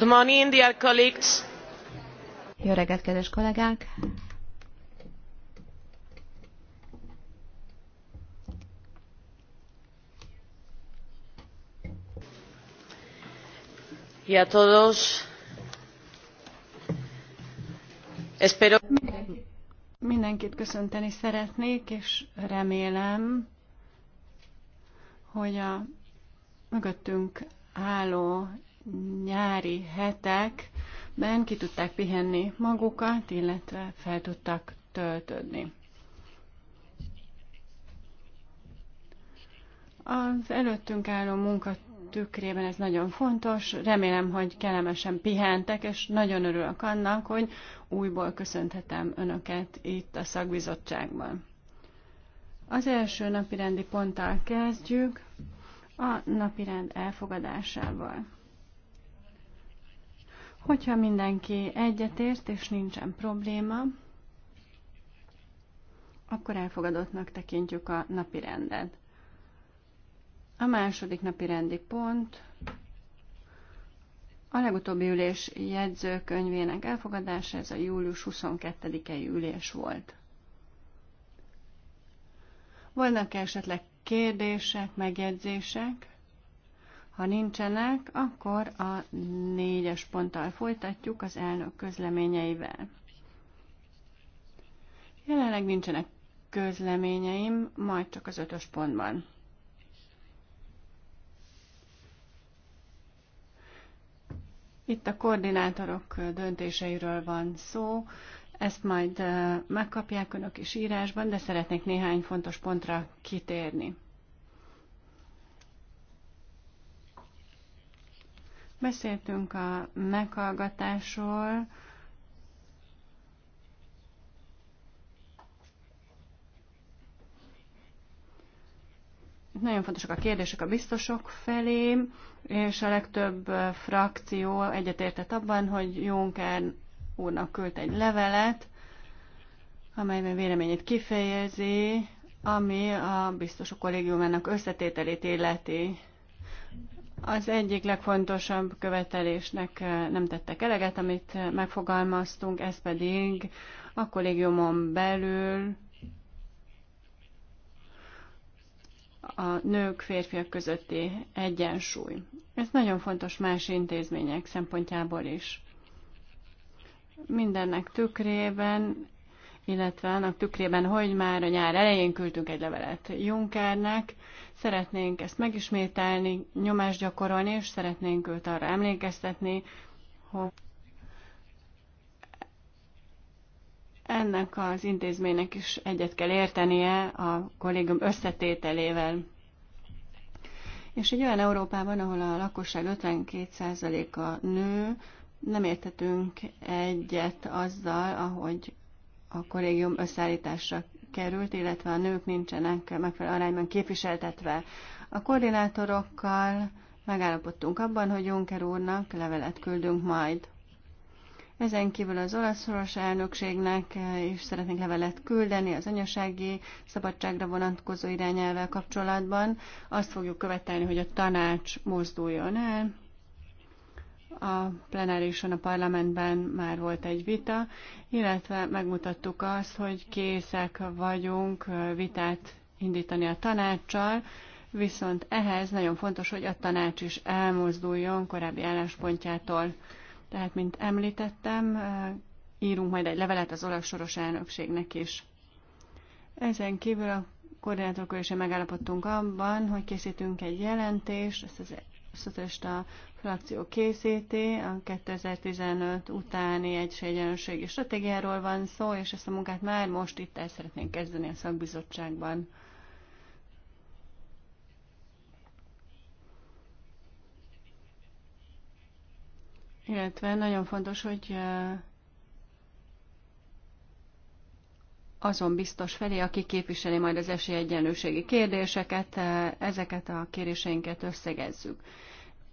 Jó reggelt, kedves kollégák! Y a todos. Espero. Mindenkit köszönteni szeretnék, és remélem, hogy a mögöttünk álló nyári hetekben ki tudták pihenni magukat, illetve fel tudtak töltödni. Az előttünk álló munka tükrében ez nagyon fontos. Remélem, hogy kellemesen pihentek, és nagyon örülök annak, hogy újból köszönhetem Önöket itt a szakbizottságban. Az első napirendi ponttal kezdjük, a napirend elfogadásával. Hogyha mindenki egyetért és nincsen probléma, akkor elfogadottnak tekintjük a napi rendet. A második napi rendi pont a legutóbbi ülés jegyzőkönyvének elfogadása, ez a július 22-i ülés volt. Vannak -e esetleg kérdések, megjegyzések? Ha nincsenek, akkor a négyes ponttal folytatjuk az elnök közleményeivel. Jelenleg nincsenek közleményeim, majd csak az ötös pontban. Itt a koordinátorok döntéseiről van szó, ezt majd eh, megkapják önök is írásban, de szeretnék néhány fontos pontra kitérni. Beszéltünk a meghallgatásról, nagyon fontosak a kérdések a biztosok felé, és a legtöbb frakció egyetértett abban, hogy Juncker úrnak küldt egy levelet, amelyben véleményét kifejezi, ami a biztosok kollégiumának összetételét illeti. Az egyik legfontosabb követelésnek eh, nem tettek eleget, amit eh, megfogalmaztunk, ez pedig a kollégiumon belül a nők férfiak közötti egyensúly. Ez nagyon fontos más intézmények szempontjából is. Mindennek tükrében illetve annak tükrében, hogy már a nyár elején küldtünk egy levelet Junkernek. szeretnénk ezt megismételni, nyomást gyakorolni, és szeretnénk őt arra emlékeztetni, hogy ennek az intézménynek is egyet kell értenie a kollégium összetételével. És egy olyan Európában, ahol a lakosság 52%-a nő, nem értetünk egyet azzal, ahogy a kollégium összeállításra került, illetve a nők nincsenek megfelelő arányban képviseltetve. A koordinátorokkal megállapodtunk abban, hogy Juncker úrnak levelet küldünk majd. Ezen kívül az olaszoros elnökségnek is szeretnék levelet küldeni az anyasági szabadságra vonatkozó irányelvel kapcsolatban. Azt fogjuk követelni, hogy a tanács mozduljon el, a plenárison, a parlamentben már volt egy vita, illetve megmutattuk azt, hogy készek vagyunk vitát indítani a tanácssal, viszont ehhez nagyon fontos, hogy a tanács is elmozduljon korábbi álláspontjától. Tehát, mint említettem, írunk majd egy levelet az olasz soros elnökségnek is. Ezen kívül a koordinátorkörösen megállapodtunk abban, hogy készítünk egy jelentést, ezt az a frakció készíti, a 2015 utáni egységegyenlőségi stratégiáról van szó, és ezt a munkát már most itt el szeretnénk kezdeni a szakbizottságban. Illetve nagyon fontos, hogy azon biztos felé, aki képviseli majd az esélyegyenlőségi kérdéseket, eh, ezeket a kéréseinket összegezzük.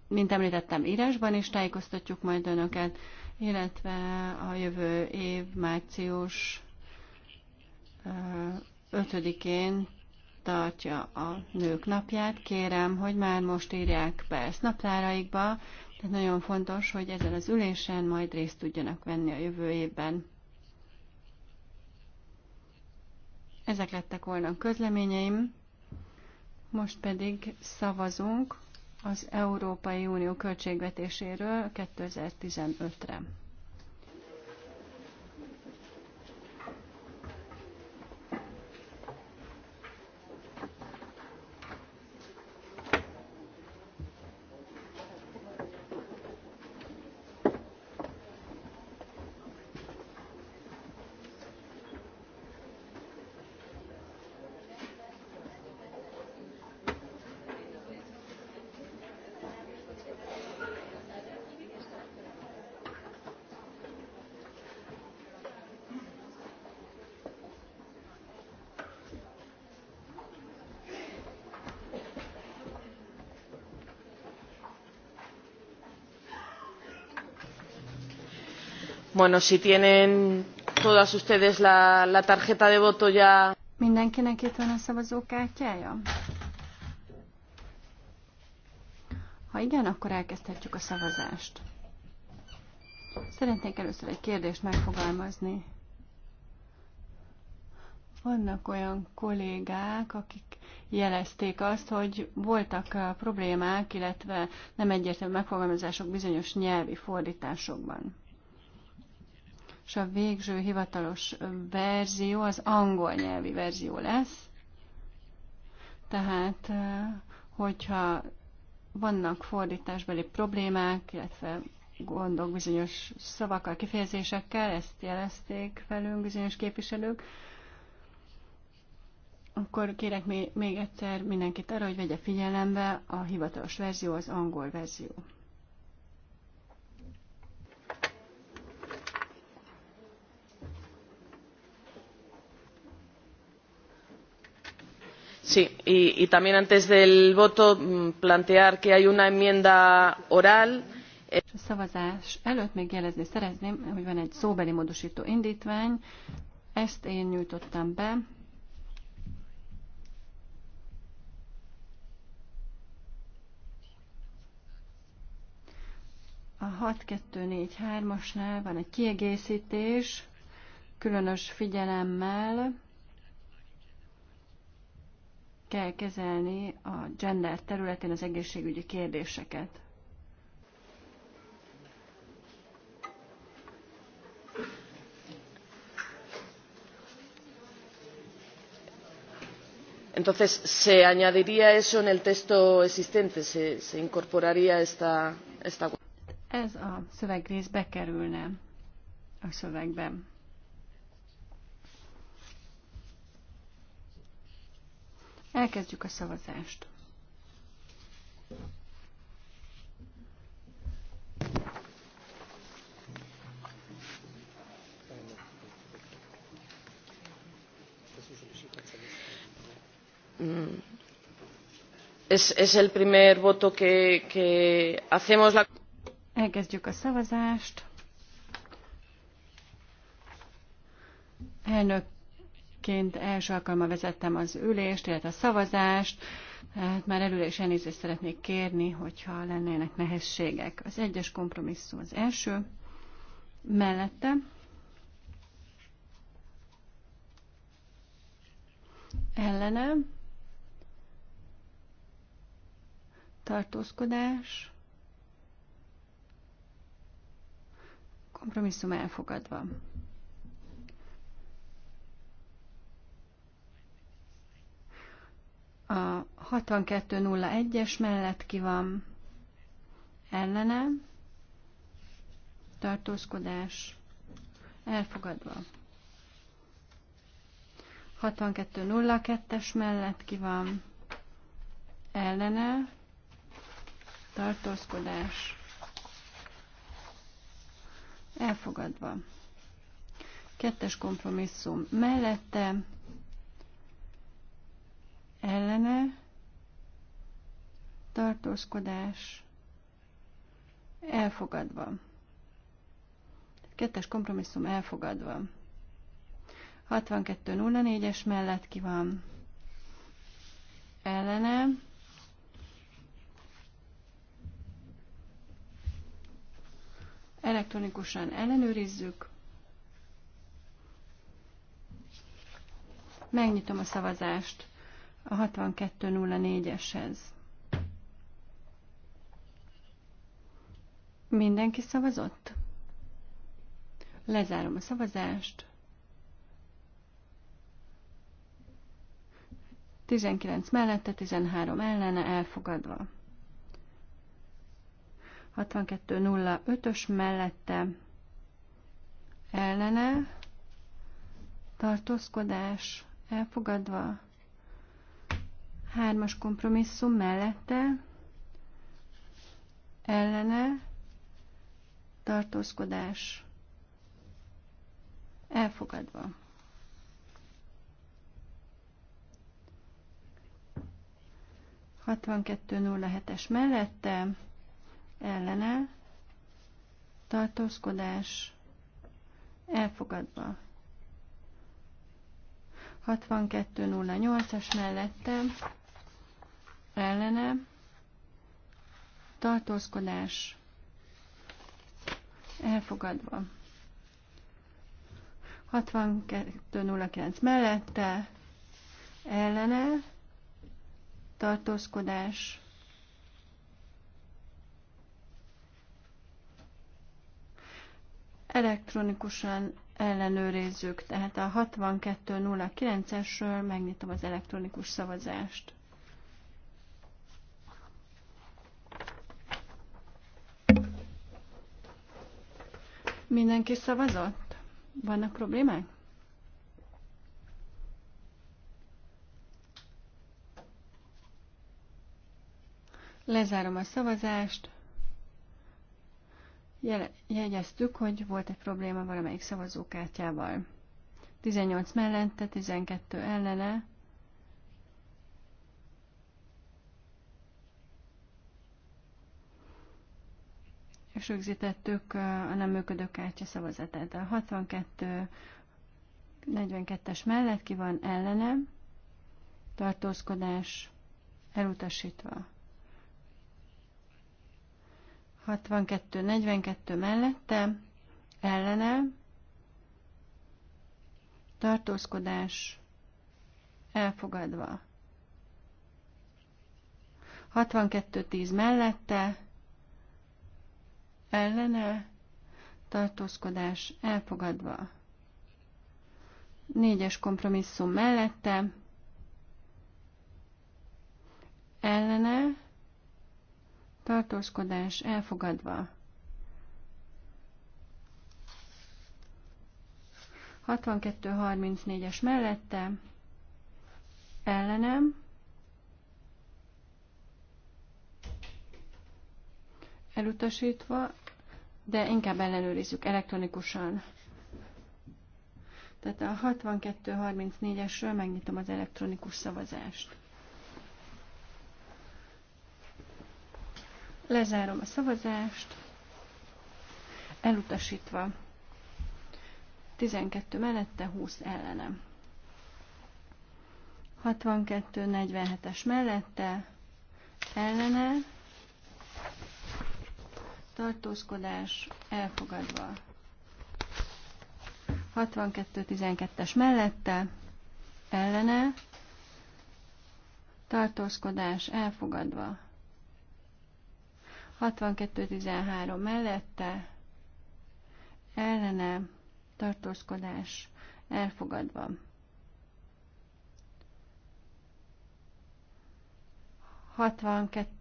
Mint említettem, írásban is tájékoztatjuk majd önöket, illetve a jövő év március 5-én eh, tartja a nők napját. Kérem, hogy már most írják be ezt naptáraikba, tehát nagyon fontos, hogy ezen az ülésen majd részt tudjanak venni a jövő évben. Ezek lettek volna a közleményeim. Most pedig szavazunk az Európai Unió költségvetéséről 2015-re. si tienen todas ustedes la, la tarjeta de voto ya. Mindenkinek itt van a szavazókártyája? Ha igen, akkor elkezdhetjük a szavazást. Szeretnék először egy kérdést megfogalmazni. Vannak olyan kollégák, akik jelezték azt, hogy voltak uh, problémák, illetve nem egyértelmű megfogalmazások bizonyos nyelvi fordításokban és a végső hivatalos verzió az angol nyelvi verzió lesz. Tehát, eh, hogyha vannak fordításbeli problémák, illetve gondok bizonyos szavakkal, kifejezésekkel, ezt jelezték velünk bizonyos képviselők, akkor kérek még egyszer mindenkit arra, hogy vegye figyelembe a hivatalos verzió, az angol verzió. y, también antes del voto mm, plantear que hay una enmienda oral. Eh, szavazás előtt még jelezni szeretném, hogy van egy szóbeli módosító indítvány. Ezt én nyújtottam be. A négy asnál van egy kiegészítés, különös figyelemmel kell kezelni a gender területén az egészségügyi kérdéseket. entonces se añadiría eso en el texto existente se, se incorporaría esta, esta... ez a szövegrész bekerülne a szövegben. Elkezdjük a szavazást. Mm. Es, es el primer voto que, que hacemos la... Elkezdjük a szavazást. Elnök egyébként első alkalommal vezettem az ülést, illetve a szavazást, hát már előre is elnézést szeretnék kérni, hogyha lennének nehézségek. Az egyes kompromisszum az első, mellette ellene tartózkodás, kompromisszum elfogadva. A 6201-es mellett ki van ellene, tartózkodás elfogadva. 6202-es mellett ki van ellene, tartózkodás elfogadva. Kettes kompromisszum mellette ellene tartózkodás elfogadva. Kettes kompromisszum elfogadva. 62.04-es mellett ki van ellene. Elektronikusan ellenőrizzük. Megnyitom a szavazást a 6204-eshez. Mindenki szavazott? Lezárom a szavazást. 19 mellette, 13 ellene elfogadva. 62.05-ös mellette ellene tartózkodás elfogadva. Hármas kompromisszum mellette ellene tartózkodás elfogadva. es mellette ellene tartózkodás elfogadva. 6208-as mellette ellene, tartózkodás elfogadva. 62.09 mellette ellene tartózkodás elektronikusan ellenőrizzük, tehát a 62.09-esről megnyitom az elektronikus szavazást. Mindenki szavazott? Vannak problémák? Lezárom a szavazást. Jegyeztük, hogy volt egy probléma valamelyik szavazókártyával. 18 mellette, 12 ellene. és rögzítettük a nem működő kártya szavazatát. A 62 42-es mellett ki van ellene, tartózkodás elutasítva. 62-42 mellette, ellene, tartózkodás elfogadva. 62-10 mellette, ellene tartózkodás elfogadva. Négyes kompromisszum mellette ellene tartózkodás elfogadva. 62 34 mellette ellenem elutasítva de inkább ellenőrizzük elektronikusan. Tehát a 62-34-esről megnyitom az elektronikus szavazást. Lezárom a szavazást, elutasítva 12 mellette, 20 ellenem. 62-47-es mellette, ellene, tartózkodás elfogadva. 62-12-es mellette, ellene, tartózkodás elfogadva. 62-13 mellette, ellene, tartózkodás elfogadva. 62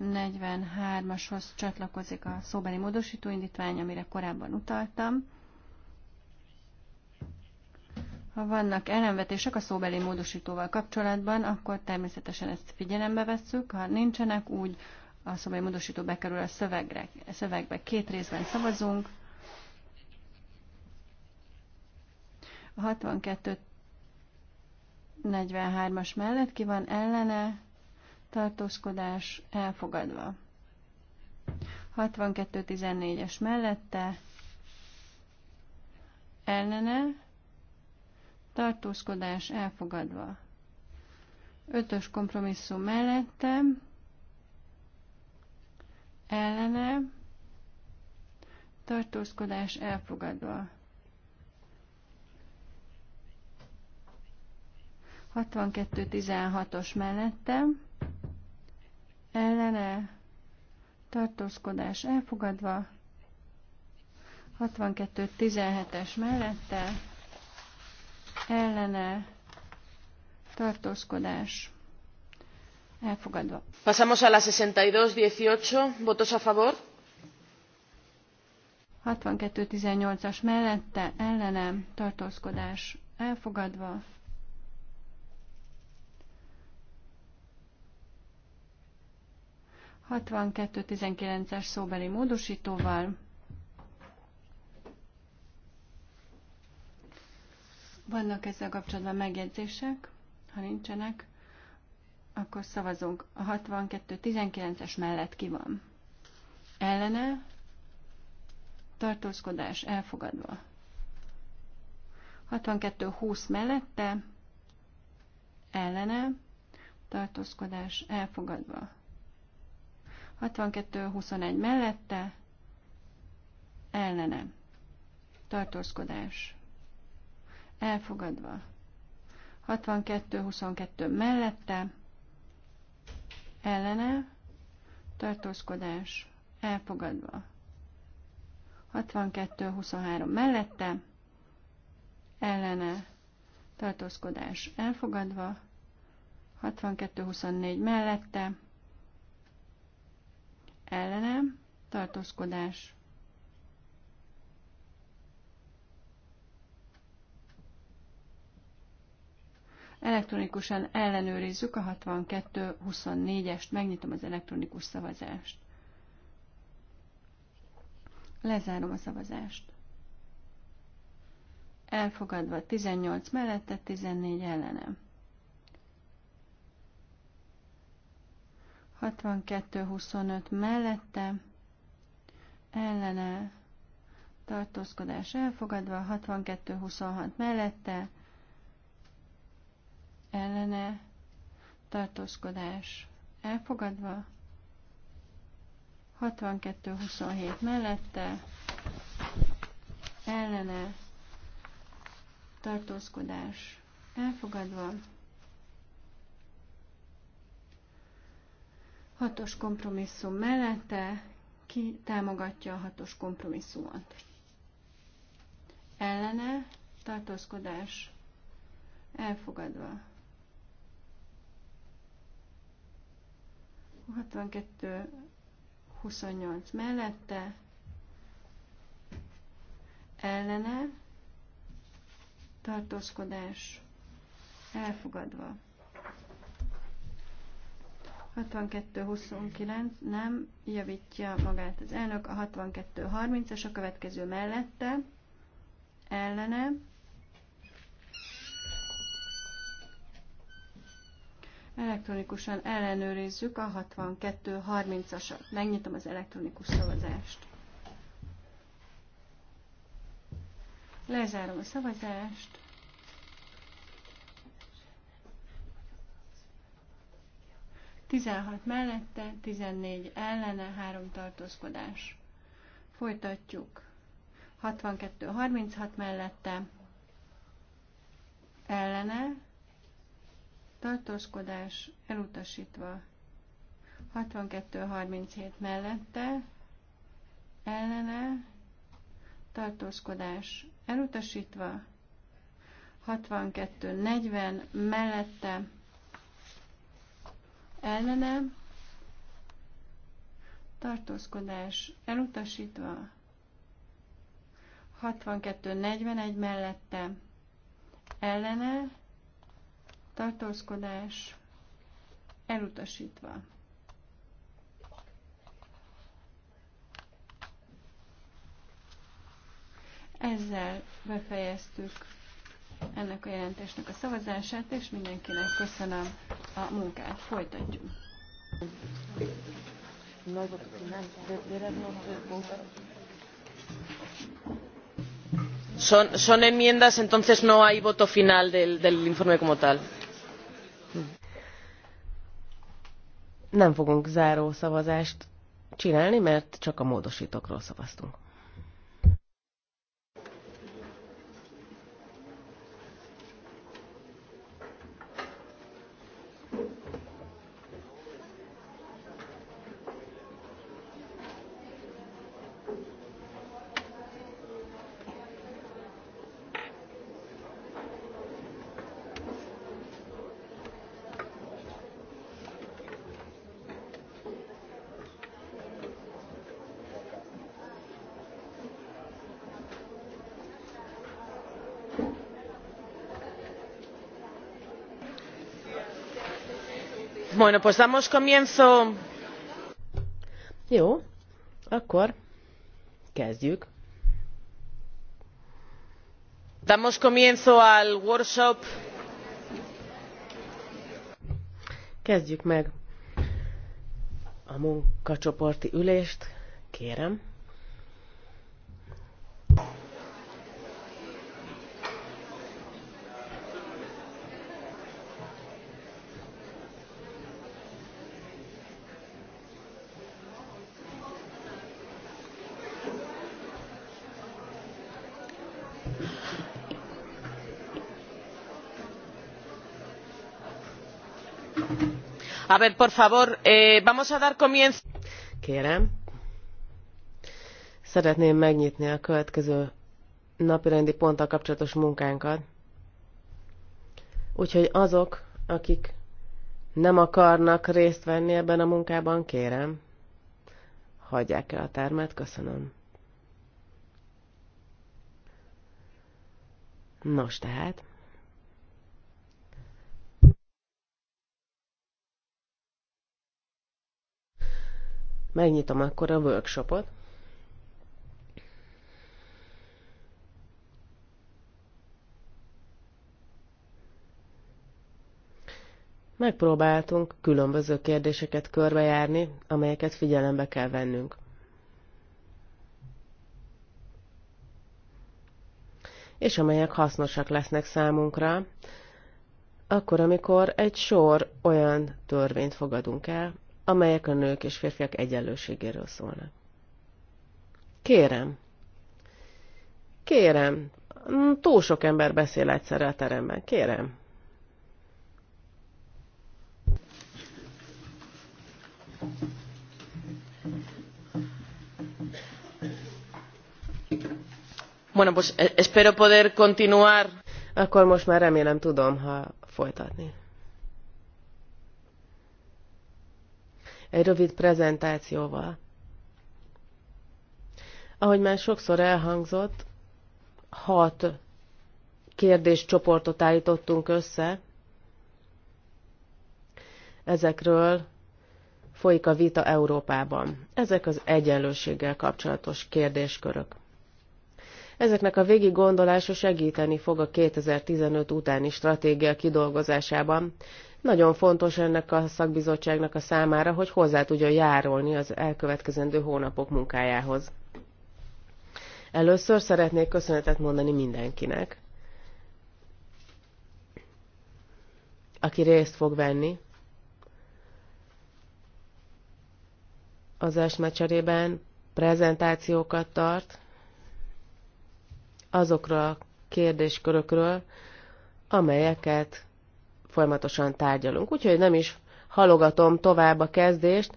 243-ashoz csatlakozik a szóbeli módosítóindítvány, indítvány, amire korábban utaltam. Ha vannak ellenvetések a szóbeli módosítóval kapcsolatban, akkor természetesen ezt figyelembe vesszük. Ha nincsenek, úgy a szóbeli módosító bekerül a szövegre. A szövegbe két részben szavazunk. A 62 43-as mellett ki van ellene, tartózkodás elfogadva. 6214 es mellette ellene tartózkodás elfogadva. 5-ös kompromisszum mellette ellene tartózkodás elfogadva. 6216 os mellettem ellene tartózkodás elfogadva, 62-17-es mellette ellene tartózkodás elfogadva. Pasamos a la 62-18, votos a favor. 62-18-as mellette ellene tartózkodás elfogadva. 6219-es szóbeli módosítóval. Vannak ezzel kapcsolatban megjegyzések? Ha nincsenek, akkor szavazunk. A 6219-es mellett ki van? Ellene? Tartózkodás elfogadva. 62-20 mellette? Ellene? Tartózkodás elfogadva. 62-21 mellette, ellene, tartózkodás, elfogadva. 62-22 mellette, ellene, tartózkodás, elfogadva. 62-23 mellette, ellene, tartózkodás, elfogadva. 62-24 mellette, ellene, tartózkodás Elektronikusan ellenőrizzük a 6224 est megnyitom az elektronikus szavazást. Lezárom a szavazást. Elfogadva 18 mellette, 14 ellenem. 62-25 mellette, ellene tartózkodás elfogadva, 62-26 mellette, ellene tartózkodás elfogadva, 62-27 mellette, ellene tartózkodás elfogadva, Hatos kompromisszum mellette ki támogatja a hatos kompromisszumot. Ellene tartózkodás elfogadva. 62 28 mellette ellene tartózkodás elfogadva. 62-29 nem javítja magát az elnök, a 62-30-as a következő mellette, ellene. Elektronikusan ellenőrizzük a 62-30-asat. Megnyitom az elektronikus szavazást. Lezárom a szavazást. 62-30. 16 mellette, 14 ellene, 3 tartózkodás. Folytatjuk. 62-36 mellette, ellene, tartózkodás elutasítva. 62-37 mellette, ellene, tartózkodás elutasítva. 62-40 mellette, ellene, tartózkodás elutasítva, 62-41 mellette ellene, tartózkodás elutasítva. Ezzel befejeztük ennek a jelentésnek a szavazását, és mindenkinek köszönöm a munkát. Folytatjuk. Son, son enmiendas, entonces no hay voto final del, del informe como tal. Nem fogunk záró szavazást csinálni, mert csak a módosítókról szavaztunk. Bueno, pues damos comienzo. Jó, akkor kezdjük. Damos comienzo al workshop. Kezdjük meg a munkacsoporti ülést, kérem. ver, por favor, eh, vamos a dar comienzo. Kérem. Szeretném megnyitni a következő napirendi ponttal kapcsolatos munkánkat. Úgyhogy azok, akik nem akarnak részt venni ebben a munkában, kérem, hagyják el a termet, köszönöm. Nos tehát, Megnyitom akkor a workshopot. Megpróbáltunk különböző kérdéseket körbejárni, amelyeket figyelembe kell vennünk. És amelyek hasznosak lesznek számunkra, akkor, amikor egy sor olyan törvényt fogadunk el, amelyek a nők és férfiak egyenlőségéről szólnak. Kérem, kérem, túl sok ember beszél egyszerre a teremben, kérem. Bueno, pues eh, espero poder continuar. Akkor most már remélem tudom, ha folytatni. egy rövid prezentációval. Ahogy már sokszor elhangzott, hat kérdéscsoportot állítottunk össze. Ezekről folyik a vita Európában. Ezek az egyenlőséggel kapcsolatos kérdéskörök. Ezeknek a végig gondolása segíteni fog a 2015 utáni stratégia kidolgozásában, nagyon fontos ennek a szakbizottságnak a számára, hogy hozzá tudja járulni az elkövetkezendő hónapok munkájához. Először szeretnék köszönetet mondani mindenkinek, aki részt fog venni az esmecserében, prezentációkat tart azokra a kérdéskörökről, amelyeket folyamatosan tárgyalunk. Úgyhogy nem is halogatom tovább a kezdést,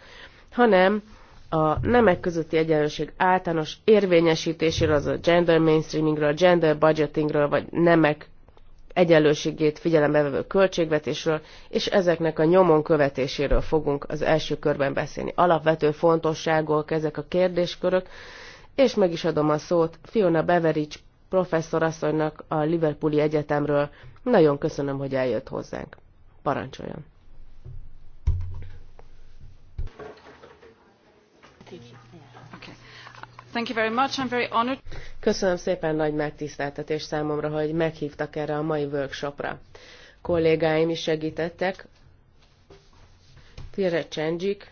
hanem a nemek közötti egyenlőség általános érvényesítéséről, az a gender mainstreamingről, gender budgetingről, vagy nemek egyenlőségét figyelembe vevő költségvetésről, és ezeknek a nyomon követéséről fogunk az első körben beszélni. Alapvető fontosságúak ezek a kérdéskörök, és meg is adom a szót Fiona Beveridge professzorasszonynak a Liverpooli Egyetemről, nagyon köszönöm, hogy eljött hozzánk. Parancsoljon! Köszönöm szépen, nagy megtiszteltetés számomra, hogy meghívtak erre a mai workshopra. Kollégáim is segítettek, Tire Csendzsik,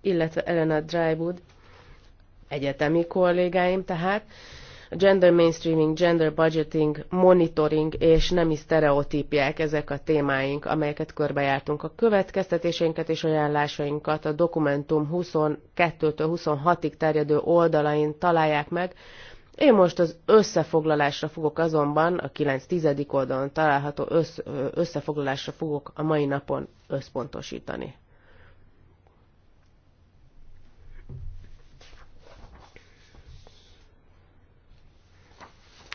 illetve Elena Drywood, egyetemi kollégáim tehát, gender mainstreaming, gender budgeting, monitoring és nemi sztereotípiák ezek a témáink, amelyeket körbejártunk. A következtetéseinket és ajánlásainkat a dokumentum 22-től 26-ig terjedő oldalain találják meg, én most az összefoglalásra fogok azonban, a 9-10. oldalon található össz, összefoglalásra fogok a mai napon összpontosítani.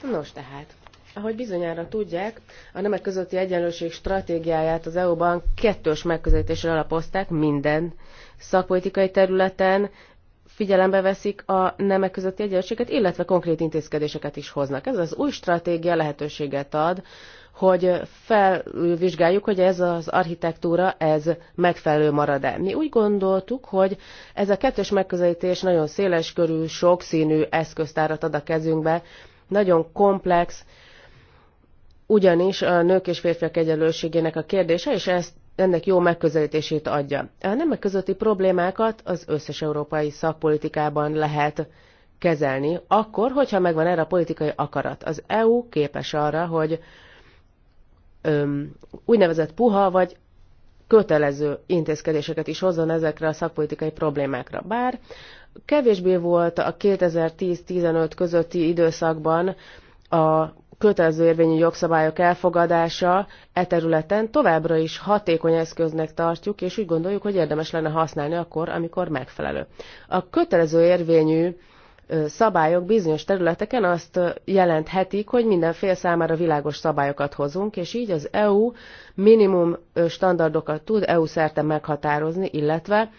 Nos tehát, ahogy bizonyára tudják, a nemek közötti egyenlőség stratégiáját az EU-ban kettős megközelítésre alapozták minden szakpolitikai területen, figyelembe veszik a nemek közötti egyenlőséget, illetve konkrét intézkedéseket is hoznak. Ez az új stratégia lehetőséget ad, hogy felvizsgáljuk, hogy ez az architektúra, ez megfelelő marad-e. Mi úgy gondoltuk, hogy ez a kettős megközelítés nagyon széles körű, sokszínű eszköztárat ad a kezünkbe, nagyon komplex, ugyanis a nők és férfiak egyenlőségének a kérdése, és ezt ennek jó megközelítését adja. A nemek közötti problémákat az összes európai szakpolitikában lehet kezelni, akkor, hogyha megvan erre a politikai akarat. Az EU képes arra, hogy öm, úgynevezett puha vagy kötelező intézkedéseket is hozzon ezekre a szakpolitikai problémákra. Bár kevésbé volt a 2010-15 közötti időszakban a kötelező érvényű jogszabályok elfogadása e területen továbbra is hatékony eszköznek tartjuk, és úgy gondoljuk, hogy érdemes lenne használni akkor, amikor megfelelő. A kötelező érvényű szabályok bizonyos területeken azt jelenthetik, hogy minden fél számára világos szabályokat hozunk, és így az EU minimum standardokat tud EU szerte meghatározni, illetve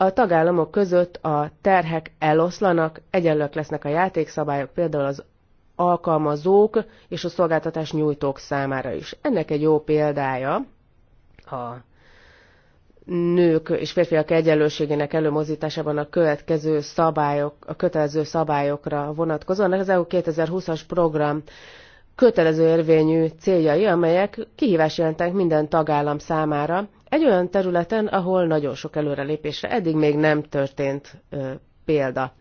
a tagállamok között a terhek eloszlanak, egyenlők lesznek a játékszabályok, például az alkalmazók és a szolgáltatás nyújtók számára is. Ennek egy jó példája a nők és férfiak egyenlőségének előmozításában a következő szabályok, a kötelező szabályokra vonatkozóan az EU 2020-as program kötelező érvényű céljai, amelyek kihívást jelentenek minden tagállam számára, egy olyan területen, ahol nagyon sok előrelépésre eddig még nem történt ö, példa.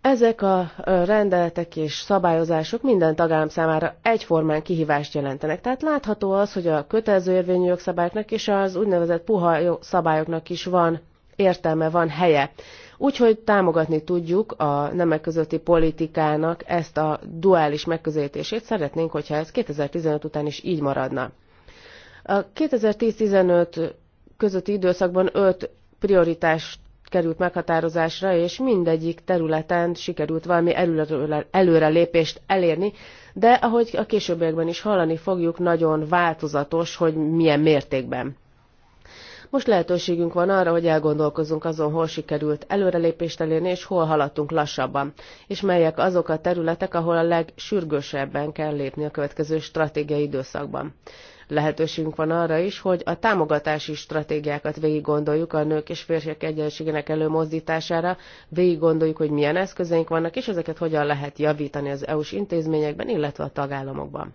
Ezek a rendeletek és szabályozások minden tagállam számára egyformán kihívást jelentenek. Tehát látható az, hogy a kötelező érvényű jogszabályoknak és az úgynevezett puha szabályoknak is van értelme, van helye. Úgyhogy támogatni tudjuk a nemek közötti politikának ezt a duális megközelítését. Szeretnénk, hogyha ez 2015 után is így maradna. A 2010-15 közötti időszakban öt prioritás került meghatározásra, és mindegyik területen sikerült valami előrelépést elérni, de ahogy a későbbiekben is hallani fogjuk, nagyon változatos, hogy milyen mértékben. Most lehetőségünk van arra, hogy elgondolkozzunk azon, hol sikerült előrelépést elérni, és hol haladtunk lassabban, és melyek azok a területek, ahol a legsürgősebben kell lépni a következő stratégiai időszakban lehetőségünk van arra is, hogy a támogatási stratégiákat végig gondoljuk a nők és férfiak egyenlőségének előmozdítására, végig gondoljuk, hogy milyen eszközeink vannak, és ezeket hogyan lehet javítani az EU-s intézményekben, illetve a tagállamokban.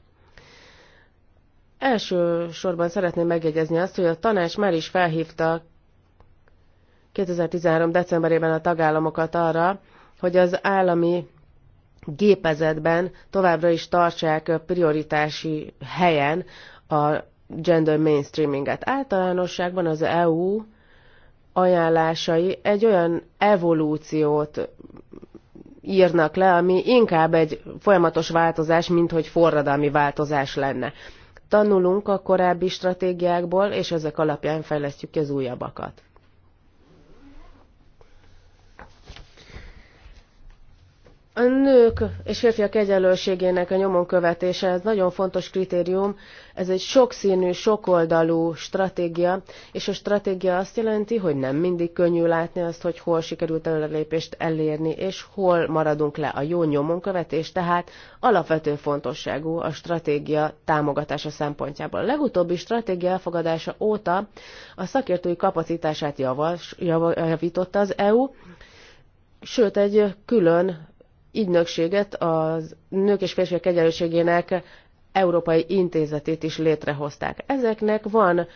Első sorban szeretném megjegyezni azt, hogy a tanács már is felhívta 2013. decemberében a tagállamokat arra, hogy az állami gépezetben továbbra is tartsák prioritási helyen a gender mainstreaminget. Általánosságban az EU ajánlásai egy olyan evolúciót írnak le, ami inkább egy folyamatos változás, mint hogy forradalmi változás lenne. Tanulunk a korábbi stratégiákból, és ezek alapján fejlesztjük ki az újabbakat. A nők és férfiak egyenlőségének a nyomon követése, ez nagyon fontos kritérium, ez egy sokszínű, sokoldalú stratégia, és a stratégia azt jelenti, hogy nem mindig könnyű látni azt, hogy hol sikerült előrelépést elérni, és hol maradunk le a jó nyomon követés, tehát alapvető fontosságú a stratégia támogatása szempontjából. A legutóbbi stratégia elfogadása óta a szakértői kapacitását javas, jav, javította az EU, sőt egy külön ügynökséget, az nők és férfiak egyenlőségének európai intézetét is létrehozták. Ezeknek van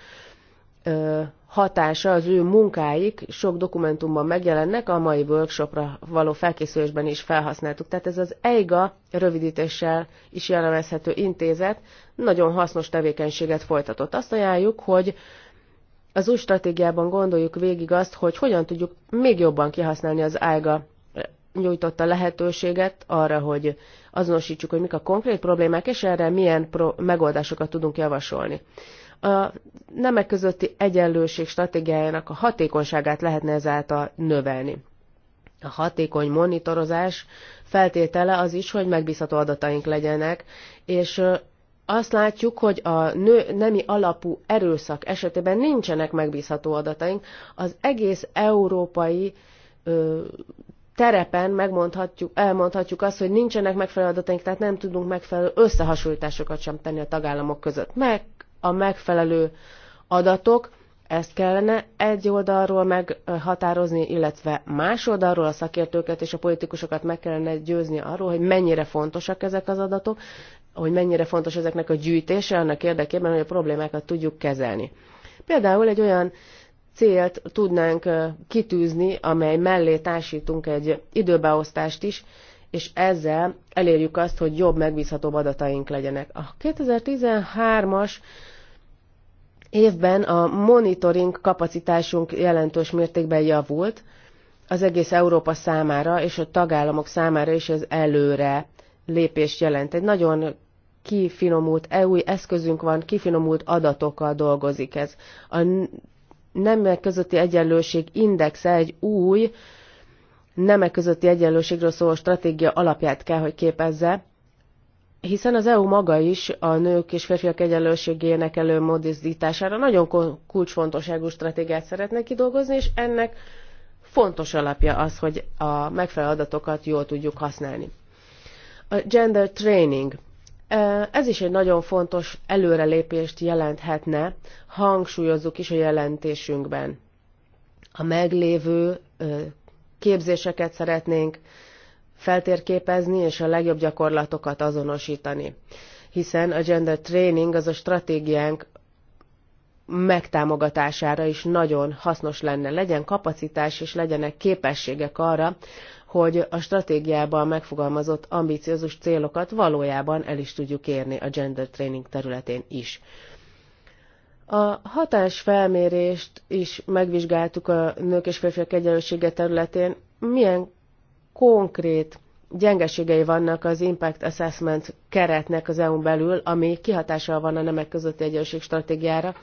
ö, hatása az ő munkáik, sok dokumentumban megjelennek, a mai workshopra való felkészülésben is felhasználtuk. Tehát ez az EIGA rövidítéssel is jellemezhető intézet nagyon hasznos tevékenységet folytatott. Azt ajánljuk, hogy az új stratégiában gondoljuk végig azt, hogy hogyan tudjuk még jobban kihasználni az EIGA nyújtotta lehetőséget arra, hogy azonosítsuk, hogy mik a konkrét problémák, és erre milyen megoldásokat tudunk javasolni. A nemek közötti egyenlőség stratégiájának a hatékonyságát lehetne ezáltal növelni. A hatékony monitorozás feltétele az is, hogy megbízható adataink legyenek, és azt látjuk, hogy a nő, nemi alapú erőszak esetében nincsenek megbízható adataink. Az egész európai ö, terepen megmondhatjuk, elmondhatjuk azt, hogy nincsenek megfelelő adataink, tehát nem tudunk megfelelő összehasonlításokat sem tenni a tagállamok között. Meg a megfelelő adatok, ezt kellene egy oldalról meghatározni, illetve más oldalról a szakértőket és a politikusokat meg kellene győzni arról, hogy mennyire fontosak ezek az adatok, hogy mennyire fontos ezeknek a gyűjtése annak érdekében, hogy a problémákat tudjuk kezelni. Például egy olyan célt tudnánk kitűzni, amely mellé társítunk egy időbeosztást is, és ezzel elérjük azt, hogy jobb, megbízhatóbb adataink legyenek. A 2013-as évben a monitoring kapacitásunk jelentős mértékben javult, az egész Európa számára és a tagállamok számára is ez előre lépést jelent. Egy nagyon kifinomult új eszközünk van, kifinomult adatokkal dolgozik ez. A nemek közötti egyenlőség indexe egy új nemek közötti egyenlőségről szóló stratégia alapját kell, hogy képezze, hiszen az EU maga is a nők és férfiak egyenlőségének előmozdítására nagyon kulcsfontosságú stratégiát szeretne kidolgozni, és ennek fontos alapja az, hogy a megfelelő adatokat jól tudjuk használni. A gender training ez is egy nagyon fontos előrelépést jelenthetne, hangsúlyozzuk is a jelentésünkben. A meglévő képzéseket szeretnénk feltérképezni és a legjobb gyakorlatokat azonosítani. Hiszen a gender training az a stratégiánk megtámogatására is nagyon hasznos lenne. Legyen kapacitás és legyenek képességek arra, hogy a stratégiában megfogalmazott ambiciózus célokat valójában el is tudjuk érni a gender training területén is. A hatásfelmérést is megvizsgáltuk a nők és férfiak egyenlősége területén, milyen konkrét gyengeségei vannak az Impact Assessment keretnek az EU-n belül, ami kihatással van a nemek közötti egyenlőség stratégiára,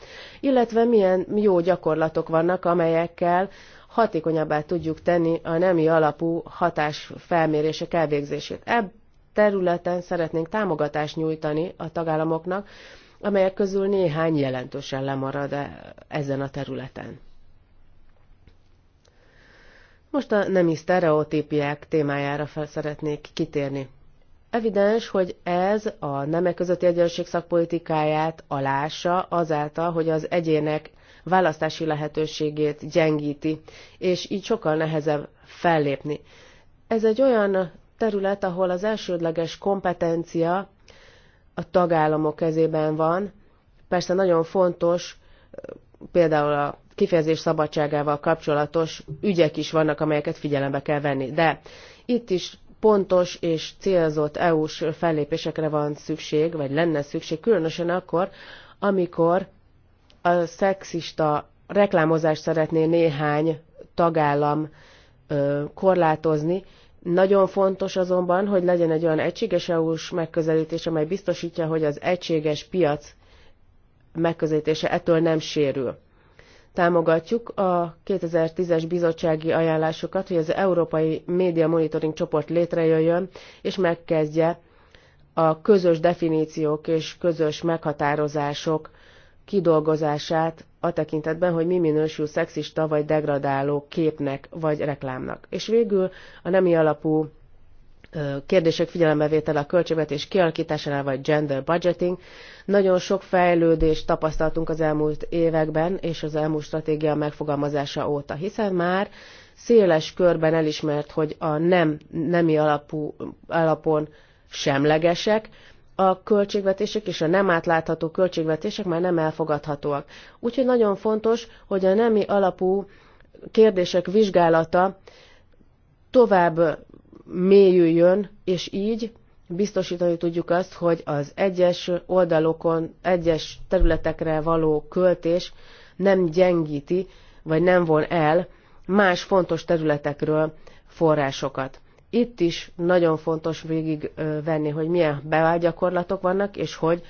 illetve milyen jó gyakorlatok vannak, amelyekkel hatékonyabbá tudjuk tenni a nemi alapú felmérések elvégzését. Ebb területen szeretnénk támogatást nyújtani a tagállamoknak, amelyek közül néhány jelentősen lemarad ezen a területen. Most a nemi sztereotípiák témájára fel szeretnék kitérni. Evidens, hogy ez a nemek közötti egyenlőség szakpolitikáját alása azáltal, hogy az egyének választási lehetőségét gyengíti, és így sokkal nehezebb fellépni. Ez egy olyan terület, ahol az elsődleges kompetencia a tagállamok kezében van. Persze nagyon fontos, például a kifejezés szabadságával kapcsolatos ügyek is vannak, amelyeket figyelembe kell venni. De itt is pontos és célzott EU-s fellépésekre van szükség, vagy lenne szükség, különösen akkor, amikor a szexista reklámozást szeretné néhány tagállam ö, korlátozni. Nagyon fontos azonban, hogy legyen egy olyan egységes EU-s megközelítés, amely biztosítja, hogy az egységes piac megközelítése ettől nem sérül. Támogatjuk a 2010-es bizottsági ajánlásokat, hogy az Európai Média Monitoring csoport létrejöjjön, és megkezdje a közös definíciók és közös meghatározások kidolgozását a tekintetben, hogy mi minősül szexista vagy degradáló képnek vagy reklámnak. És végül a nemi alapú kérdések figyelembevétele a költségvetés kialakításánál, vagy gender budgeting. Nagyon sok fejlődést tapasztaltunk az elmúlt években, és az elmúlt stratégia megfogalmazása óta, hiszen már széles körben elismert, hogy a nem, nemi alapú, alapon semlegesek, a költségvetések és a nem átlátható költségvetések már nem elfogadhatóak. Úgyhogy nagyon fontos, hogy a nemi alapú kérdések vizsgálata tovább mélyüljön, és így biztosítani tudjuk azt, hogy az egyes oldalokon, egyes területekre való költés nem gyengíti, vagy nem von el más fontos területekről forrásokat itt is nagyon fontos végigvenni, hogy milyen bevágyakorlatok vannak, és hogy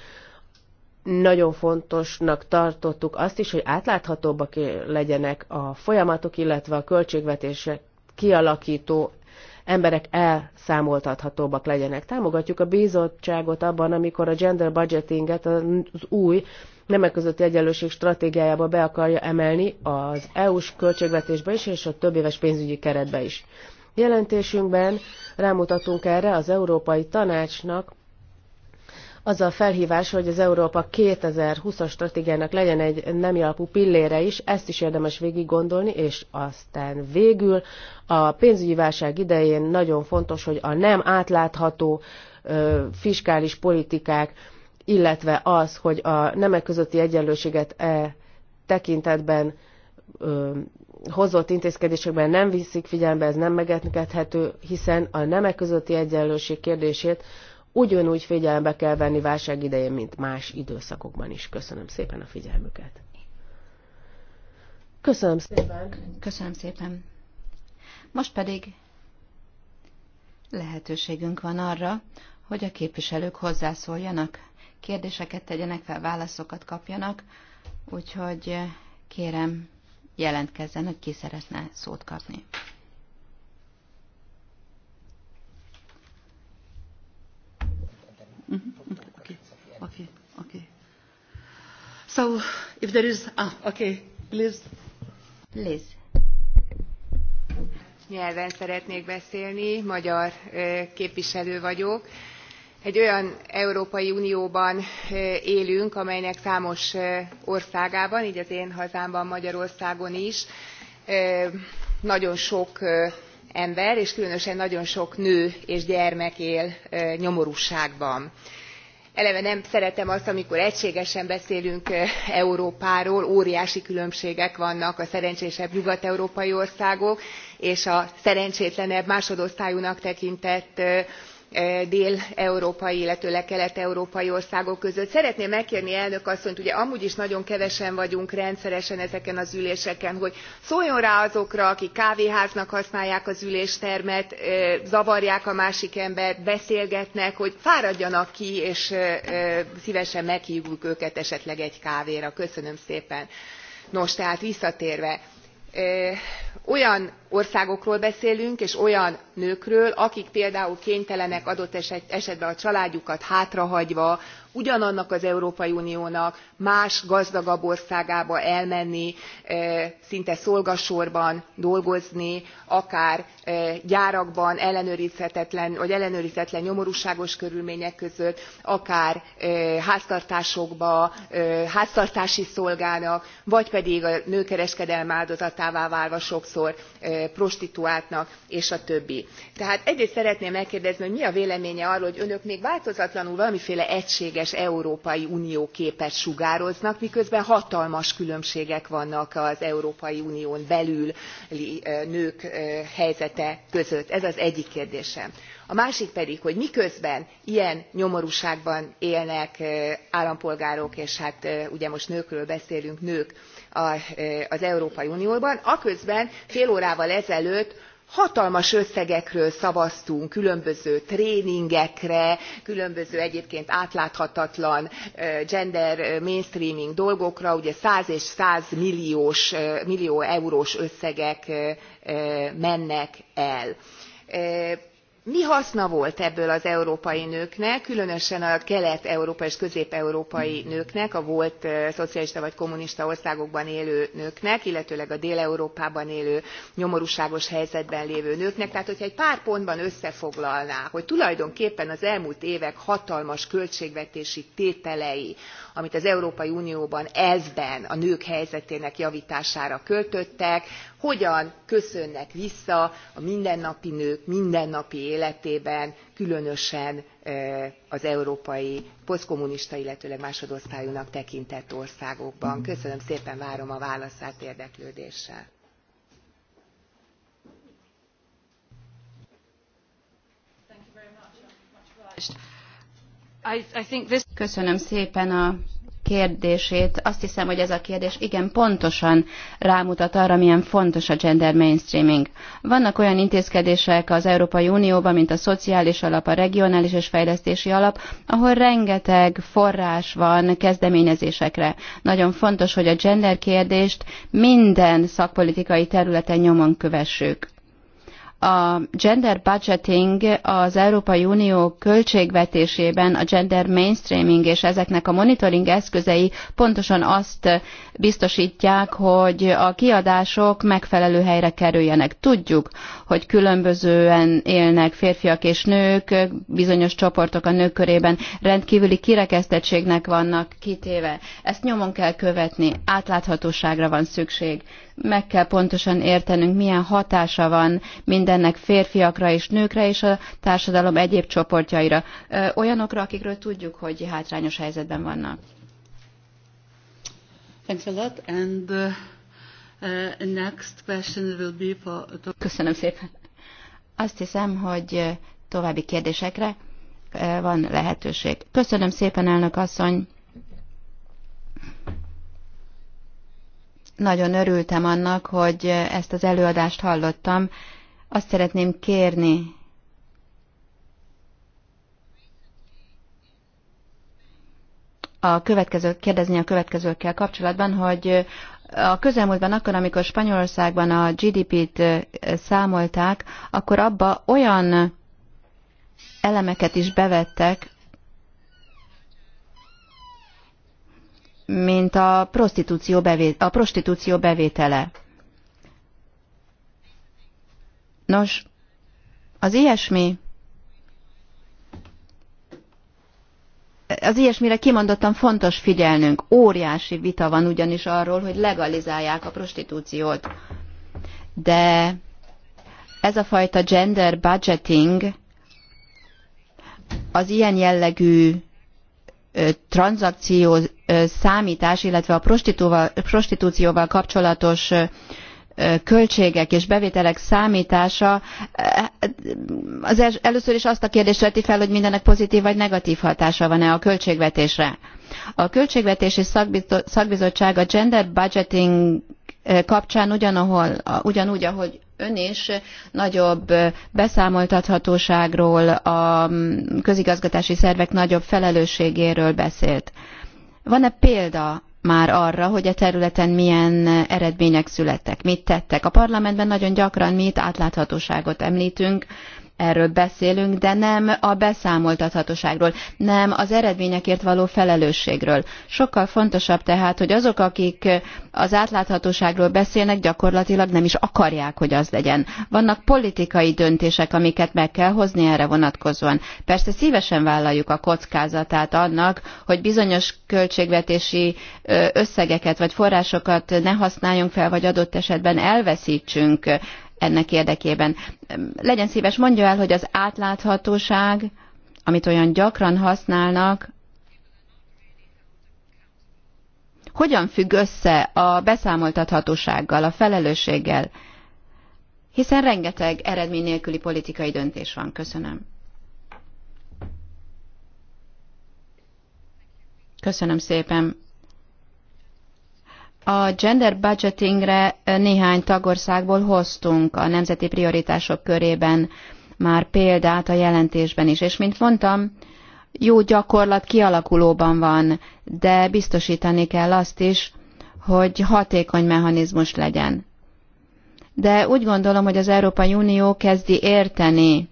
nagyon fontosnak tartottuk azt is, hogy átláthatóbbak legyenek a folyamatok, illetve a költségvetések kialakító emberek elszámoltathatóbbak legyenek. Támogatjuk a bizottságot abban, amikor a gender budgetinget az új nemek közötti egyenlőség stratégiájába be akarja emelni az EU-s költségvetésbe is, és a több éves pénzügyi keretbe is. Jelentésünkben rámutatunk erre az Európai Tanácsnak, az a felhívás, hogy az Európa 2020-as stratégiának legyen egy nemi alapú pillére is, ezt is érdemes végig gondolni, és aztán végül a pénzügyi válság idején nagyon fontos, hogy a nem átlátható ö, fiskális politikák, illetve az, hogy a nemek közötti egyenlőséget e tekintetben ö, hozott intézkedésekben nem viszik figyelembe, ez nem megengedhető, hiszen a nemek közötti egyenlőség kérdését ugyanúgy figyelembe kell venni válság idején, mint más időszakokban is. Köszönöm szépen a figyelmüket. Köszönöm szépen. Köszönöm szépen. Most pedig lehetőségünk van arra, hogy a képviselők hozzászóljanak, kérdéseket tegyenek fel, válaszokat kapjanak, úgyhogy kérem, jelentkezzen, hogy ki szeretne szót kapni. Mhm. So, if there is... Ah, okay. please. Please. Nyelven szeretnék beszélni, magyar képviselő vagyok egy olyan európai unióban élünk amelynek számos országában gy az én hazámban magyarországon is nagyon sok ember és különösen nagyon sok nő és gyermek él nyomorúságban. eleve nem szeretem azt amikor egységesen beszélünk európáról óriási különbségek vannak a szerencsésebb nyugat európai országok és a szerencsétlenebb másodosztályúnak tekintett E, dél európai illetőleg kelet európai országok között. szeretném megkérni elnök asszonyt ugye amúgy is nagyon kevesen vagyunk rendszeresen ezeken az üléseken hogy szóljon rá azokra akik kávéháznak használják az üléstermet e, zavarják a másik embert beszélgetnek hogy fáradjanak ki és e, szvesen meghvjuk őket esetleg egy kávéra. köszönöm szépen! nos tehát visszatérve olyan országokról beszélünk és olyan nőkről akik például kénytelenek adott esetben a családjukat hátrahagyva ugyanannak az európai uniónak más gazdagabb országába elmenni szinte szolgasorban dolgozni akár gyárakban ellenőrizetlen nyomorúságos körülmények között akár háztartásokba háztartási szolgának vagy pedig a nőkereskedelem áldozatává válva sokszor prostituáltnak és a többi. tehát egyrészt szeretném megkérdezni hogy mi a véleménye arról hogy önök még változatlanul valamiféle egységes egységes európai képet sugároznak miközben hatalmas különbségek vannak az európai unión belüli nők helyzete között. ez az egyik kérdésem. a másik pedig hogy miközben ilyen nyomorúságban élnek állampolgárok és hát ugye most nőkről beszélünk nők az európai unióban aközben fél órával ezelőtt hatalmas összegekről szavaztunk különböző tréningekre különböző egyébként átláthatatlan gender mainstreaming dolgokra ugye száz és százmillió eurós összegek mennek el mi haszna volt ebből az európai nőknek különösen a kelet európai és közép európai hmm. nőknek a volt szocialista vagy kommunista országokban élő nőknek illetőleg a dél európában élő nyomorúságos helyzetben lévő nőknek tehát hogyha egy pár pontban összefoglalná hogy tulajdonképpen az elmúlt évek hatalmas költségvetési tételei amit az európai unióban elvben a nők helyzetének javtására költöttek hogyan köszönnek vissza a mindennapi nők mindennapi életében különösen az európai posztkommunista illetőleg másodosztályúnak tekintett országokban. köszönöm szépen várom a válaszát érdeklődéssel. Köszönöm szépen a kérdését. Azt hiszem, hogy ez a kérdés igen pontosan rámutat arra, milyen fontos a gender mainstreaming. Vannak olyan intézkedések az Európai Unióban, mint a szociális alap, a regionális és fejlesztési alap, ahol rengeteg forrás van kezdeményezésekre. Nagyon fontos, hogy a gender kérdést minden szakpolitikai területen nyomon kövessük a gender budgeting az Európai Unió költségvetésében a gender mainstreaming és ezeknek a monitoring eszközei pontosan azt biztosítják, hogy a kiadások megfelelő helyre kerüljenek. Tudjuk, hogy különbözően élnek férfiak és nők, bizonyos csoportok a nők körében rendkívüli kirekesztettségnek vannak kitéve. Ezt nyomon kell követni, átláthatóságra van szükség meg kell pontosan értenünk, milyen hatása van mindennek férfiakra és nőkre és a társadalom egyéb csoportjaira, olyanokra, akikről tudjuk, hogy hátrányos helyzetben vannak. Thanks a lot, and uh, uh next question will be for... Köszönöm szépen. Azt hiszem, hogy uh, további kérdésekre uh, van lehetőség. Köszönöm szépen, elnök asszony. Nagyon örültem annak, hogy ezt az előadást hallottam. Azt szeretném kérni, a következő, kérdezni a következőkkel kapcsolatban, hogy a közelmúltban akkor, amikor Spanyolországban a GDP-t számolták, akkor abba olyan elemeket is bevettek, mint a prostitúció, bevét, a prostitúció bevétele. Nos, az ilyesmi az ilyesmire kimondottan fontos figyelnünk. Óriási vita van ugyanis arról, hogy legalizálják a prostitúciót. De ez a fajta gender budgeting az ilyen jellegű tranzakció számítás, illetve a prostitúcióval kapcsolatos költségek és bevételek számítása az először is azt a kérdést veti fel, hogy mindennek pozitív vagy negatív hatása van-e a költségvetésre. A Költségvetési Szakbizottság a gender budgeting kapcsán ugyanahol, ugyanúgy, ahogy ön is nagyobb beszámoltathatóságról, a közigazgatási szervek nagyobb felelősségéről beszélt. Van-e példa már arra, hogy a e területen milyen eredmények születtek, mit tettek? A parlamentben nagyon gyakran mi itt átláthatóságot említünk, erről beszélünk, de nem a beszámoltathatóságról, nem az eredményekért való felelősségről. Sokkal fontosabb tehát, hogy azok, akik az átláthatóságról beszélnek, gyakorlatilag nem is akarják, hogy az legyen. Vannak politikai döntések, amiket meg kell hozni erre vonatkozóan. Persze szívesen vállaljuk a kockázatát annak, hogy bizonyos költségvetési összegeket vagy forrásokat ne használjunk fel, vagy adott esetben elveszítsünk ennek érdekében. Legyen szíves, mondja el, hogy az átláthatóság, amit olyan gyakran használnak, hogyan függ össze a beszámoltathatósággal, a felelősséggel, hiszen rengeteg eredmény nélküli politikai döntés van. Köszönöm. Köszönöm szépen. A gender budgetingre eh, néhány tagországból hoztunk a nemzeti prioritások körében már példát a jelentésben is, és mint mondtam, jó gyakorlat kialakulóban van, de biztosítani kell azt is, hogy hatékony mechanizmus legyen. De úgy gondolom, hogy az Európai Unió kezdi érteni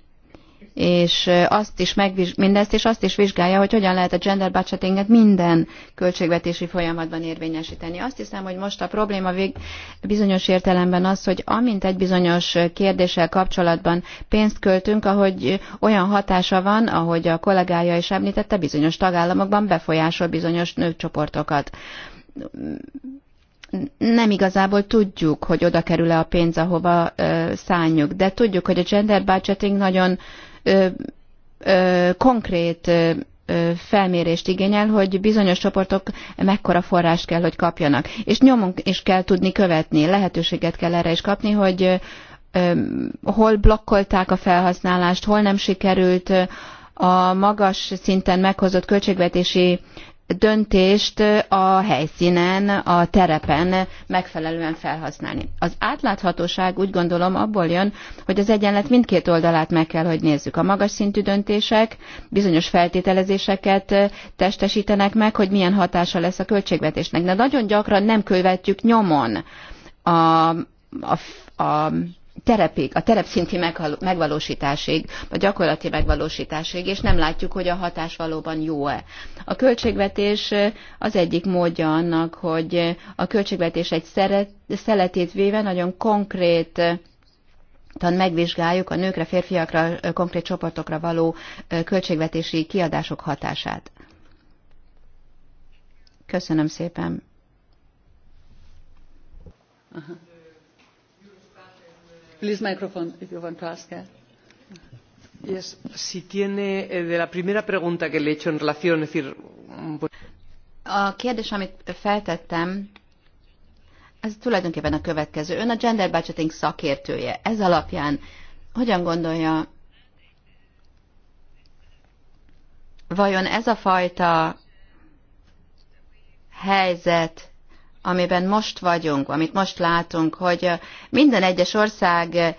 és azt is megviz, mindezt, és azt is vizsgálja, hogy hogyan lehet a gender budgetinget minden költségvetési folyamatban érvényesíteni. Azt hiszem, hogy most a probléma vég, bizonyos értelemben az, hogy amint egy bizonyos kérdéssel kapcsolatban pénzt költünk, ahogy olyan hatása van, ahogy a kollégája is említette, bizonyos tagállamokban befolyásol bizonyos nőcsoportokat nem igazából tudjuk, hogy oda kerül-e a pénz, ahova ö, szálljuk, de tudjuk, hogy a gender budgeting nagyon konkrét felmérést igényel, hogy bizonyos csoportok mekkora forrás kell, hogy kapjanak. És nyomon is kell tudni követni, lehetőséget kell erre is kapni, hogy hol blokkolták a felhasználást, hol nem sikerült a magas szinten meghozott költségvetési döntést a helyszínen, a terepen megfelelően felhasználni. Az átláthatóság úgy gondolom abból jön, hogy az egyenlet mindkét oldalát meg kell, hogy nézzük. A magas szintű döntések bizonyos feltételezéseket testesítenek meg, hogy milyen hatása lesz a költségvetésnek. De nagyon gyakran nem követjük nyomon a, a, a terepig, a terepszinti megvalósításig, a gyakorlati megvalósításig, és nem látjuk, hogy a hatás valóban jó-e. A költségvetés eh, az egyik módja annak, hogy eh, a költségvetés egy szeletét véve nagyon konkrét tehát megvizsgáljuk a nőkre, férfiakra, eh, konkrét csoportokra való költségvetési kiadások hatását. Köszönöm szépen. Aha. Please microphone if you want to ask. Yes. Si tiene eh, de la primera pregunta que le he hecho en relación, es decir, A kérdés, amit feltettem, ez tulajdonképpen a következő. Ön a gender budgeting szakértője. Ez alapján hogyan gondolja, vajon ez a fajta helyzet amiben most vagyunk, amit most látunk, hogy minden egyes ország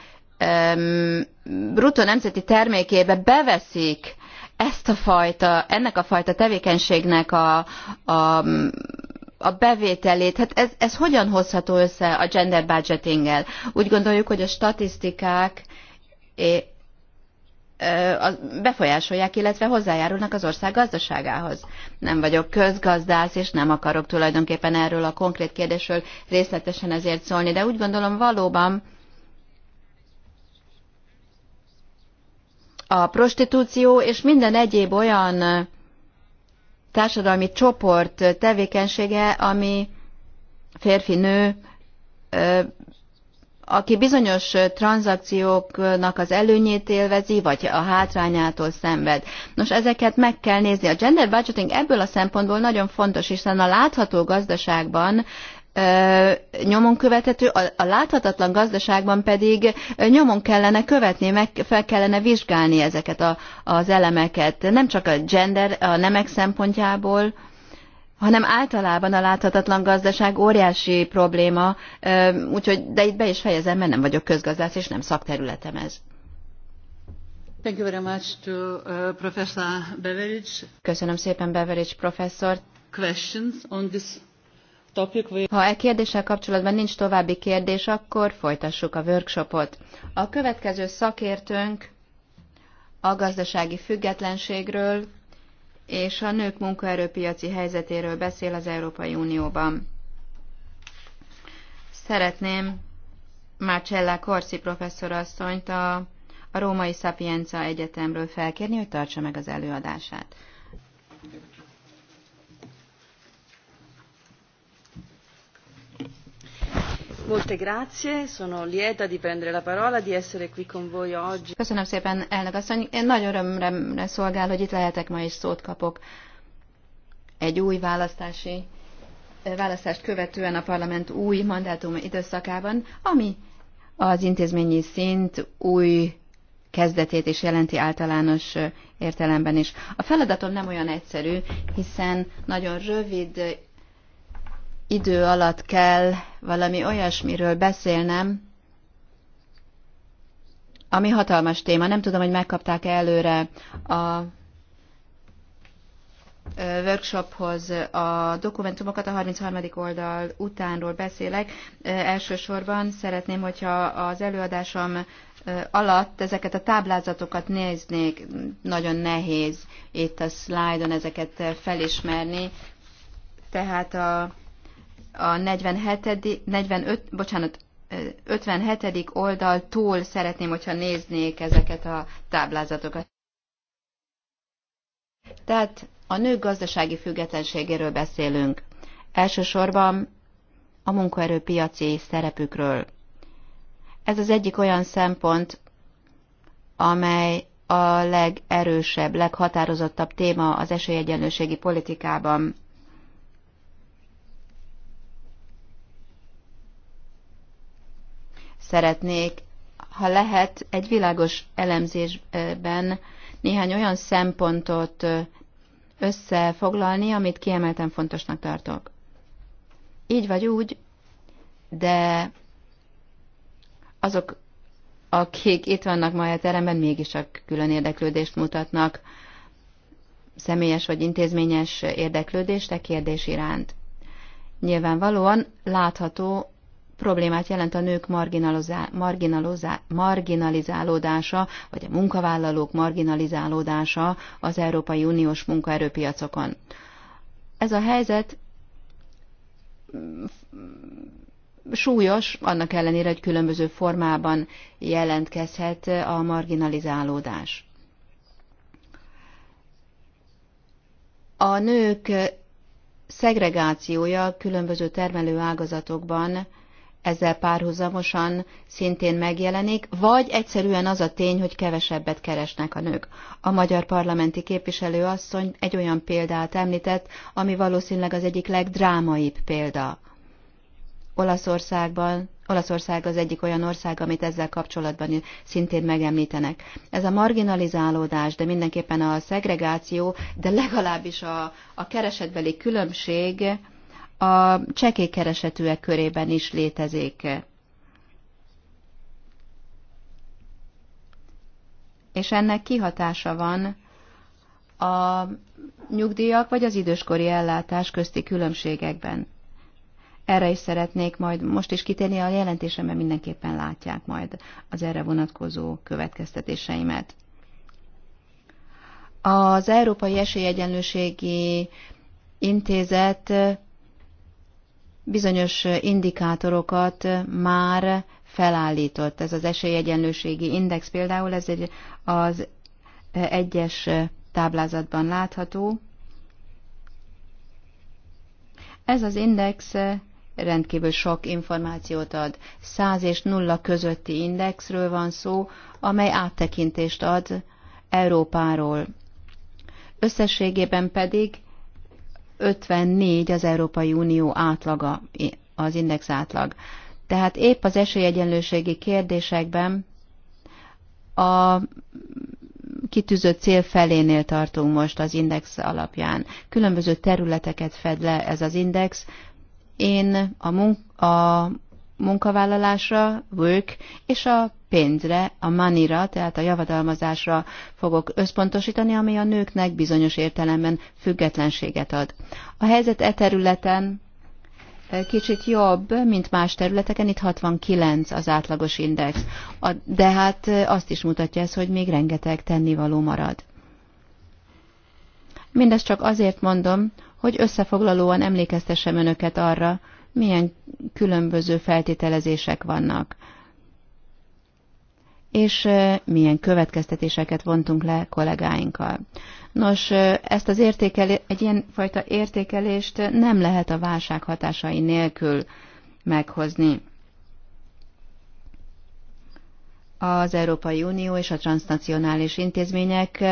bruttó nemzeti termékébe beveszik ezt a fajta, ennek a fajta tevékenységnek a, a a bevételét, hát ez, ez hogyan hozható össze a gender budgetinggel? Úgy gondoljuk, hogy a statisztikák befolyásolják, illetve hozzájárulnak az ország gazdaságához. Nem vagyok közgazdász, és nem akarok tulajdonképpen erről a konkrét kérdésről részletesen ezért szólni, de úgy gondolom valóban a prostitúció és minden egyéb olyan társadalmi csoport tevékenysége, ami férfi-nő aki bizonyos tranzakcióknak az előnyét élvezi, vagy a hátrányától szenved. Nos, ezeket meg kell nézni. A gender budgeting ebből a szempontból nagyon fontos, hiszen a látható gazdaságban ö, nyomon követhető, a, a láthatatlan gazdaságban pedig nyomon kellene követni, meg fel kellene vizsgálni ezeket a, az elemeket, nem csak a gender, a nemek szempontjából, hanem általában a láthatatlan gazdaság óriási probléma, úgyhogy, de itt be is fejezem, mert nem vagyok közgazdász, és nem szakterületem ez. Thank you very much to, uh, Professor Beveridge. Köszönöm szépen Beveridge professzor. Questions on this topic we... Ha e kérdéssel kapcsolatban nincs további kérdés, akkor folytassuk a workshopot. A következő szakértőnk a gazdasági függetlenségről, és a nők munkaerőpiaci helyzetéről beszél az Európai Unióban. Szeretném Marcella Corsi professzorasszonyt a, a Római Sapienza Egyetemről felkérni, hogy tartsa meg az előadását. Köszönöm szépen, elnök asszony. Én nagy örömre szolgál, hogy itt lehetek, ma is szót kapok. Egy új választási eh, választást követően a parlament új mandátum időszakában, ami az intézményi szint új kezdetét is jelenti általános eh, értelemben is. A feladatom nem olyan egyszerű, hiszen nagyon rövid idő alatt kell valami olyasmiről beszélnem, ami hatalmas téma. Nem tudom, hogy megkapták előre a workshophoz a dokumentumokat, a 33. oldal utánról beszélek. Elsősorban szeretném, hogyha az előadásom alatt ezeket a táblázatokat néznék, nagyon nehéz itt a szlájdon ezeket felismerni. Tehát a a 47, 45, bocsánat, 57. oldaltól szeretném, hogyha néznék ezeket a táblázatokat. Tehát a nők gazdasági függetlenségéről beszélünk. Elsősorban a munkaerőpiaci szerepükről. Ez az egyik olyan szempont, amely a legerősebb, leghatározottabb téma az esélyegyenlőségi politikában. szeretnék, ha lehet, egy világos elemzésben néhány olyan szempontot összefoglalni, amit kiemelten fontosnak tartok. Így vagy úgy, de azok, akik itt vannak ma a teremben, mégis a külön érdeklődést mutatnak, személyes vagy intézményes érdeklődést a kérdés iránt. Nyilvánvalóan látható problémát jelent a nők marginalizálódása, vagy a munkavállalók marginalizálódása az Európai Uniós munkaerőpiacokon. Ez a helyzet mm, súlyos, annak ellenére, hogy különböző formában jelentkezhet a marginalizálódás. A nők szegregációja különböző termelő ágazatokban ezzel párhuzamosan szintén megjelenik, vagy egyszerűen az a tény, hogy kevesebbet keresnek a nők. A magyar parlamenti képviselő asszony egy olyan példát említett, ami valószínűleg az egyik legdrámaibb példa. Olaszországban, Olaszország az egyik olyan ország, amit ezzel kapcsolatban szintén megemlítenek. Ez a marginalizálódás, de mindenképpen a szegregáció, de legalábbis a, a keresetbeli különbség a csekély keresetűek körében is létezik. És ennek kihatása van a nyugdíjak vagy az időskori ellátás közti különbségekben. Erre is szeretnék majd most is kitérni a mert mindenképpen látják majd az erre vonatkozó következtetéseimet. Az Európai Esélyegyenlőségi Intézet bizonyos indikátorokat már felállított. Ez az esélyegyenlőségi index például, ez egy, az egyes táblázatban látható. Ez az index rendkívül sok információt ad. 100 és 0 közötti indexről van szó, amely áttekintést ad Európáról. Összességében pedig 54 az Európai Unió átlaga, az index átlag. Tehát épp az esélyegyenlőségi kérdésekben a kitűzött cél felénél tartunk most az index alapján. Különböző területeket fed le ez az index. Én a, munk- a munkavállalásra, work, és a pénzre, a manira, tehát a javadalmazásra fogok összpontosítani, ami a nőknek bizonyos értelemben függetlenséget ad. A helyzet e területen e, kicsit jobb, mint más területeken, itt 69 az átlagos index. De hát e, azt is mutatja ez, hogy még rengeteg tennivaló marad. Mindezt csak azért mondom, hogy összefoglalóan emlékeztessem önöket arra, milyen különböző feltételezések vannak és milyen következtetéseket vontunk le kollégáinkkal. Nos, ezt az értékelé, egy ilyen fajta értékelést nem lehet a válság hatásai nélkül meghozni. Az Európai Unió és a transnacionális intézmények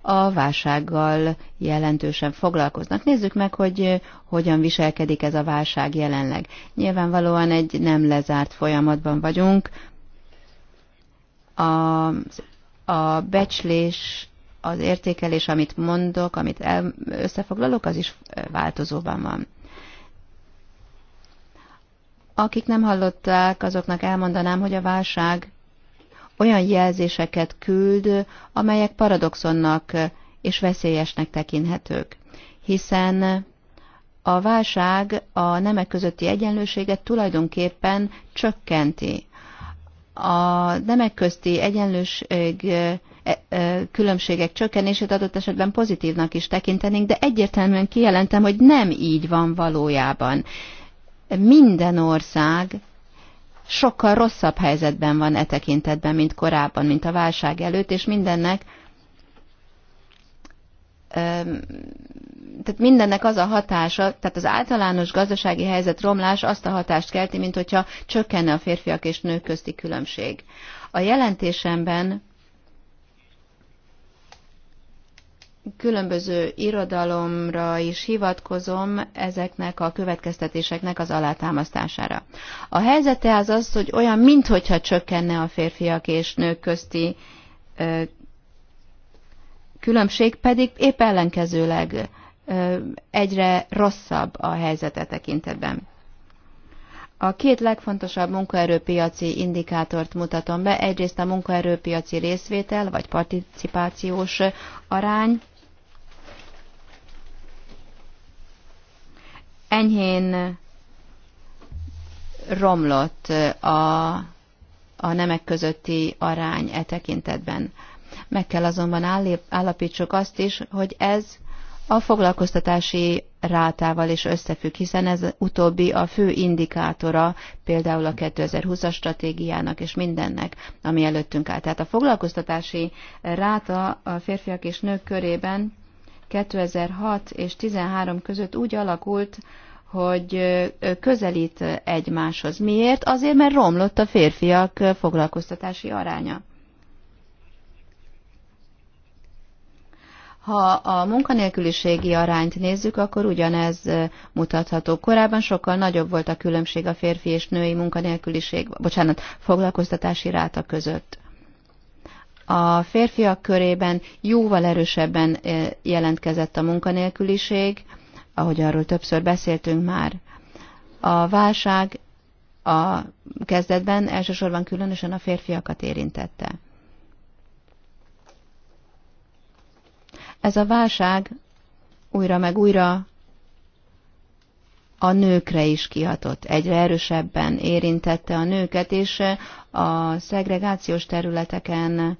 a válsággal jelentősen foglalkoznak. Nézzük meg, hogy hogyan viselkedik ez a válság jelenleg. Nyilvánvalóan egy nem lezárt folyamatban vagyunk, a, a becslés, az értékelés, amit mondok, amit el, összefoglalok, az is változóban van. Akik nem hallották, azoknak elmondanám, hogy a válság olyan jelzéseket küld, amelyek paradoxonnak és veszélyesnek tekinthetők, hiszen a válság a nemek közötti egyenlőséget tulajdonképpen csökkenti a nemek közti egyenlőség e, különbségek csökkenését adott esetben pozitívnak is tekintenénk, de egyértelműen kijelentem, hogy nem így van valójában. Minden ország sokkal rosszabb helyzetben van e tekintetben, mint korábban, mint a válság előtt, és mindennek tehát mindennek az a hatása, tehát az általános gazdasági helyzet romlás azt a hatást kelti, mint hogyha csökkenne a férfiak és nők közti különbség. A jelentésemben különböző irodalomra is hivatkozom ezeknek a következtetéseknek az alátámasztására. A helyzete az az, hogy olyan, minthogyha csökkenne a férfiak és nők közti különbség pedig épp ellenkezőleg egyre rosszabb a helyzete tekintetben. A két legfontosabb munkaerőpiaci indikátort mutatom be, egyrészt a munkaerőpiaci részvétel vagy participációs arány, enyhén romlott a, a nemek közötti arány e tekintetben. Meg kell azonban állapítsuk azt is, hogy ez a foglalkoztatási rátával is összefügg, hiszen ez utóbbi a fő indikátora például a 2020-as stratégiának és mindennek, ami előttünk áll. Tehát a foglalkoztatási ráta a férfiak és nők körében 2006 és 2013 között úgy alakult, hogy közelít egymáshoz. Miért? Azért, mert romlott a férfiak foglalkoztatási aránya. Ha a munkanélküliségi arányt nézzük, akkor ugyanez mutatható. Korábban sokkal nagyobb volt a különbség a férfi és női munkanélküliség, bocsánat, foglalkoztatási ráta között. A férfiak körében jóval erősebben jelentkezett a munkanélküliség, ahogy arról többször beszéltünk már. A válság a kezdetben elsősorban különösen a férfiakat érintette. Ez a válság újra meg újra a nőkre is kihatott. Egyre erősebben érintette a nőket, és eh, a szegregációs területeken,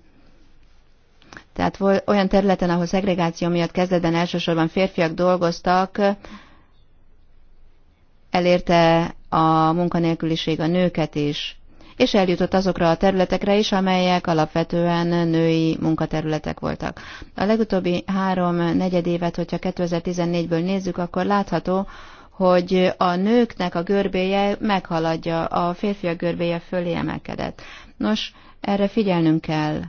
tehát olyan területen, ahol szegregáció miatt kezdetben elsősorban férfiak dolgoztak, elérte a munkanélküliség a nőket is és eljutott azokra a területekre is, amelyek alapvetően női munkaterületek voltak. A legutóbbi három negyed évet, hogyha 2014-ből nézzük, akkor látható, hogy a nőknek a görbéje meghaladja, a férfiak görbéje fölé emelkedett. Nos, erre figyelnünk kell,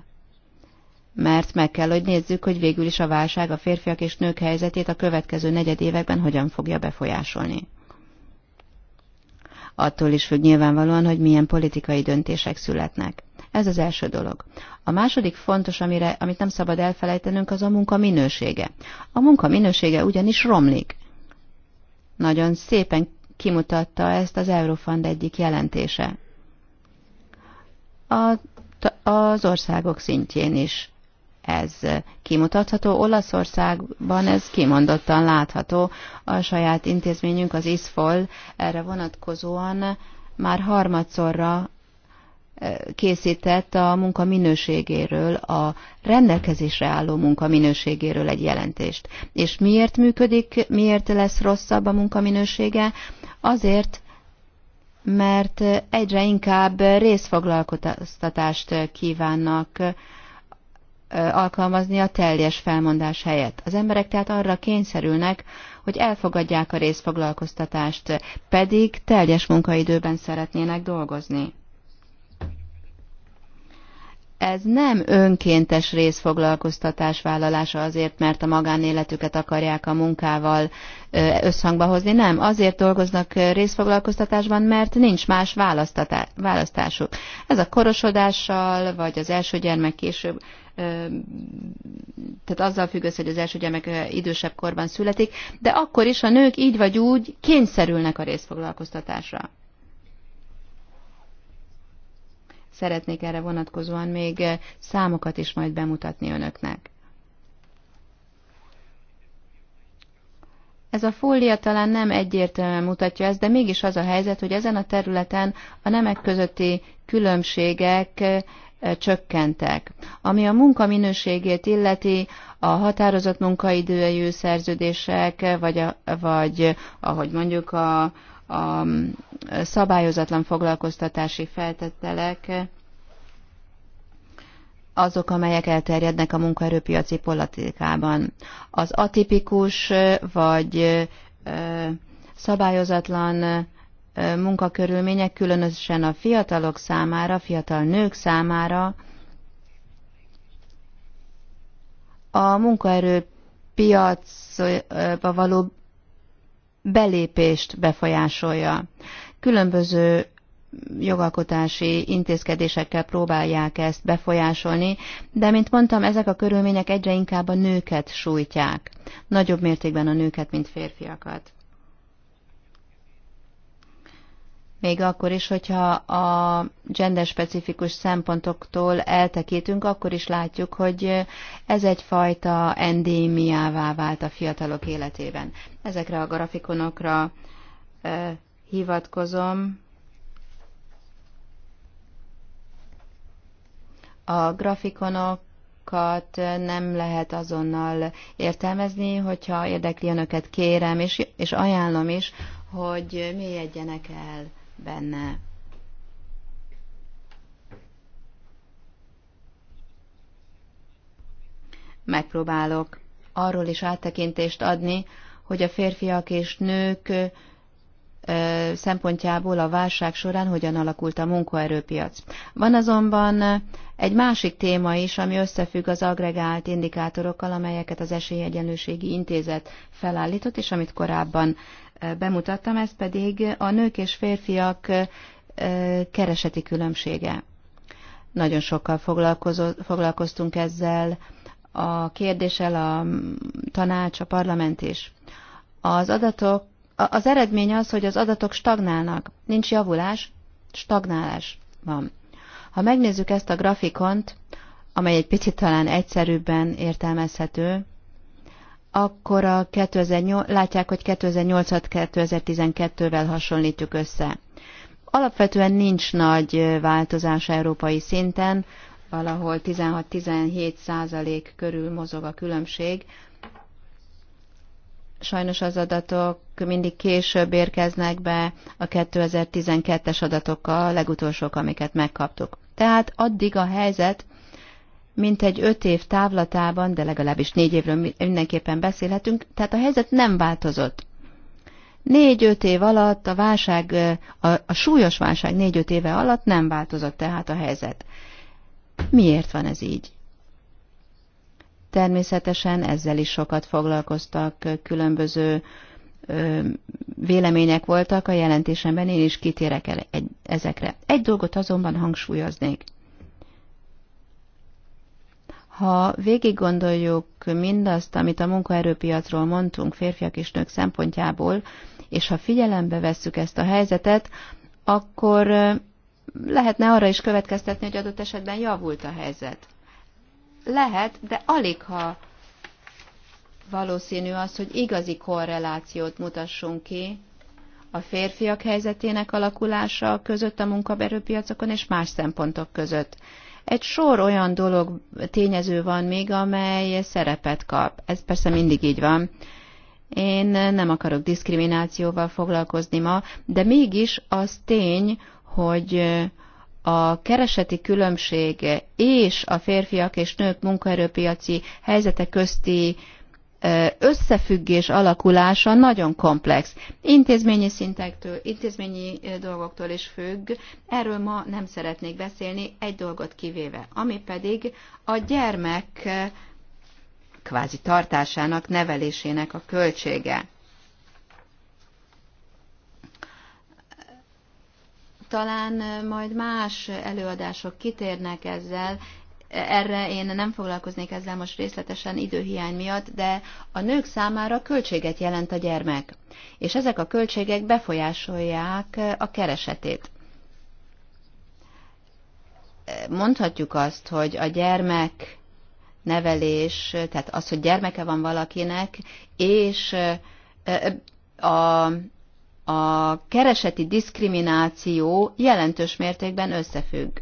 mert meg kell, hogy nézzük, hogy végül is a válság a férfiak és nők helyzetét a következő negyed években hogyan fogja befolyásolni attól is függ nyilvánvalóan, hogy milyen politikai döntések születnek. Ez az első dolog. A második fontos, amire, amit nem szabad elfelejtenünk, az a munka minősége. A munka minősége ugyanis romlik. Nagyon szépen kimutatta ezt az Eurofund egyik jelentése. A, az országok szintjén is ez kimutatható. Olaszországban ez kimondottan látható. A saját intézményünk, az ISFOL erre vonatkozóan már harmadszorra eh, készített a munka minőségéről, a rendelkezésre álló munka minőségéről egy jelentést. És miért működik, miért lesz rosszabb a munka minősége? Azért, mert egyre inkább részfoglalkoztatást kívánnak alkalmazni a teljes felmondás helyett. Az emberek tehát arra kényszerülnek, hogy elfogadják a részfoglalkoztatást, pedig teljes munkaidőben szeretnének dolgozni. Ez nem önkéntes részfoglalkoztatás vállalása azért, mert a magánéletüket akarják a munkával összhangba hozni, nem. Azért dolgoznak részfoglalkoztatásban, mert nincs más választásuk. Ez a korosodással, vagy az első gyermek később tehát azzal függ össze, hogy az első gyermek idősebb korban születik, de akkor is a nők így vagy úgy kényszerülnek a részfoglalkoztatásra. Szeretnék erre vonatkozóan még számokat is majd bemutatni önöknek. Ez a fólia talán nem egyértelműen mutatja ezt, de mégis az a helyzet, hogy ezen a területen a nemek közötti különbségek csökkentek. Ami a munka minőségét illeti, a határozott munkaidőjű szerződések, vagy, a, vagy ahogy mondjuk a, a szabályozatlan foglalkoztatási feltettelek, azok, amelyek elterjednek a munkaerőpiaci politikában. Az atipikus vagy szabályozatlan munkakörülmények, különösen a fiatalok számára, fiatal nők számára a munkaerőpiacba való belépést befolyásolja. Különböző jogalkotási intézkedésekkel próbálják ezt befolyásolni, de mint mondtam, ezek a körülmények egyre inkább a nőket sújtják. Nagyobb mértékben a nőket, mint férfiakat. még akkor is, hogyha a genderspecifikus szempontoktól eltekintünk, akkor is látjuk, hogy ez egyfajta endémiává vált a fiatalok életében. Ezekre a grafikonokra hivatkozom. A grafikonokat nem lehet azonnal értelmezni, hogyha érdekli önöket, kérem és, és ajánlom is, hogy mélyedjenek el benne. Megpróbálok arról is áttekintést adni, hogy a férfiak és nők szempontjából a válság során hogyan alakult a munkaerőpiac. Van azonban egy másik téma is, ami összefügg az agregált indikátorokkal, amelyeket az Esélyegyenlőségi Intézet felállított, és amit korábban bemutattam, ez pedig a nők és férfiak kereseti különbsége. Nagyon sokkal foglalkoztunk ezzel a kérdéssel a tanács, a parlament is. Az adatok, az eredmény az, hogy az adatok stagnálnak. Nincs javulás, stagnálás van. Ha megnézzük ezt a grafikont, amely egy picit talán egyszerűbben értelmezhető, akkor a 2008, látják, hogy 2008-at 2012-vel hasonlítjuk össze. Alapvetően nincs nagy változás európai szinten, valahol 16-17 százalék körül mozog a különbség. Sajnos az adatok mindig később érkeznek be a 2012-es adatokkal, a legutolsók, amiket megkaptuk. Tehát addig a helyzet mint egy öt év távlatában, de legalábbis négy évről mindenképpen beszélhetünk, tehát a helyzet nem változott. Négy-öt év alatt a válság, a, a súlyos válság négy-öt éve alatt nem változott tehát a helyzet. Miért van ez így? Természetesen ezzel is sokat foglalkoztak, különböző ö, vélemények voltak, a jelentésemben én is kitérek el egy, ezekre. Egy dolgot azonban hangsúlyoznék – ha végig gondoljuk mindazt, amit a munkaerőpiacról mondtunk férfiak és nők szempontjából, és ha figyelembe vesszük ezt a helyzetet, akkor lehetne arra is következtetni, hogy adott esetben javult a helyzet. Lehet, de alig ha valószínű az, hogy igazi korrelációt mutassunk ki a férfiak helyzetének alakulása között a munkaerőpiacokon és más szempontok között. Egy sor olyan dolog, tényező van még, amely szerepet kap. Ez persze mindig így van. Én nem akarok diszkriminációval foglalkozni ma, de mégis az tény, hogy a kereseti különbség és a férfiak és nők munkaerőpiaci helyzete közti összefüggés alakulása nagyon komplex. Intézményi szintektől, intézményi dolgoktól is függ. Erről ma nem szeretnék beszélni, egy dolgot kivéve, ami pedig a gyermek kvázi tartásának, nevelésének a költsége. Talán majd más előadások kitérnek ezzel, erre én nem foglalkoznék ezzel most részletesen időhiány miatt, de a nők számára költséget jelent a gyermek, és ezek a költségek befolyásolják a keresetét. Mondhatjuk azt, hogy a gyermek nevelés, tehát az, hogy gyermeke van valakinek, és a, a kereseti diszkrimináció jelentős mértékben összefügg.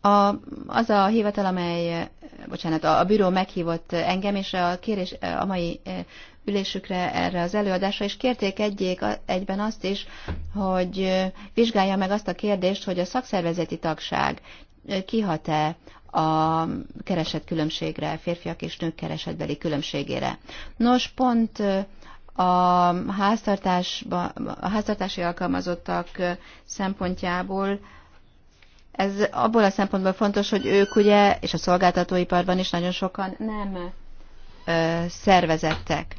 A, az a hivatal, amely, bocsánat, a, a bűró meghívott engem, és a, kérés, a mai e, ülésükre erre az előadásra, és kérték egyék, egyben azt is, hogy e, vizsgálja meg azt a kérdést, hogy a szakszervezeti tagság e, kihat-e a keresett különbségre, férfiak és nők keresetbeli különbségére. Nos, pont a, háztartásba, a háztartási alkalmazottak szempontjából ez abból a szempontból fontos, hogy ők ugye, és a szolgáltatóiparban is nagyon sokan nem ö, szervezettek.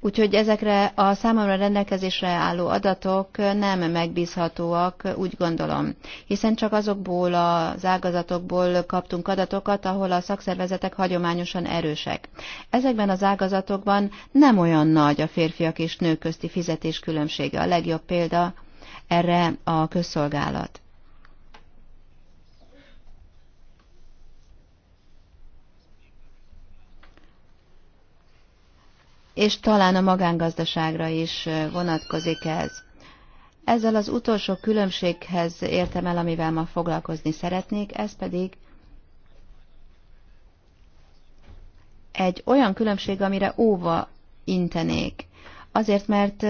Úgyhogy ezekre a számomra rendelkezésre álló adatok nem megbízhatóak, úgy gondolom, hiszen csak azokból az ágazatokból kaptunk adatokat, ahol a szakszervezetek hagyományosan erősek. Ezekben az ágazatokban nem olyan nagy a férfiak és nők közti különbsége, A legjobb példa erre a közszolgálat. És talán a magángazdaságra is vonatkozik ez. Ezzel az utolsó különbséghez értem el, amivel ma foglalkozni szeretnék, ez pedig egy olyan különbség, amire óva intenék. Azért, mert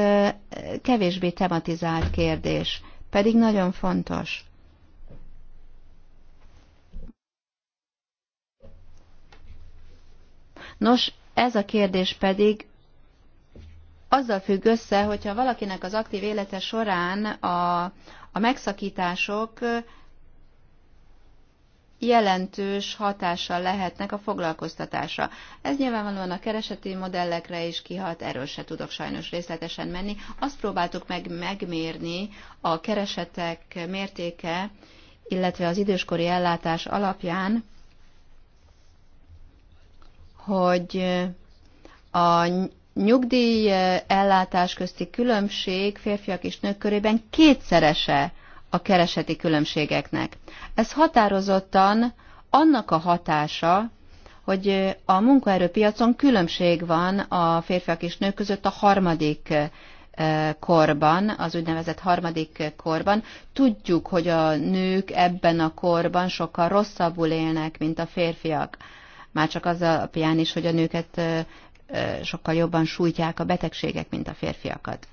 kevésbé tematizált kérdés, pedig nagyon fontos. Nos, ez a kérdés pedig azzal függ össze, hogyha valakinek az aktív élete során a, a megszakítások jelentős hatással lehetnek a foglalkoztatásra. Ez nyilvánvalóan a kereseti modellekre is kihat, erről se tudok sajnos részletesen menni. Azt próbáltuk meg megmérni a keresetek mértéke, illetve az időskori ellátás alapján, hogy a nyugdíj ellátás közti különbség férfiak és nők körében kétszerese a kereseti különbségeknek. Ez határozottan annak a hatása, hogy a munkaerőpiacon különbség van a férfiak és nők között a harmadik eh, korban, az úgynevezett harmadik korban. Tudjuk, hogy a nők ebben a korban sokkal rosszabbul élnek, mint a férfiak. Már csak az alapján is, hogy a nőket eh, eh, sokkal jobban sújtják a betegségek, mint a férfiakat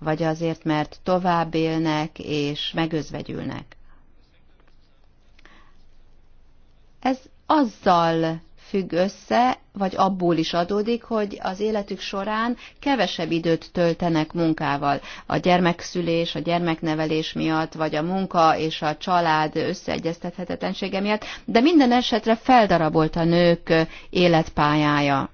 vagy azért, mert tovább élnek és megözvegyülnek. Ez azzal függ össze, vagy abból is adódik, hogy az életük során kevesebb időt töltenek munkával. A gyermekszülés, a gyermeknevelés miatt, vagy a munka és a család összeegyeztethetetlensége miatt, de minden esetre feldarabolt a nők életpályája.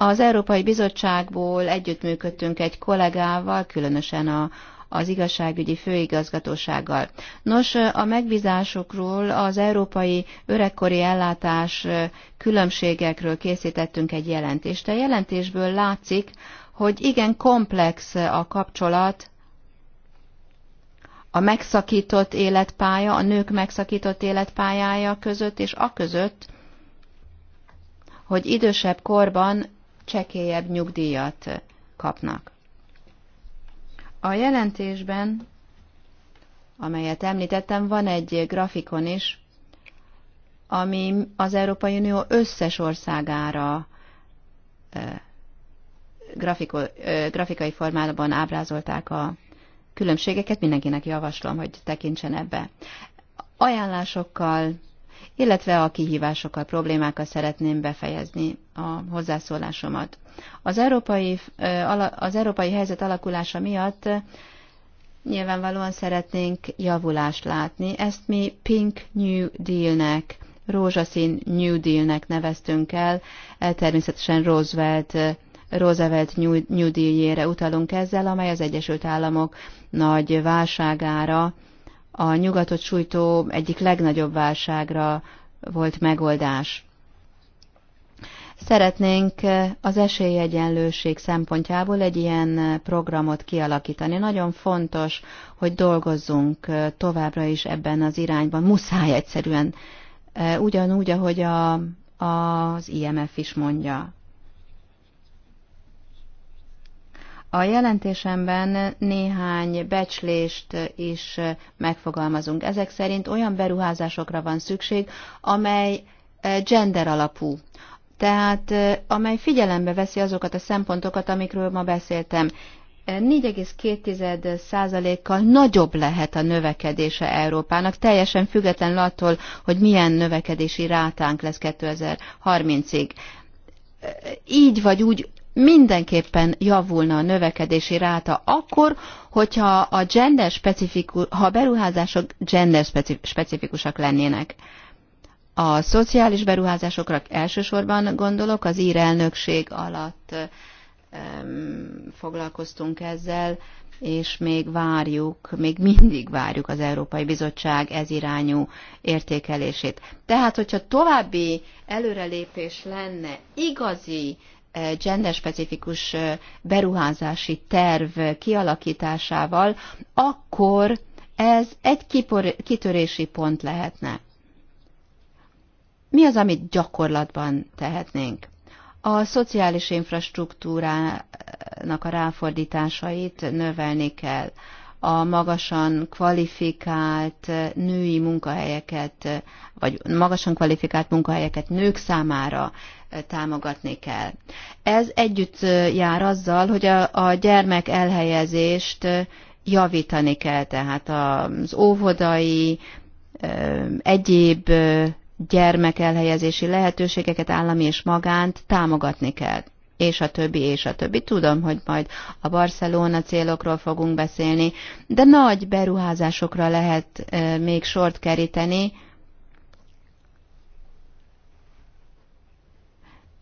Az Európai Bizottságból együttműködtünk egy kollégával, különösen a, az igazságügyi főigazgatósággal. Nos, a megbízásokról az európai öregkori ellátás különbségekről készítettünk egy jelentést. A jelentésből látszik, hogy igen komplex a kapcsolat a megszakított életpálya, a nők megszakított életpályája között, és a között, hogy idősebb korban csekélyebb nyugdíjat kapnak. A jelentésben, amelyet említettem, van egy grafikon is, ami az Európai Unió összes országára grafiko, grafikai formában ábrázolták a különbségeket, mindenkinek javaslom, hogy tekintsen ebbe. Ajánlásokkal illetve a kihívásokkal, problémákkal szeretném befejezni a hozzászólásomat. Az európai, az európai helyzet alakulása miatt nyilvánvalóan szeretnénk javulást látni. Ezt mi Pink New Deal-nek, rózsaszín New Deal-nek neveztünk el, e, természetesen Roosevelt Roosevelt New Deal-jére utalunk ezzel, amely az Egyesült Államok nagy válságára a nyugatot sújtó egyik legnagyobb válságra volt megoldás. Szeretnénk az esélyegyenlőség szempontjából egy ilyen programot kialakítani. Nagyon fontos, hogy dolgozzunk továbbra is ebben az irányban. Muszáj egyszerűen, ugyanúgy, ahogy a, az IMF is mondja. A jelentésemben néhány becslést is megfogalmazunk. Ezek szerint olyan beruházásokra van szükség, amely eh, gender alapú. Tehát eh, amely figyelembe veszi azokat a szempontokat, amikről ma beszéltem. 4,2%-kal eh, nagyobb lehet a növekedése Európának, teljesen független attól, hogy milyen növekedési rátánk lesz 2030-ig. Így vagy úgy mindenképpen javulna a növekedési ráta akkor, hogyha a gender specifikus, ha a beruházások gender specifikusak lennének. A szociális beruházásokra elsősorban gondolok, az ír elnökség alatt um, foglalkoztunk ezzel, és még várjuk, még mindig várjuk az Európai Bizottság ez irányú értékelését. Tehát, hogyha további előrelépés lenne, igazi genderspecifikus beruházási terv kialakításával, akkor ez egy kipor, kitörési pont lehetne. Mi az, amit gyakorlatban tehetnénk? A szociális infrastruktúrának a ráfordításait növelni kell, a magasan kvalifikált női munkahelyeket, vagy magasan kvalifikált munkahelyeket nők számára támogatni kell. Ez együtt jár azzal, hogy a, a gyermek elhelyezést javítani kell, tehát az óvodai, egyéb gyermek elhelyezési lehetőségeket, állami és magánt támogatni kell és a többi, és a többi. Tudom, hogy majd a Barcelona célokról fogunk beszélni, de nagy beruházásokra lehet még sort keríteni,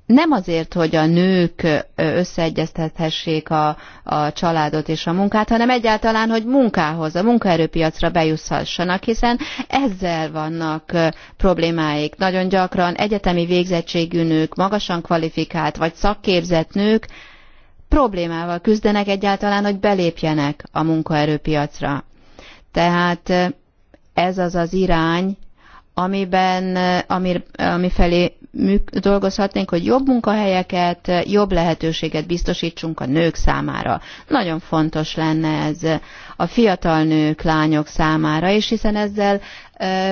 nem azért, hogy a nők összeegyeztethessék a, a családot és a munkát, hanem egyáltalán, hogy munkához, a munkaerőpiacra bejusszhassanak, hiszen ezzel vannak problémáik. Nagyon gyakran egyetemi végzettségű nők, magasan kvalifikált vagy szakképzett nők problémával küzdenek egyáltalán, hogy belépjenek a munkaerőpiacra. Tehát ez az az irány, amiben, ami, ami felé dolgozhatnénk, hogy jobb munkahelyeket, jobb lehetőséget biztosítsunk a nők számára. Nagyon fontos lenne ez a fiatal nők, lányok számára, és hiszen ezzel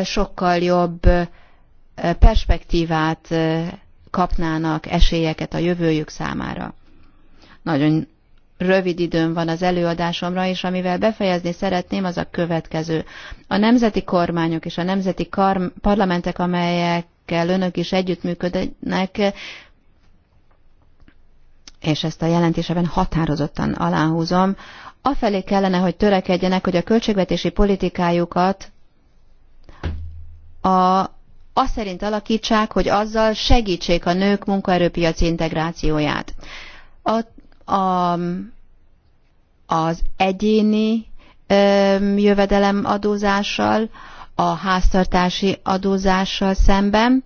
sokkal jobb perspektívát kapnának, esélyeket a jövőjük számára. Nagyon rövid időm van az előadásomra, és amivel befejezni szeretném, az a következő. A nemzeti kormányok és a nemzeti parlamentek, amelyek akikkel önök is együttműködnek, és ezt a jelentéseben határozottan aláhúzom, afelé kellene, hogy törekedjenek, hogy a költségvetési politikájukat a, azt szerint alakítsák, hogy azzal segítsék a nők munkaerőpiaci integrációját. A, a, az egyéni ö, jövedelem adózással, a háztartási adózással szemben,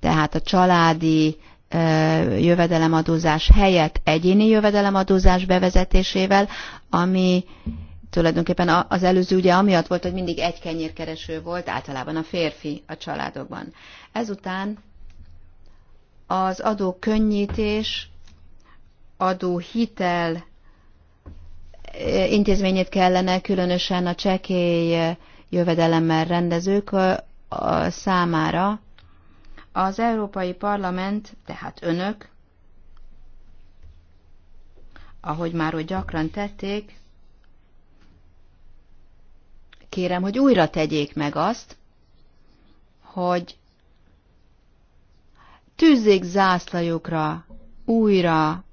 tehát a családi jövedelemadózás helyett egyéni jövedelemadózás bevezetésével, ami tulajdonképpen az előző ugye amiatt volt, hogy mindig egy kenyérkereső volt, általában a férfi a családokban. Ezután az adó könnyítés, adó hitel intézményét kellene különösen a csekély eh, jövedelemmel rendezők eh, számára. Az Európai Parlament, tehát önök, ahogy már úgy gyakran tették, kérem, hogy újra tegyék meg azt, hogy tűzzék zászlajukra újra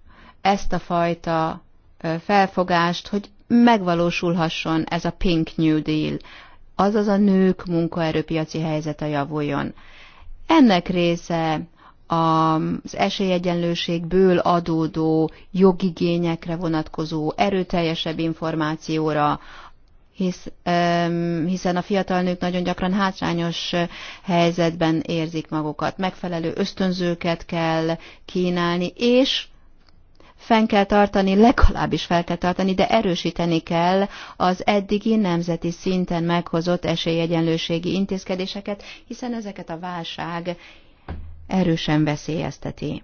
ezt a fajta felfogást, hogy megvalósulhasson ez a Pink New Deal, azaz a nők munkaerőpiaci helyzete javuljon. Ennek része az esélyegyenlőségből adódó jogigényekre vonatkozó erőteljesebb információra, hisz, hiszen a fiatal nők nagyon gyakran hátrányos helyzetben érzik magukat. Megfelelő ösztönzőket kell kínálni, és fenn kell tartani, legalábbis fel kell tartani, de erősíteni kell az eddigi nemzeti szinten meghozott esélyegyenlőségi intézkedéseket, hiszen ezeket a válság erősen veszélyezteti.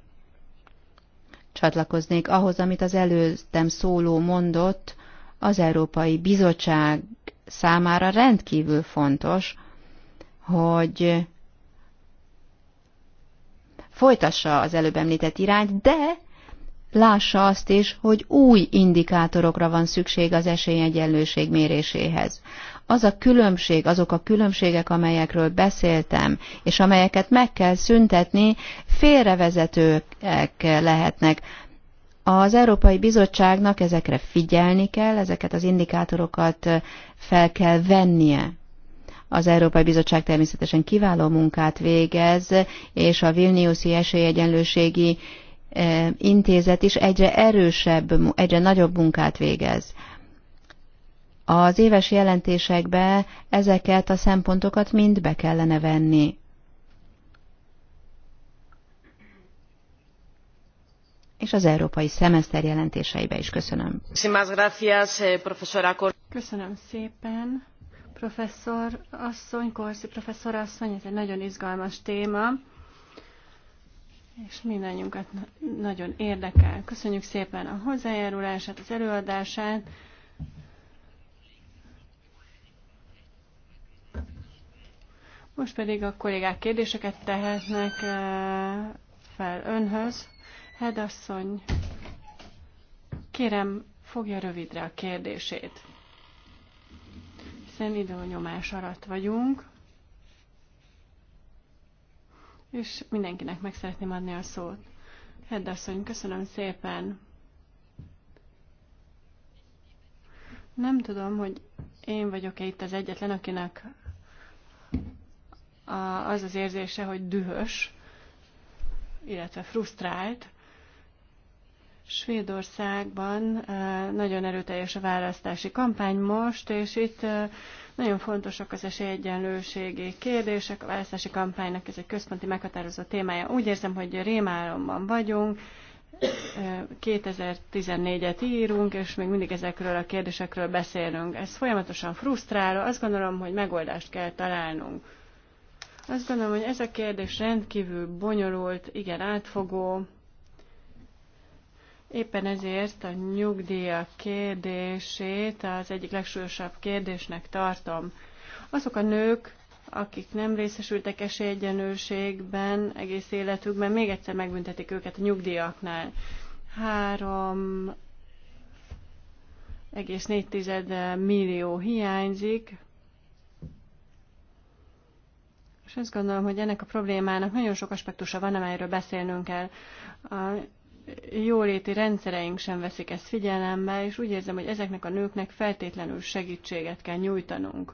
Csatlakoznék ahhoz, amit az előttem szóló mondott, az Európai Bizottság számára rendkívül fontos, hogy folytassa az előbb említett irányt, de lássa azt is, hogy új indikátorokra van szükség az esélyegyenlőség méréséhez. Az a különbség, azok a különbségek, amelyekről beszéltem, és amelyeket meg kell szüntetni, félrevezetőek lehetnek. Az Európai Bizottságnak ezekre figyelni kell, ezeket az indikátorokat fel kell vennie. Az Európai Bizottság természetesen kiváló munkát végez, és a Vilniuszi esélyegyenlőségi intézet is egyre erősebb, egyre nagyobb munkát végez. Az éves jelentésekbe ezeket a szempontokat mind be kellene venni. és az európai szemeszter jelentéseibe is köszönöm. Eh, köszönöm szépen, professzor asszony, Korszi professzor asszony, ez egy nagyon izgalmas téma és mindannyiunkat nagyon érdekel. Köszönjük szépen a hozzájárulását, az előadását. Most pedig a kollégák kérdéseket tehetnek eh, fel önhöz. Hedasszony, kérem, fogja rövidre a kérdését, hiszen időnyomás alatt vagyunk és mindenkinek meg szeretném adni a szót. Heddasszony, köszönöm szépen. Nem tudom, hogy én vagyok-e itt az egyetlen, akinek az az érzése, hogy dühös, illetve frusztrált. Svédországban eh, nagyon erőteljes a választási kampány most, és itt eh, nagyon fontosak az esélyegyenlőségi kérdések, a választási kampánynak ez egy központi meghatározó témája. Úgy érzem, hogy rémálomban vagyunk, 2014-et írunk, és még mindig ezekről a kérdésekről beszélünk. Ez folyamatosan frusztráló, azt gondolom, hogy megoldást kell találnunk. Azt gondolom, hogy ez a kérdés rendkívül bonyolult, igen átfogó, Éppen ezért a nyugdíja kérdését az egyik legsúlyosabb kérdésnek tartom. Azok a nők, akik nem részesültek esélyegyenlőségben egész életükben, még egyszer megbüntetik őket a nyugdíjaknál. 3,4 millió hiányzik, és azt gondolom, hogy ennek a problémának nagyon sok aspektusa van, amelyről beszélnünk kell. A jóléti rendszereink sem veszik ezt figyelembe, és úgy érzem, hogy ezeknek a nőknek feltétlenül segítséget kell nyújtanunk.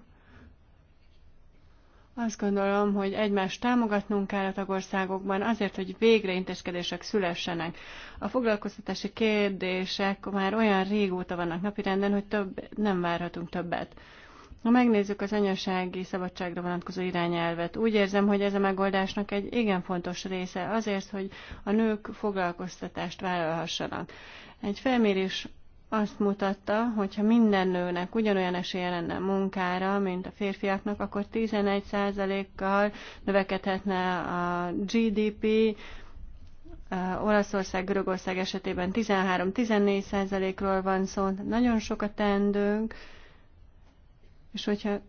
Azt gondolom, hogy egymást támogatnunk kell a tagországokban azért, hogy végre intézkedések szülessenek. A foglalkoztatási kérdések már olyan régóta vannak napirenden, hogy több, nem várhatunk többet. Ha megnézzük az anyasági szabadságra vonatkozó irányelvet, úgy érzem, hogy ez a megoldásnak egy igen fontos része azért, hogy a nők foglalkoztatást vállalhassanak. Egy felmérés azt mutatta, hogy ha minden nőnek ugyanolyan esélye lenne munkára, mint a férfiaknak, akkor 11%-kal növekedhetne a GDP, Olaszország, Görögország esetében 13-14%-ról van szó, nagyon sokat teendőnk, és hogyha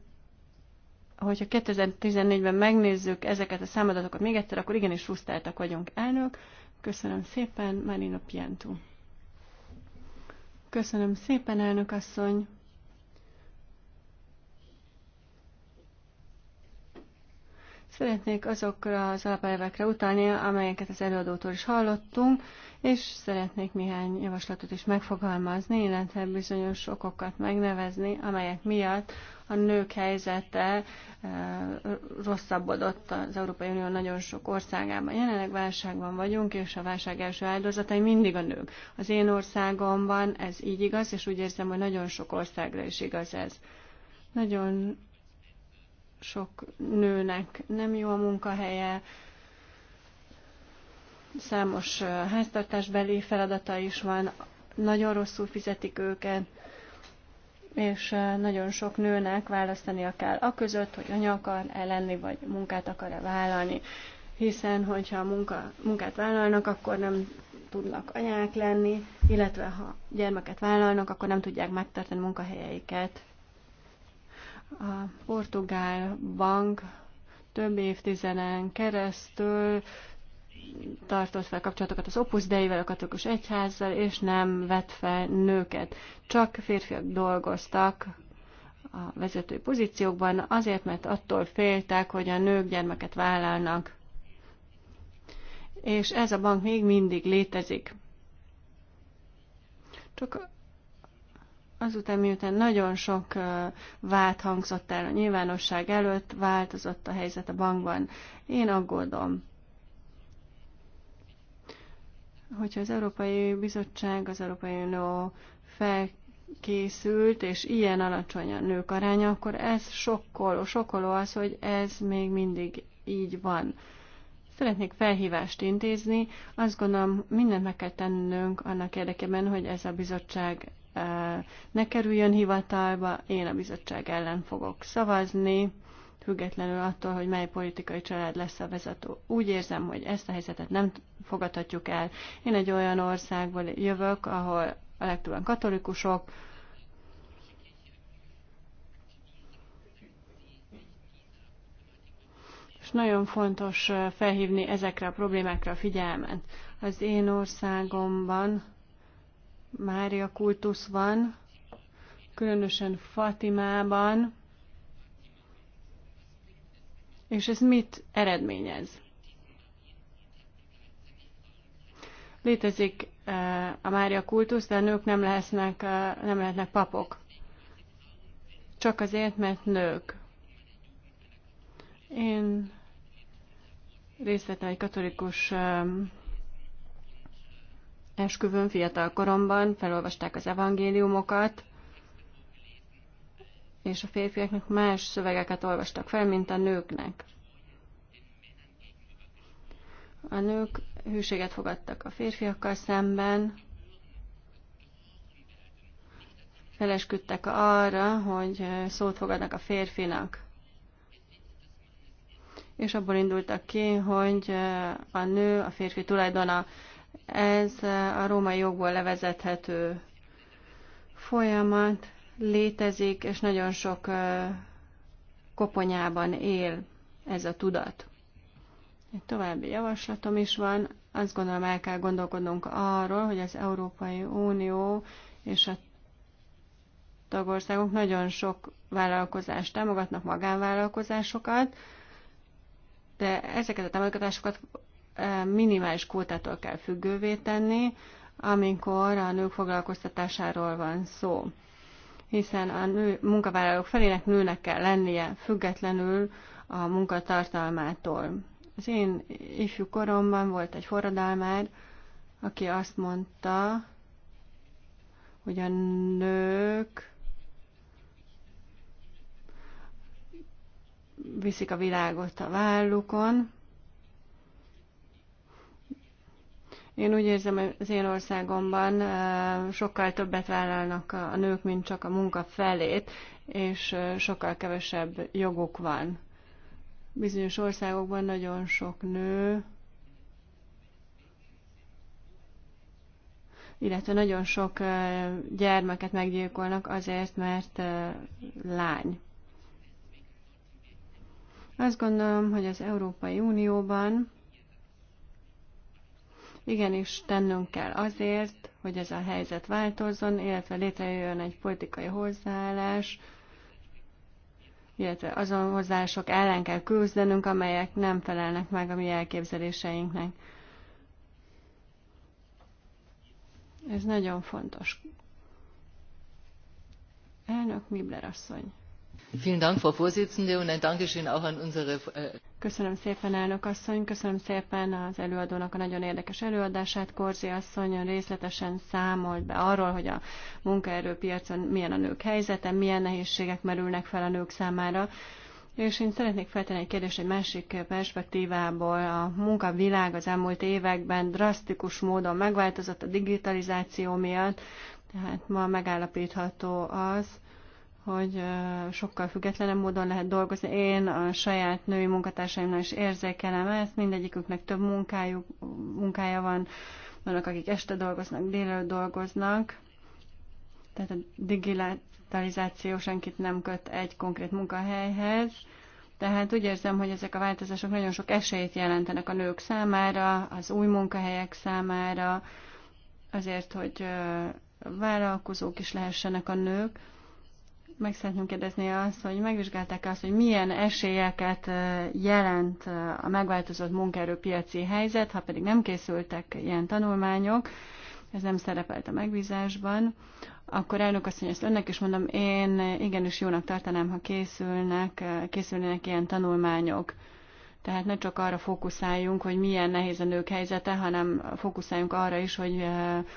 hogyha 2014-ben megnézzük ezeket a számadatokat még egyszer, akkor igenis frusztráltak vagyunk, elnök. Köszönöm szépen, Marina Pientu. Köszönöm szépen, elnök asszony. Szeretnék azokra az alapelvekre utalni, amelyeket az előadótól is hallottunk, és szeretnék néhány javaslatot is megfogalmazni, illetve bizonyos okokat megnevezni, amelyek miatt a nők helyzete eh, rosszabbodott az Európai Unió nagyon sok országában. Jelenleg válságban vagyunk, és a válság első áldozatai mindig a nők. Az én országomban ez így igaz, és úgy érzem, hogy nagyon sok országra is igaz ez. Nagyon sok nőnek nem jó a munkahelye, számos eh, háztartásbeli feladata is van, nagyon rosszul fizetik őket, és eh, nagyon sok nőnek választania kell a között, hogy anya akar-e lenni, vagy munkát akar-e vállalni. Hiszen, hogyha munka, munkát vállalnak, akkor nem tudnak anyák lenni, illetve ha gyermeket vállalnak, akkor nem tudják megtartani munkahelyeiket. A portugál bank több évtizeden keresztül tartott fel kapcsolatokat az Opus Dei-vel, a katolikus egyházzal, és nem vett fel nőket. Csak férfiak dolgoztak a vezető pozíciókban, azért, mert attól féltek, hogy a nők gyermeket vállalnak. És ez a bank még mindig létezik. Csak azután, miután nagyon sok vált hangzott el a nyilvánosság előtt, változott a helyzet a bankban. Én aggódom hogyha az Európai Bizottság, az Európai Unió felkészült, és ilyen alacsony a nők aránya, akkor ez sokkoló. Sokkoló az, hogy ez még mindig így van. Szeretnék felhívást intézni. Azt gondolom, mindent meg kell tennünk annak érdekében, hogy ez a bizottság eh, ne kerüljön hivatalba. Én a bizottság ellen fogok szavazni függetlenül attól, hogy mely politikai család lesz a vezető. Úgy érzem, hogy ezt a helyzetet nem fogadhatjuk el. Én egy olyan országból jövök, ahol a legtöbben katolikusok, és nagyon fontos felhívni ezekre a problémákra a figyelmet. Az én országomban Mária kultusz van, különösen Fatimában, és ez mit eredményez? Létezik eh, a Mária kultusz, de a nők nem, lesznek, eh, nem lehetnek papok. Csak azért, mert nők. Én részt vettem egy katolikus eh, esküvőn fiatal koromban, felolvasták az evangéliumokat, és a férfiaknak más szövegeket olvastak fel, mint a nőknek. A nők hűséget fogadtak a férfiakkal szemben, felesküdtek arra, hogy szót fogadnak a férfinak. És abból indultak ki, hogy a nő a férfi tulajdona. Ez a római jogból levezethető folyamat létezik, és nagyon sok koponyában él ez a tudat. Egy további javaslatom is van. Azt gondolom, el kell gondolkodnunk arról, hogy az Európai Unió és a tagországok nagyon sok vállalkozást támogatnak, magánvállalkozásokat, de ezeket a támogatásokat minimális kvótától kell függővé tenni, amikor a nők foglalkoztatásáról van szó hiszen a nő, munkavállalók felének nőnek kell lennie, függetlenül a munkatartalmától. Az én ifjú koromban volt egy forradalmár, aki azt mondta, hogy a nők viszik a világot a vállukon, Én úgy érzem, hogy az én országomban sokkal többet vállalnak a nők, mint csak a munka felét, és sokkal kevesebb joguk van. Bizonyos országokban nagyon sok nő, illetve nagyon sok gyermeket meggyilkolnak azért, mert lány. Azt gondolom, hogy az Európai Unióban Igenis tennünk kell azért, hogy ez a helyzet változzon, illetve létrejöjjön egy politikai hozzáállás, illetve azon hozzáállások ellen kell küzdenünk, amelyek nem felelnek meg a mi elképzeléseinknek. Ez nagyon fontos. Elnök Mibler asszony. Äh, köszönöm szépen, elnök asszony, köszönöm szépen az előadónak a nagyon érdekes előadását. Korzi asszony részletesen számolt be arról, hogy a munkaerőpiacon milyen a nők helyzete, milyen nehézségek merülnek fel a nők számára. És én szeretnék feltenni egy kérdést egy másik perspektívából. A munkavilág az elmúlt években drasztikus módon megváltozott a digitalizáció miatt, tehát ma megállapítható az, hogy sokkal függetlenebb módon lehet dolgozni. Én a saját női munkatársaimnál is érzékelem ezt, mindegyiküknek több munkájuk, munkája van, vannak, akik este dolgoznak, délelőtt dolgoznak, tehát a digitalizáció senkit nem köt egy konkrét munkahelyhez, tehát úgy érzem, hogy ezek a változások nagyon sok esélyt jelentenek a nők számára, az új munkahelyek számára, azért, hogy vállalkozók is lehessenek a nők, meg szeretném kérdezni azt, hogy megvizsgálták azt, hogy milyen esélyeket jelent a megváltozott munkaerőpiaci helyzet, ha pedig nem készültek ilyen tanulmányok, ez nem szerepelt a megbízásban, akkor elnök azt mondja, ezt önnek is mondom, én igenis jónak tartanám, ha készülnek, készülnének ilyen tanulmányok. Tehát ne csak arra fókuszáljunk, hogy milyen nehéz a nők helyzete, hanem fókuszáljunk arra is, hogy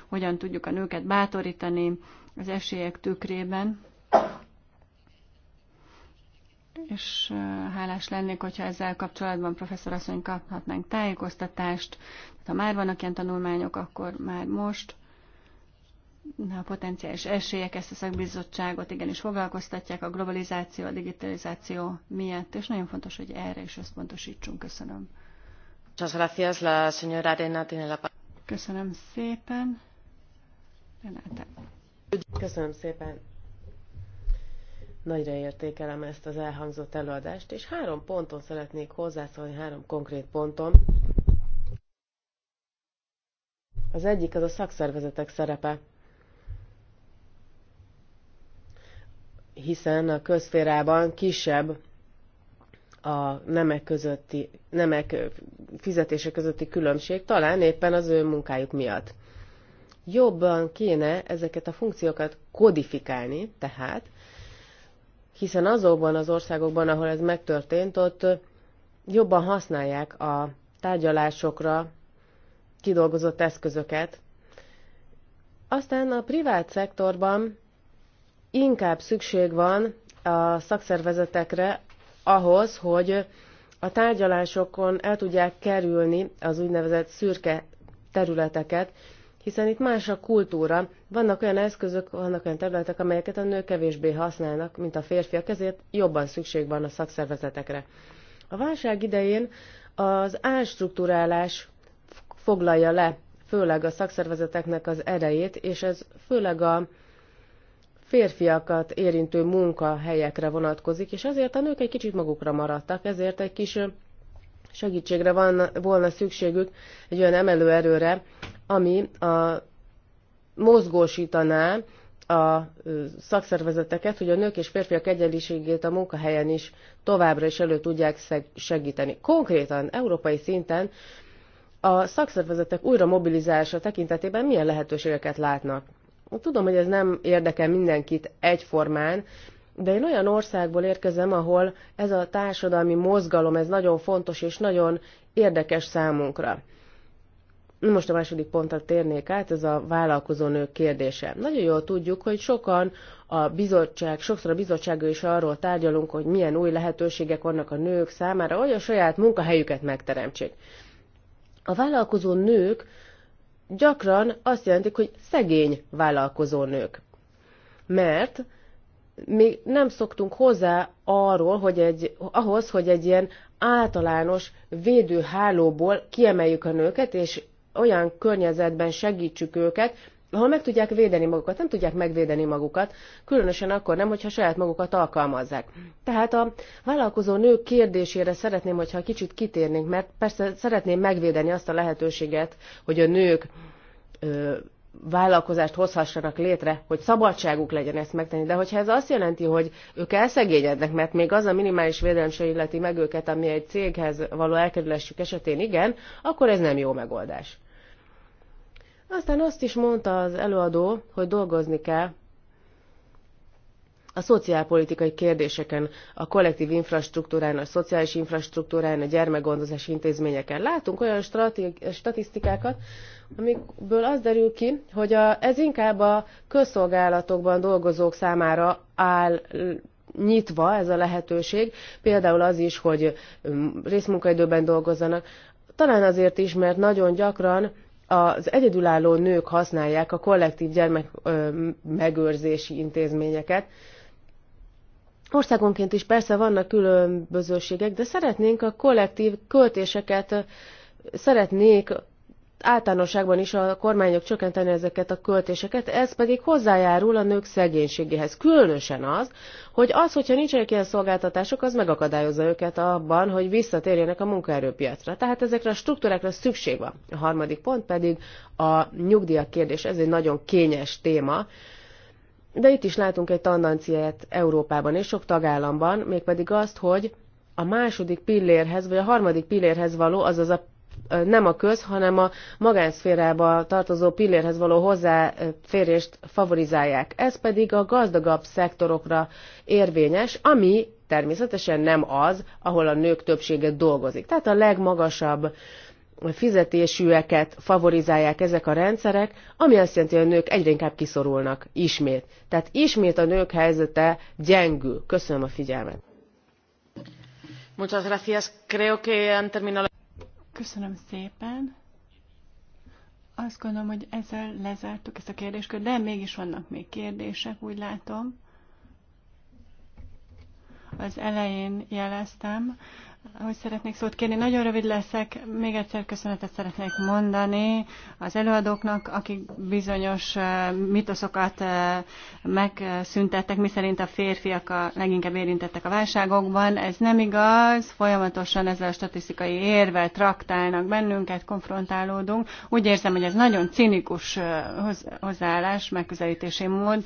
hogyan tudjuk a nőket bátorítani az esélyek tükrében és hálás lennék, hogyha ezzel kapcsolatban professzor asszony kaphatnánk tájékoztatást. ha már vannak ilyen tanulmányok, akkor már most a potenciális esélyek ezt a szakbizottságot igenis foglalkoztatják a globalizáció, a digitalizáció miatt, és nagyon fontos, hogy erre is összpontosítsunk. Köszönöm. Köszönöm szépen. Köszönöm szépen. Nagyra értékelem ezt az elhangzott előadást, és három ponton szeretnék hozzászólni, három konkrét ponton. Az egyik az a szakszervezetek szerepe. Hiszen a közférában kisebb a nemek, közötti, nemek fizetése közötti különbség, talán éppen az ő munkájuk miatt. Jobban kéne ezeket a funkciókat kodifikálni, tehát hiszen azokban az országokban, ahol ez megtörtént, ott jobban használják a tárgyalásokra kidolgozott eszközöket. Aztán a privát szektorban inkább szükség van a szakszervezetekre ahhoz, hogy a tárgyalásokon el tudják kerülni az úgynevezett szürke területeket, hiszen itt más a kultúra. Vannak olyan eszközök, vannak olyan területek, amelyeket a nők kevésbé használnak, mint a férfiak, ezért jobban szükség van a szakszervezetekre. A válság idején az álstruktúrálás foglalja le főleg a szakszervezeteknek az erejét, és ez főleg a férfiakat érintő munkahelyekre vonatkozik, és ezért a nők egy kicsit magukra maradtak, ezért egy kis segítségre van, volna szükségük egy olyan emelőerőre, ami a, mozgósítaná a szakszervezeteket, hogy a nők és férfiak egyenlőségét a munkahelyen is továbbra is elő tudják segíteni. Konkrétan, európai szinten a szakszervezetek újra mobilizálása tekintetében milyen lehetőségeket látnak? Tudom, hogy ez nem érdekel mindenkit egyformán, de én olyan országból érkezem, ahol ez a társadalmi mozgalom, ez nagyon fontos és nagyon érdekes számunkra. Most a második pontra térnék át, ez a vállalkozónők kérdése. Nagyon jól tudjuk, hogy sokan a bizottság, sokszor a bizottsággal is arról tárgyalunk, hogy milyen új lehetőségek vannak a nők számára, hogy a saját munkahelyüket megteremtsék. A vállalkozó nők gyakran azt jelentik, hogy szegény vállalkozó nők. Mert még nem szoktunk hozzá arról, hogy egy, ahhoz, hogy egy ilyen általános védőhálóból kiemeljük a nőket, és olyan környezetben segítsük őket, ahol meg tudják védeni magukat, nem tudják megvédeni magukat, különösen akkor nem, hogyha saját magukat alkalmazzák. Tehát a vállalkozó nők kérdésére szeretném, hogyha kicsit kitérnénk, mert persze szeretném megvédeni azt a lehetőséget, hogy a nők ö, vállalkozást hozhassanak létre, hogy szabadságuk legyen ezt megtenni. De hogyha ez azt jelenti, hogy ők elszegényednek, mert még az a minimális védelem se illeti meg őket, ami egy céghez való elkerülésük esetén igen, akkor ez nem jó megoldás. Aztán azt is mondta az előadó, hogy dolgozni kell a szociálpolitikai kérdéseken, a kollektív infrastruktúrán, a szociális infrastruktúrán, a gyermekgondozási intézményeken. Látunk olyan statisztikákat, amikből az derül ki, hogy a, ez inkább a közszolgálatokban dolgozók számára áll nyitva ez a lehetőség, például az is, hogy mm, részmunkaidőben dolgozzanak, talán azért is, mert nagyon gyakran az egyedülálló nők használják a kollektív gyermek megőrzési intézményeket. Országonként is persze vannak különbözőségek, de szeretnénk a kollektív költéseket, szeretnék általánosságban is a kormányok csökkenteni ezeket a költéseket, ez pedig hozzájárul a nők szegénységéhez. Különösen az, hogy az, hogyha nincsenek ilyen szolgáltatások, az megakadályozza őket abban, hogy visszatérjenek a munkaerőpiacra. Tehát ezekre a struktúrákra szükség van. A harmadik pont pedig a nyugdíjak kérdés. Ez egy nagyon kényes téma. De itt is látunk egy tendenciát Európában és sok tagállamban, mégpedig azt, hogy a második pillérhez, vagy a harmadik pillérhez való, azaz a nem a köz, hanem a magánszférába tartozó pillérhez való hozzáférést favorizálják. Ez pedig a gazdagabb szektorokra érvényes, ami természetesen nem az, ahol a nők többsége dolgozik. Tehát a legmagasabb fizetésűeket favorizálják ezek a rendszerek, ami azt jelenti, hogy a nők egyre inkább kiszorulnak ismét. Tehát ismét a nők helyzete gyengül. Köszönöm a figyelmet. Muchas gracias. Creo que han terminado. Köszönöm szépen. Azt gondolom, hogy ezzel lezártuk ezt a kérdéskört, de mégis vannak még kérdések, úgy látom. Az elején jeleztem, ahogy szeretnék szót kérni. Nagyon rövid leszek. Még egyszer köszönetet szeretnék mondani az előadóknak, akik bizonyos eh, mitoszokat eh, megszüntettek, miszerint a férfiak a leginkább érintettek a válságokban. Ez nem igaz. Folyamatosan ezzel a statisztikai érvel traktálnak bennünket, konfrontálódunk. Úgy érzem, hogy ez nagyon cinikus eh, hozzáállás, megközelítési mód,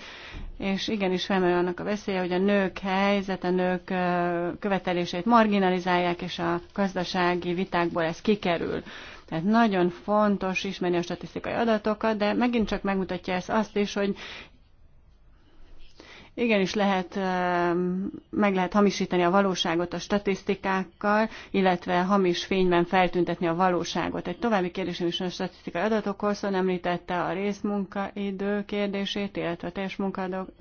és igenis felmerül annak a veszélye, hogy a nők helyzet, a nők követelését marginalizálják, kollégák, és a gazdasági vitákból ez kikerül. Tehát nagyon fontos ismerni a statisztikai adatokat, de megint csak megmutatja ezt azt is, hogy Igenis lehet, meg lehet hamisítani a valóságot a statisztikákkal, illetve hamis fényben feltüntetni a valóságot. Egy további kérdésem is a statisztikai adatokhoz, szóval említette a részmunkaidő kérdését, illetve a teljes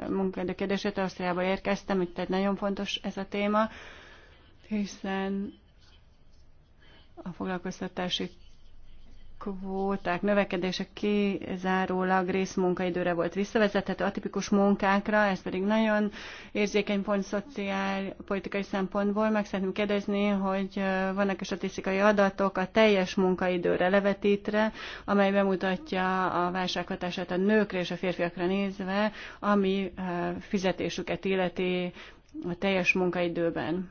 munkaidő kérdését. Ausztriába érkeztem, tehát nagyon fontos ez a téma hiszen a foglalkoztatási kvóták növekedése kizárólag részmunkaidőre volt visszavezethető atipikus munkákra, ez pedig nagyon érzékeny pont szociál politikai szempontból. Meg szeretném kérdezni, hogy vannak-e statisztikai adatok a teljes munkaidőre levetítve, amely bemutatja a válsághatását a nőkre és a férfiakra nézve, ami fizetésüket illeti a teljes munkaidőben.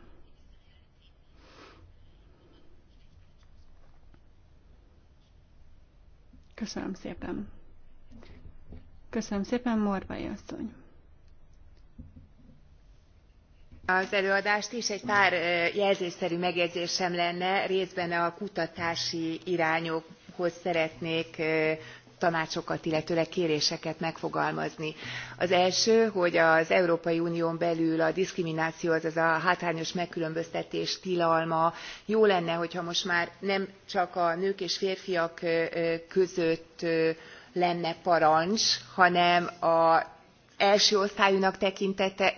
Köszönöm szépen. Köszönöm szépen, Morvai asszony. Az előadást is egy pár jelzésszerű megjegyzésem lenne, részben a kutatási irányokhoz szeretnék tanácsokat illetőleg kéréseket megfogalmazni. az első hogy az európai unión belül a diszkrimináció azaz a hátrányos megkülönböztetés tilalma jó lenne hogyha most már nem csak a nők és férfiak között lenne parancs hanem a első osztályúnak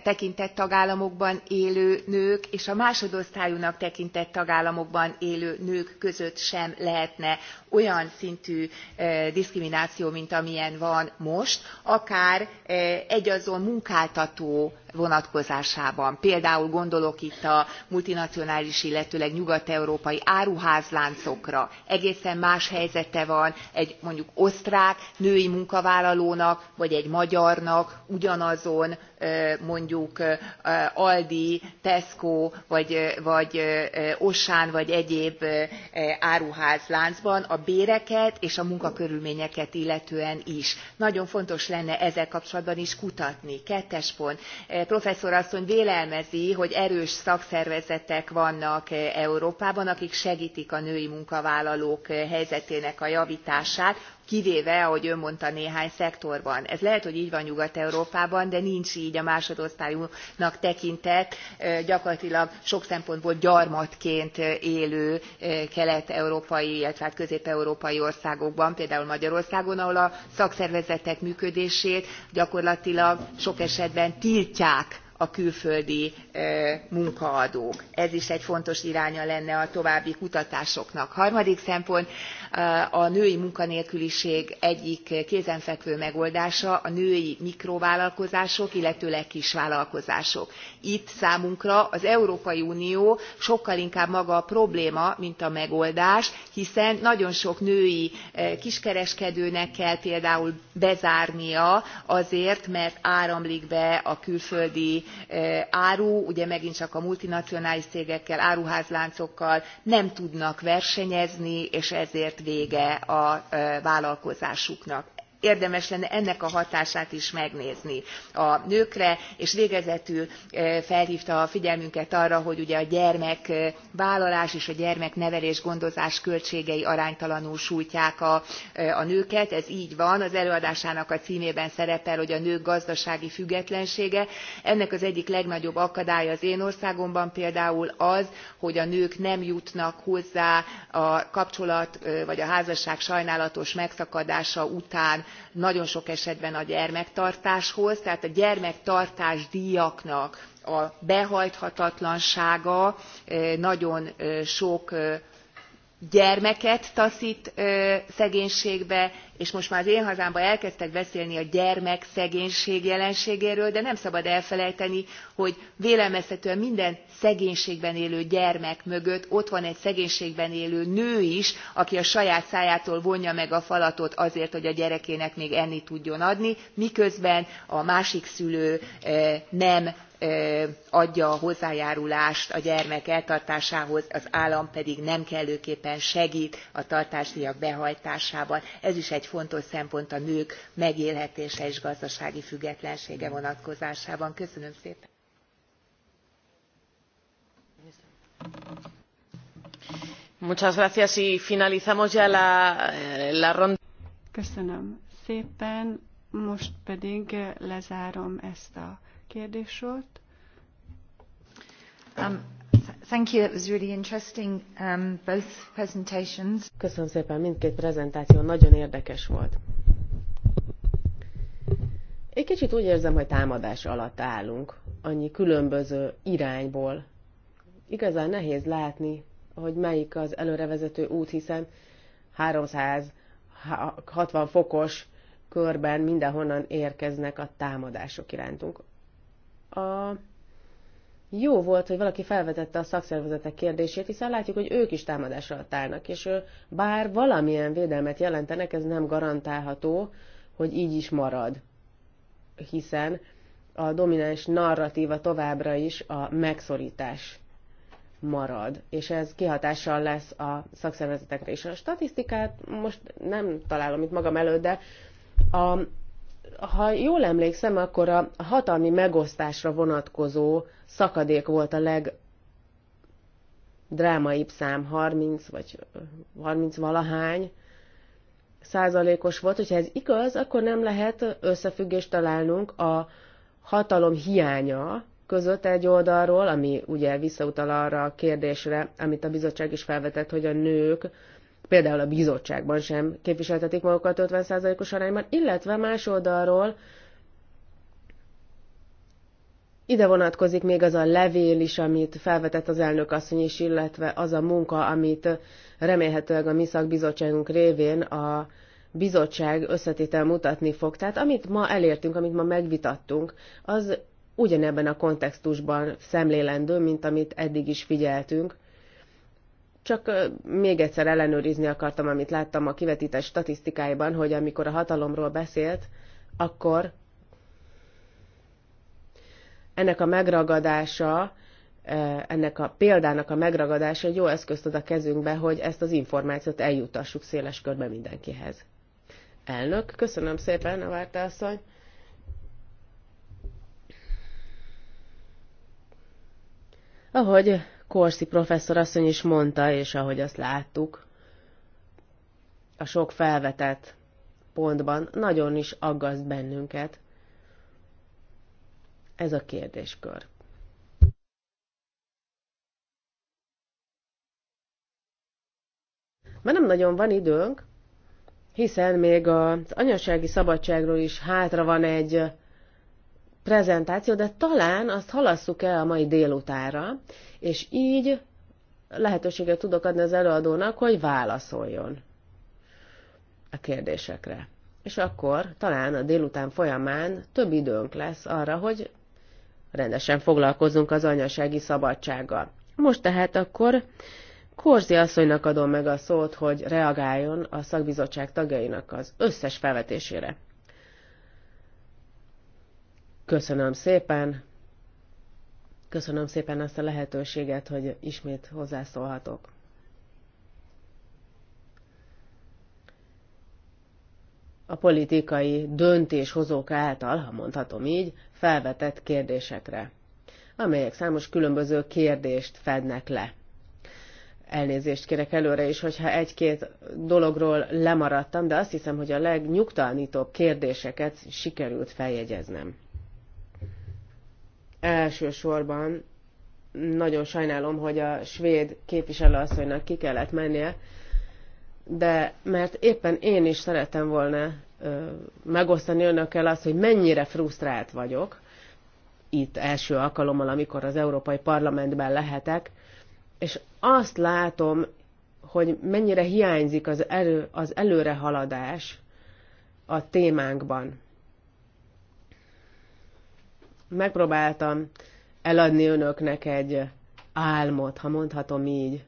tekintett tagállamokban élő nők és a másodosztályúnak tekintett tagállamokban élő nők között sem lehetne olyan szintű diszkrimináció mint amilyen van most akár egyazon munkáltató vonatkozásában például gondolok itt a multinacionális illetőleg nyugat európai áruházláncokra egészen más helyzete van egy mondjuk osztrák női munkavállalónak vagy egy magyarnak ugyanazon mondjuk aldi tesco vagy auchan vagy egyéb áruházláncban a béreket és a munkakörülményeket illetően is. nagyon fontos lenne ezzel kapcsolatban is kutatni. kettes pont professzor asszony vélelmezi hogy erős szakszervezetek vannak európában akik segtik a női munkavállalók helyzetének a javtását kivéve ahogy ön mondta néhány szektorban. ez lehet hogy gy van nyugat európában de nincs gy a másodosztályúnak tekintett gyakorlatilag sok szempontból gyarmatként élő kelet európai illetve hát közép európai országokban például magyarországon ahol a szakszervezetek működését gyakorlatilag sok esetben tiltják a külföldi munkaadók. ez is egy fontos iránya lenne a további kutatásoknak. harmadik szempont a női munkanélküliség egyik kézenfekvő megoldása a női mikrovállalkozások illetőleg kisvállalkozások. itt számunkra az európai unió sokkal inkább maga a probléma mint a megoldás hiszen nagyon sok női kiskereskedőnek kell például bezárnia azért mert áramlik be a külföldi áru ugye megint csak a multinacionális cégekkel áruházláncokkal nem tudnak versenyezni és ezért vége a vállalkozásuknak érdemes lenne ennek a hatását is megnézni a nőkre és végezetül e, felhvta a figyelmünket arra hogy ugye a gyermekvállalás e, és a gyermeknevelés gondozás költségei aránytalanul sújtják a, e, a nőket ez gy van az előadásának a cmében szerepel hogy a nők gazdasági függetlensége ennek az egyik legnagyobb akadálya az én országomban például az hogy a nők nem jutnak hozzá a kapcsolat vagy a házasság sajnálatos megszakadása után nagyon sok esetben a gyermektartáshoz tehát a gyermektartás djaknak a behajthatatlansága eh, nagyon eh, sok eh, gyermeket taszt szegénységbe és most már az én hazámban elkezdtek beszélni a gyermekszegénység jelenségéről de nem szabad elfelejteni hogy vélelmeztetően minden szegénységben élő gyermek mögött ott van egy szegénységben élő nő is aki a saját szájától vonja meg a falatot azért hogy a gyerekének még enni tudjon adni miközben a másik szülő nem adja a hozzájárulást a gyermek eltartásához az állam pedig nem kellőképpen segt a tartásdjak behajtásában. ez is egy fontos szempont a nők megélhetése és gazdasági függetlensége vonatkozásában. köszönöm szépen! Köszönöm szépen, most pedig lezárom ezt a kérdés volt. Um, thank you. It was really interesting, um, both presentations. Köszönöm szépen, mindkét prezentáció nagyon érdekes volt. Egy kicsit úgy érzem, hogy támadás alatt állunk, annyi különböző irányból. Igazán nehéz látni, hogy melyik az előrevezető út, hiszen 360 fokos körben mindenhonnan érkeznek a támadások irántunk a jó volt, hogy valaki felvetette a szakszervezetek kérdését, hiszen látjuk, hogy ők is támadásra adtálnak, és bár valamilyen védelmet jelentenek, ez nem garantálható, hogy így is marad. Hiszen a domináns narratíva továbbra is a megszorítás marad, és ez kihatással lesz a szakszervezetekre is. A statisztikát most nem találom itt magam előtt, de a ha jól emlékszem, akkor a hatalmi megosztásra vonatkozó szakadék volt a leg drámaibb szám, 30 vagy 30 valahány százalékos volt. Hogyha ez igaz, akkor nem lehet összefüggést találnunk a hatalom hiánya között egy oldalról, ami ugye visszautal arra a kérdésre, amit a bizottság is felvetett, hogy a nők például a bizottságban sem képviseltetik magukat 50%-os arányban, illetve más oldalról ide vonatkozik még az a levél is, amit felvetett az elnök asszony is, illetve az a munka, amit remélhetőleg a mi szakbizottságunk révén a bizottság összetétel mutatni fog. Tehát amit ma elértünk, amit ma megvitattunk, az ugyanebben a kontextusban szemlélendő, mint amit eddig is figyeltünk, csak még egyszer ellenőrizni akartam, amit láttam a kivetítés statisztikáiban, hogy amikor a hatalomról beszélt, akkor ennek a megragadása, ennek a példának a megragadása egy jó eszközt ad a kezünkbe, hogy ezt az információt eljutassuk széles körbe mindenkihez. Elnök, köszönöm szépen, a vártászony. Ahogy Korszi professzor asszony is mondta, és ahogy azt láttuk, a sok felvetett pontban nagyon is aggaszt bennünket ez a kérdéskör. Mert nem nagyon van időnk, hiszen még az anyasági szabadságról is hátra van egy prezentáció, de talán azt halasszuk el a mai délutára, és így lehetőséget tudok adni az előadónak, hogy válaszoljon a kérdésekre. És akkor talán a délután folyamán több időnk lesz arra, hogy rendesen foglalkozunk az anyasági szabadsággal. Most tehát akkor Korzi asszonynak adom meg a szót, hogy reagáljon a szakbizottság tagjainak az összes felvetésére. Köszönöm szépen! Köszönöm szépen azt a lehetőséget, hogy ismét hozzászólhatok. A politikai döntéshozók által, ha mondhatom így, felvetett kérdésekre, amelyek számos különböző kérdést fednek le. Elnézést kérek előre is, hogyha egy-két dologról lemaradtam, de azt hiszem, hogy a legnyugtalanítóbb kérdéseket sikerült feljegyeznem. Elsősorban nagyon sajnálom, hogy a svéd képviselőasszonynak ki kellett mennie, de mert éppen én is szerettem volna ö, megosztani önökkel azt, hogy mennyire frusztrált vagyok, itt első alkalommal, amikor az Európai Parlamentben lehetek, és azt látom, hogy mennyire hiányzik az, erő, az előrehaladás a témánkban megpróbáltam eladni önöknek egy álmot, ha mondhatom így.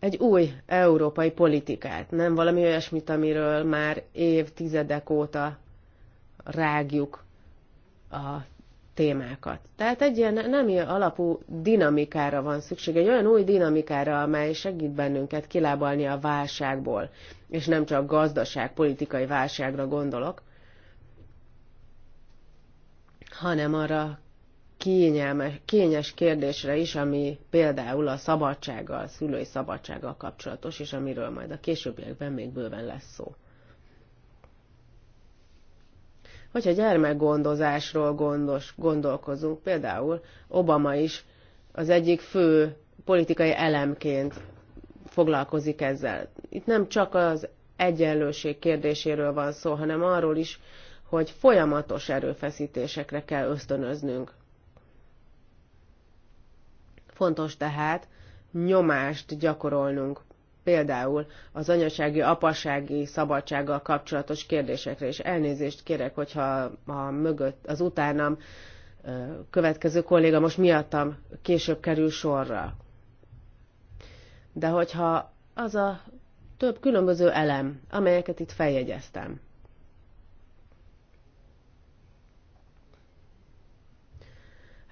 Egy új európai politikát, nem valami olyasmit, amiről már évtizedek óta rágjuk a témákat. Tehát egy ilyen nem ilyen alapú dinamikára van szükség, egy olyan új dinamikára, amely segít bennünket kilábalni a válságból, és nem csak gazdaság, politikai válságra gondolok, hanem arra kényelmes, kényes kérdésre is, ami például a szabadsággal, a szülői szabadsággal kapcsolatos, és amiről majd a későbbiekben még bőven lesz szó. Hogyha gyermekgondozásról gondos, gondolkozunk, például Obama is az egyik fő politikai elemként foglalkozik ezzel. Itt nem csak az egyenlőség kérdéséről van szó, hanem arról is, hogy folyamatos erőfeszítésekre kell ösztönöznünk. Fontos tehát nyomást gyakorolnunk, például az anyasági, apasági szabadsággal kapcsolatos kérdésekre, és elnézést kérek, hogyha a mögött, az utánam következő kolléga most miattam később kerül sorra. De hogyha az a több különböző elem, amelyeket itt feljegyeztem,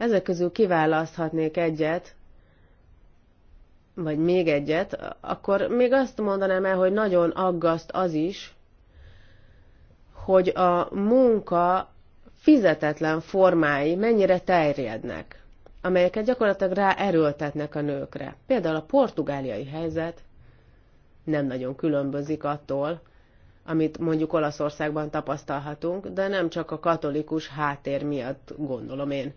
Ezek közül kiválaszthatnék egyet, vagy még egyet, akkor még azt mondanám el, hogy nagyon aggaszt az is, hogy a munka fizetetlen formái mennyire terjednek, amelyeket gyakorlatilag ráerőltetnek a nőkre. Például a portugáliai helyzet nem nagyon különbözik attól, amit mondjuk Olaszországban tapasztalhatunk, de nem csak a katolikus háttér miatt gondolom én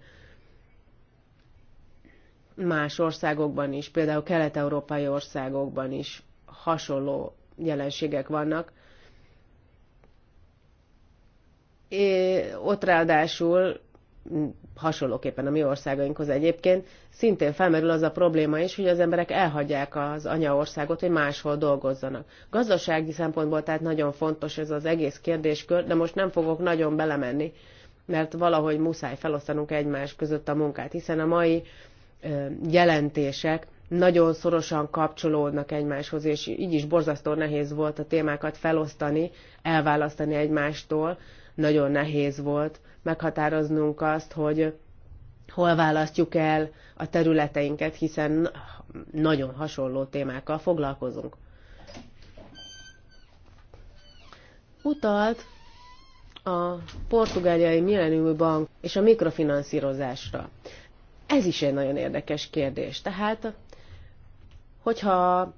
más országokban is, például kelet-európai országokban is hasonló jelenségek vannak. É, ott ráadásul hasonlóképpen a mi országainkhoz egyébként, szintén felmerül az a probléma is, hogy az emberek elhagyják az anyaországot, hogy máshol dolgozzanak. Gazdasági szempontból tehát nagyon fontos ez az egész kérdéskör, de most nem fogok nagyon belemenni, mert valahogy muszáj felosztanunk egymás között a munkát, hiszen a mai jelentések nagyon szorosan kapcsolódnak egymáshoz, és így is borzasztó nehéz volt a témákat felosztani, elválasztani egymástól. Nagyon nehéz volt meghatároznunk azt, hogy hol választjuk el a területeinket, hiszen nagyon hasonló témákkal foglalkozunk. Utalt a portugáliai Millennium Bank és a mikrofinanszírozásra. Ez is egy nagyon érdekes kérdés. Tehát, hogyha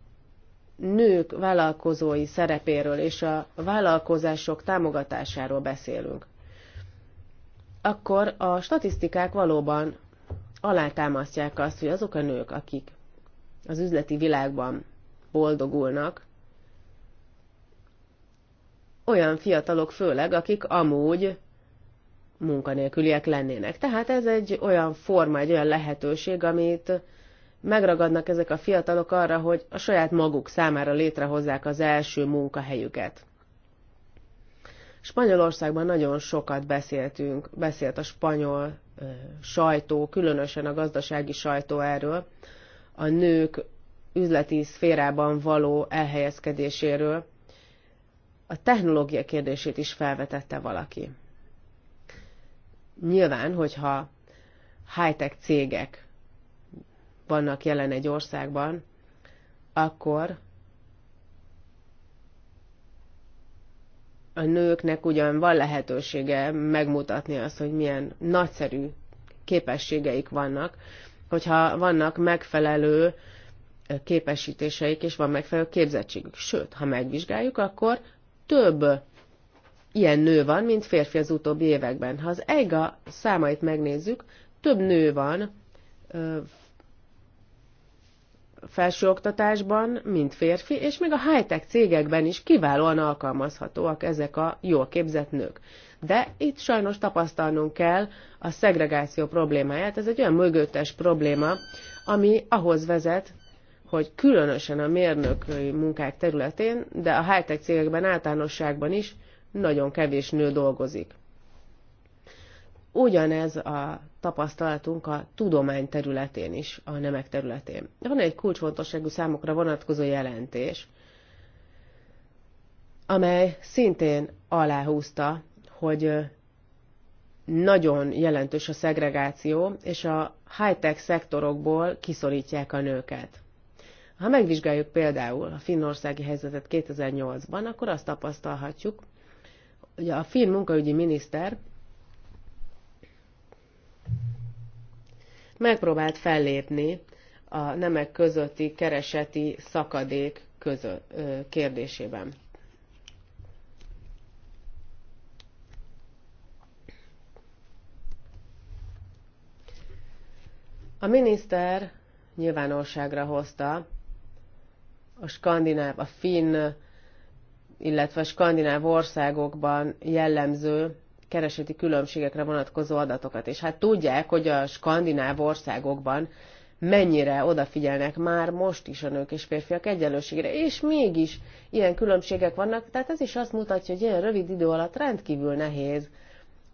nők vállalkozói szerepéről és a vállalkozások támogatásáról beszélünk, akkor a statisztikák valóban alátámasztják azt, hogy azok a nők, akik az üzleti világban boldogulnak, olyan fiatalok főleg, akik amúgy munkanélküliek lennének. Tehát ez egy olyan forma, egy olyan lehetőség, amit megragadnak ezek a fiatalok arra, hogy a saját maguk számára létrehozzák az első munkahelyüket. Spanyolországban nagyon sokat beszéltünk, beszélt a spanyol sajtó, különösen a gazdasági sajtó erről, a nők üzleti szférában való elhelyezkedéséről. A technológia kérdését is felvetette valaki. Nyilván, hogyha high-tech cégek vannak jelen egy országban, akkor a nőknek ugyan van lehetősége megmutatni azt, hogy milyen nagyszerű képességeik vannak, hogyha vannak megfelelő képesítéseik és van megfelelő képzettségük. Sőt, ha megvizsgáljuk, akkor több ilyen nő van, mint férfi az utóbbi években. Ha az EGA számait megnézzük, több nő van felsőoktatásban, mint férfi, és még a high-tech cégekben is kiválóan alkalmazhatóak ezek a jól képzett nők. De itt sajnos tapasztalnunk kell a szegregáció problémáját. Ez egy olyan mögöttes probléma, ami ahhoz vezet, hogy különösen a mérnöki munkák területén, de a high-tech cégekben általánosságban is nagyon kevés nő dolgozik. Ugyanez a tapasztalatunk a tudomány területén is, a nemek területén. Van egy kulcsfontosságú számokra vonatkozó jelentés, amely szintén aláhúzta, hogy nagyon jelentős a szegregáció, és a high-tech szektorokból kiszorítják a nőket. Ha megvizsgáljuk például a finnországi helyzetet 2008-ban, akkor azt tapasztalhatjuk, Ugye a finn munkaügyi miniszter megpróbált fellépni a nemek közötti kereseti szakadék közö, kérdésében. A miniszter nyilvánosságra hozta a skandináv, a finn illetve a skandináv országokban jellemző kereseti különbségekre vonatkozó adatokat. És hát tudják, hogy a skandináv országokban mennyire odafigyelnek már most is a nők és férfiak egyenlőségre, és mégis ilyen különbségek vannak, tehát ez is azt mutatja, hogy ilyen rövid idő alatt rendkívül nehéz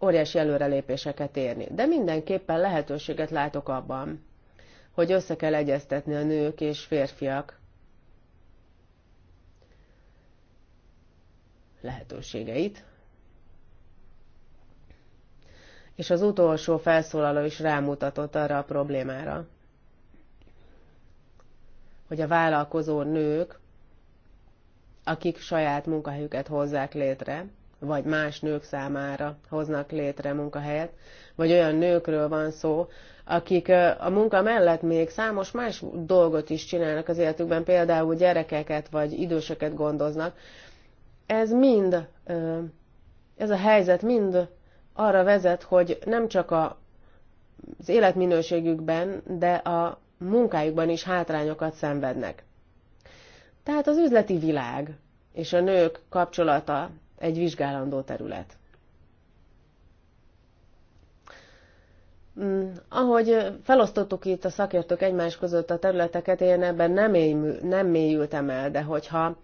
óriási előrelépéseket érni. De mindenképpen lehetőséget látok abban, hogy össze kell egyeztetni a nők és férfiak lehetőségeit. És az utolsó felszólaló is rámutatott arra a problémára, hogy a vállalkozó nők, akik saját munkahelyüket hozzák létre, vagy más nők számára hoznak létre munkahelyet, vagy olyan nőkről van szó, akik a munka mellett még számos más dolgot is csinálnak az életükben, például gyerekeket vagy időseket gondoznak, ez mind, ez a helyzet mind arra vezet, hogy nem csak a, az életminőségükben, de a munkájukban is hátrányokat szenvednek. Tehát az üzleti világ és a nők kapcsolata egy vizsgálandó terület. Mm, ahogy felosztottuk itt a szakértők egymás között a területeket, én ebben nem, ély, nem mélyültem el, de hogyha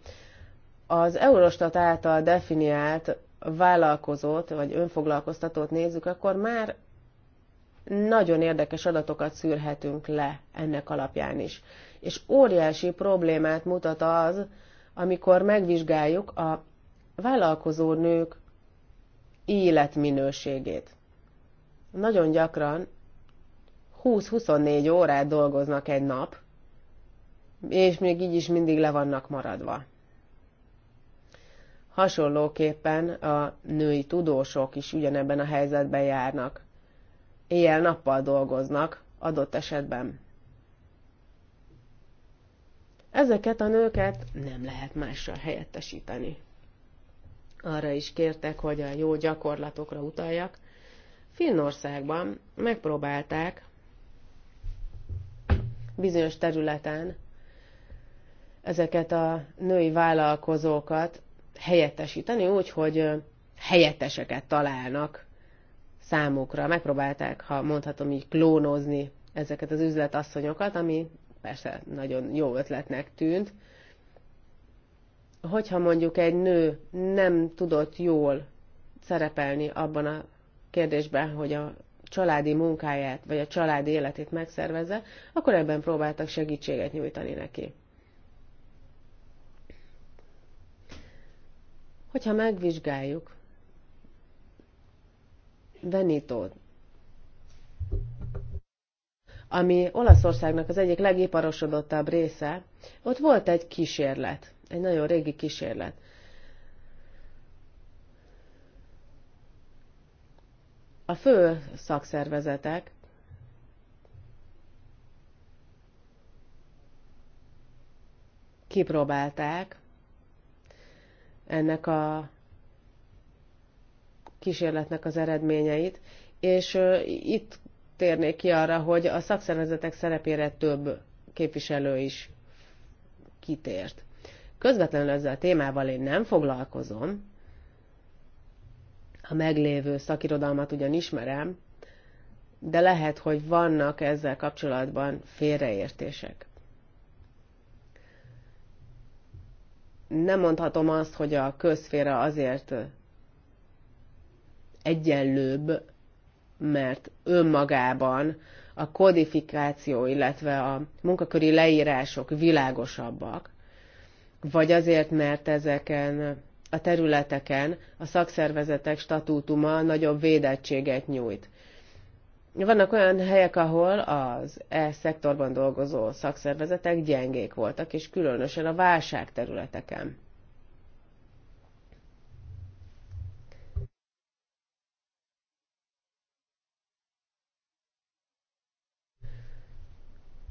az Eurostat által definiált vállalkozót vagy önfoglalkoztatót nézzük, akkor már nagyon érdekes adatokat szűrhetünk le ennek alapján is. És óriási problémát mutat az, amikor megvizsgáljuk a vállalkozó nők életminőségét. Nagyon gyakran 20-24 órát dolgoznak egy nap, és még így is mindig le vannak maradva. Hasonlóképpen a női tudósok is ugyanebben a helyzetben járnak. Éjjel-nappal dolgoznak, adott esetben. Ezeket a nőket nem lehet mással helyettesíteni. Arra is kértek, hogy a jó gyakorlatokra utaljak. Finnországban megpróbálták bizonyos területen ezeket a női vállalkozókat helyettesíteni, úgyhogy helyetteseket találnak számukra. Megpróbálták, ha mondhatom így, klónozni ezeket az üzletasszonyokat, ami persze nagyon jó ötletnek tűnt. Hogyha mondjuk egy nő nem tudott jól szerepelni abban a kérdésben, hogy a családi munkáját, vagy a családi életét megszervezze, akkor ebben próbáltak segítséget nyújtani neki. Hogyha megvizsgáljuk Benitót, ami Olaszországnak az egyik legiparosodottabb része, ott volt egy kísérlet, egy nagyon régi kísérlet. A fő szakszervezetek kipróbálták ennek a kísérletnek az eredményeit, és itt térnék ki arra, hogy a szakszervezetek szerepére több képviselő is kitért. Közvetlenül ezzel a témával én nem foglalkozom, a meglévő szakirodalmat ugyan ismerem, de lehet, hogy vannak ezzel kapcsolatban félreértések. nem mondhatom azt, hogy a közféra azért egyenlőbb, mert önmagában a kodifikáció, illetve a munkaköri leírások világosabbak, vagy azért, mert ezeken a területeken a szakszervezetek statútuma nagyobb védettséget nyújt vannak olyan helyek, ahol az e-szektorban dolgozó szakszervezetek gyengék voltak, és különösen a válság területeken.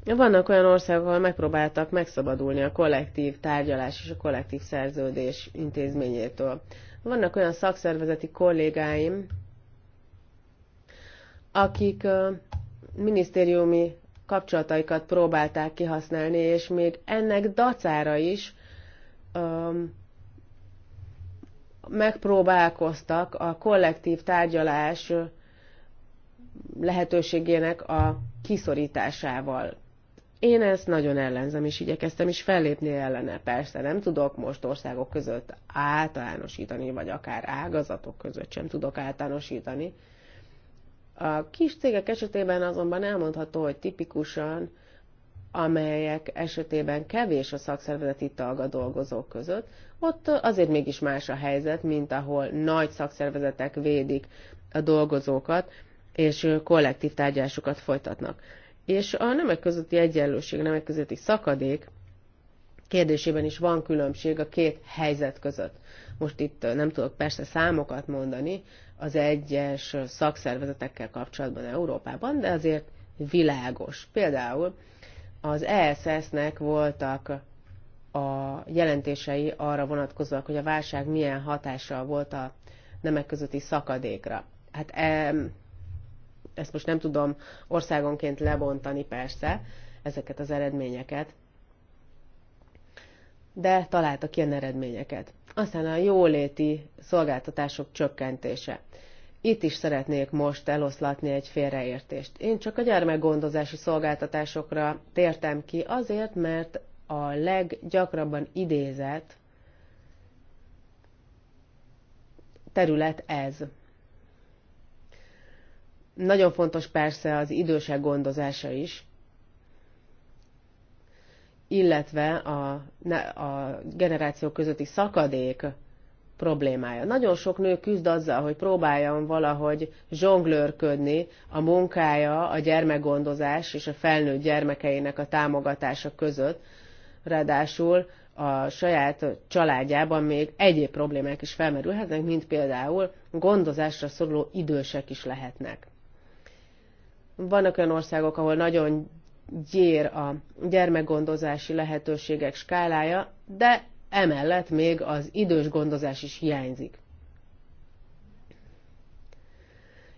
Vannak olyan országok, ahol megpróbáltak megszabadulni a kollektív tárgyalás és a kollektív szerződés intézményétől. Vannak olyan szakszervezeti kollégáim, akik minisztériumi kapcsolataikat próbálták kihasználni, és még ennek dacára is um, megpróbálkoztak a kollektív tárgyalás lehetőségének a kiszorításával. Én ezt nagyon ellenzem, és igyekeztem is fellépni ellene. Persze nem tudok most országok között általánosítani, vagy akár ágazatok között sem tudok általánosítani, a kis cégek esetében azonban elmondható, hogy tipikusan, amelyek esetében kevés a szakszervezeti tag a dolgozók között, ott azért mégis más a helyzet, mint ahol nagy szakszervezetek védik a dolgozókat, és kollektív tárgyásokat folytatnak. És a nemek közötti egyenlőség, a nemek közötti szakadék kérdésében is van különbség a két helyzet között most itt nem tudok persze számokat mondani az egyes szakszervezetekkel kapcsolatban Európában, de azért világos. Például az ESS-nek voltak a jelentései arra vonatkozóak, hogy a válság milyen hatással volt a nemek közötti szakadékra. Hát e, ezt most nem tudom országonként lebontani persze, ezeket az eredményeket, de találtak ilyen eredményeket. Aztán a jóléti szolgáltatások csökkentése. Itt is szeretnék most eloszlatni egy félreértést. Én csak a gyermekgondozási szolgáltatásokra tértem ki azért, mert a leggyakrabban idézett terület ez. Nagyon fontos persze az idősek gondozása is, illetve a, a generációk közötti szakadék problémája. Nagyon sok nő küzd azzal, hogy próbáljon valahogy zsonglőrködni a munkája, a gyermekgondozás és a felnőtt gyermekeinek a támogatása között. Ráadásul a saját családjában még egyéb problémák is felmerülhetnek, mint például gondozásra szoruló idősek is lehetnek. Vannak olyan országok, ahol nagyon gyér a gyermekgondozási lehetőségek skálája, de emellett még az idős gondozás is hiányzik.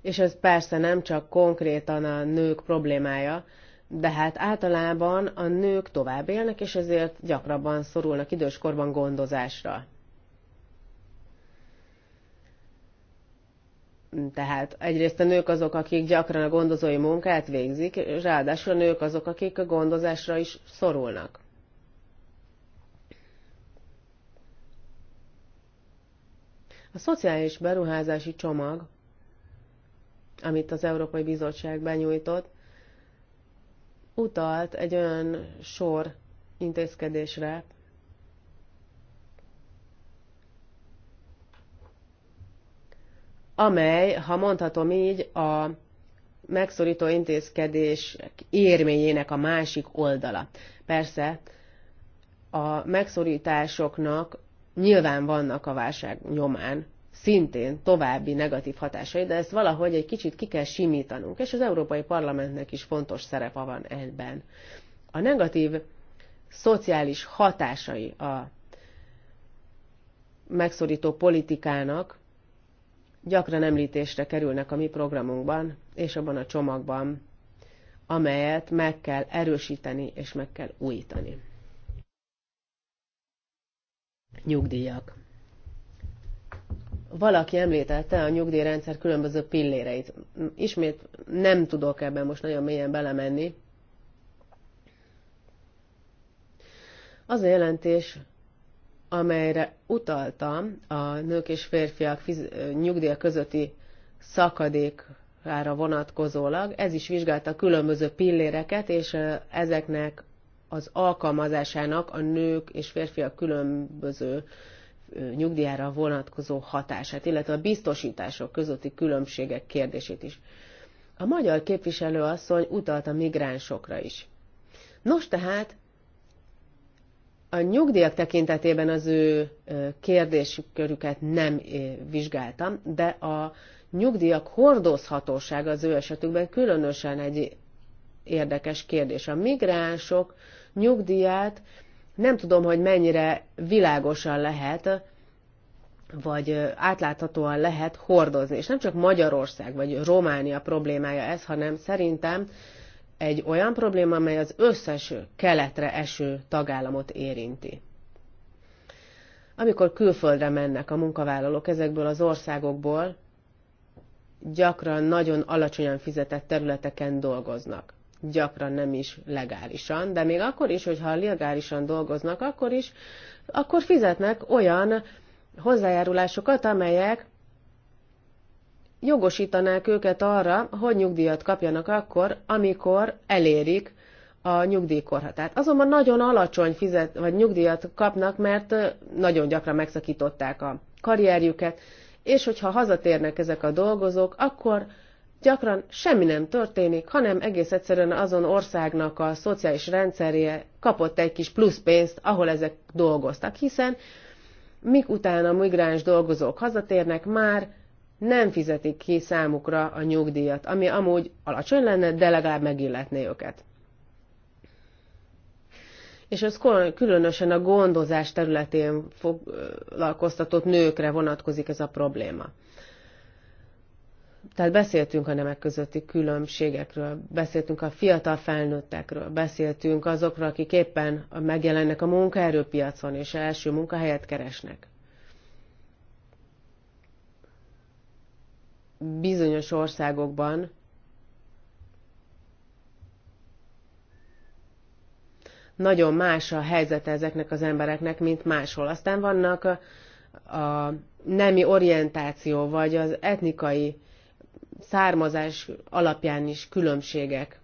És ez persze nem csak konkrétan a nők problémája, de hát általában a nők tovább élnek, és ezért gyakrabban szorulnak időskorban gondozásra. Tehát egyrészt a nők azok, akik gyakran a gondozói munkát végzik, és ráadásul a nők azok, akik a gondozásra is szorulnak. A szociális beruházási csomag, amit az Európai Bizottság benyújtott, utalt egy olyan sor intézkedésre, amely, ha mondhatom így, a megszorító intézkedés érményének a másik oldala. Persze a megszorításoknak nyilván vannak a válság nyomán szintén további negatív hatásai, de ezt valahogy egy kicsit ki kell simítanunk, és az Európai Parlamentnek is fontos szerepe van ebben. A negatív szociális hatásai a megszorító politikának gyakran említésre kerülnek a mi programunkban és abban a csomagban, amelyet meg kell erősíteni és meg kell újítani. Nyugdíjak. Valaki említette a nyugdíjrendszer különböző pilléreit. Ismét nem tudok ebben most nagyon mélyen belemenni. Az a jelentés, amelyre utaltam a nők és férfiak nyugdíja közötti szakadékára vonatkozólag, ez is vizsgálta különböző pilléreket, és ezeknek az alkalmazásának a nők és férfiak különböző nyugdíjára vonatkozó hatását, illetve a biztosítások közötti különbségek kérdését is. A magyar képviselőasszony utalt a migránsokra is. Nos tehát, a nyugdíjak tekintetében az ő kérdésükörüket nem vizsgáltam, de a nyugdíjak hordozhatósága az ő esetükben különösen egy érdekes kérdés. A migránsok nyugdíját nem tudom, hogy mennyire világosan lehet, vagy átláthatóan lehet hordozni. És nem csak Magyarország vagy Románia problémája ez, hanem szerintem egy olyan probléma, amely az összes keletre eső tagállamot érinti. Amikor külföldre mennek a munkavállalók ezekből az országokból, gyakran nagyon alacsonyan fizetett területeken dolgoznak. Gyakran nem is legálisan, de még akkor is, hogyha legálisan dolgoznak, akkor is, akkor fizetnek olyan hozzájárulásokat, amelyek jogosítanák őket arra, hogy nyugdíjat kapjanak akkor, amikor elérik a nyugdíjkorhatárt. Azonban nagyon alacsony fizet, vagy nyugdíjat kapnak, mert nagyon gyakran megszakították a karrierjüket, és hogyha hazatérnek ezek a dolgozók, akkor gyakran semmi nem történik, hanem egész egyszerűen azon országnak a szociális rendszerje kapott egy kis plusz pénzt, ahol ezek dolgoztak, hiszen mik után a migráns dolgozók hazatérnek, már nem fizetik ki számukra a nyugdíjat, ami amúgy alacsony lenne, de legalább megilletné őket. És ez különösen a gondozás területén foglalkoztatott nőkre vonatkozik ez a probléma. Tehát beszéltünk a nemek közötti különbségekről, beszéltünk a fiatal felnőttekről, beszéltünk azokról, akik éppen megjelennek a munkaerőpiacon és első munkahelyet keresnek. bizonyos országokban nagyon más a helyzet ezeknek az embereknek, mint máshol. Aztán vannak a, a nemi orientáció, vagy az etnikai származás alapján is különbségek.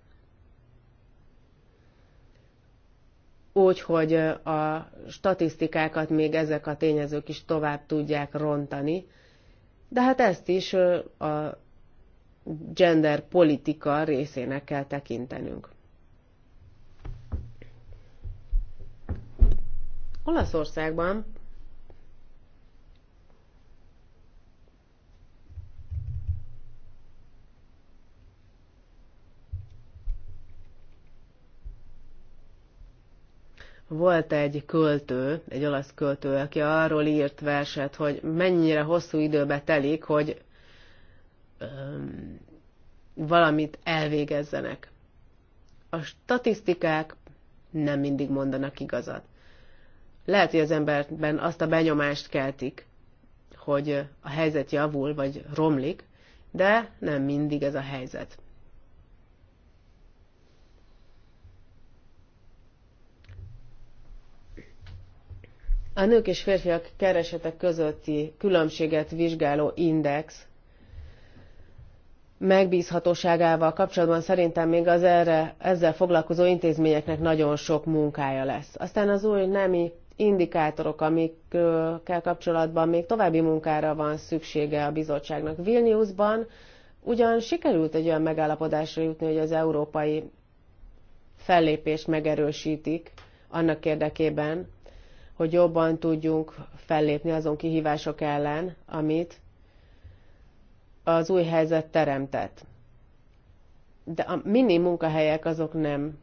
Úgyhogy a statisztikákat még ezek a tényezők is tovább tudják rontani, de hát ezt is a gender politika részének kell tekintenünk. Olaszországban Volt egy költő, egy olasz költő, aki arról írt verset, hogy mennyire hosszú időbe telik, hogy öm, valamit elvégezzenek. A statisztikák nem mindig mondanak igazat. Lehet, hogy az emberben azt a benyomást keltik, hogy a helyzet javul vagy romlik, de nem mindig ez a helyzet. A nők és férfiak keresetek közötti különbséget vizsgáló index megbízhatóságával kapcsolatban szerintem még az erre, ezzel foglalkozó intézményeknek nagyon sok munkája lesz. Aztán az új nemi indikátorok, amikkel kapcsolatban még további munkára van szüksége a bizottságnak. Vilniusban ugyan sikerült egy olyan megállapodásra jutni, hogy az európai fellépést megerősítik annak érdekében, hogy jobban tudjunk fellépni azon kihívások ellen, amit az új helyzet teremtett. De a mini munkahelyek azok nem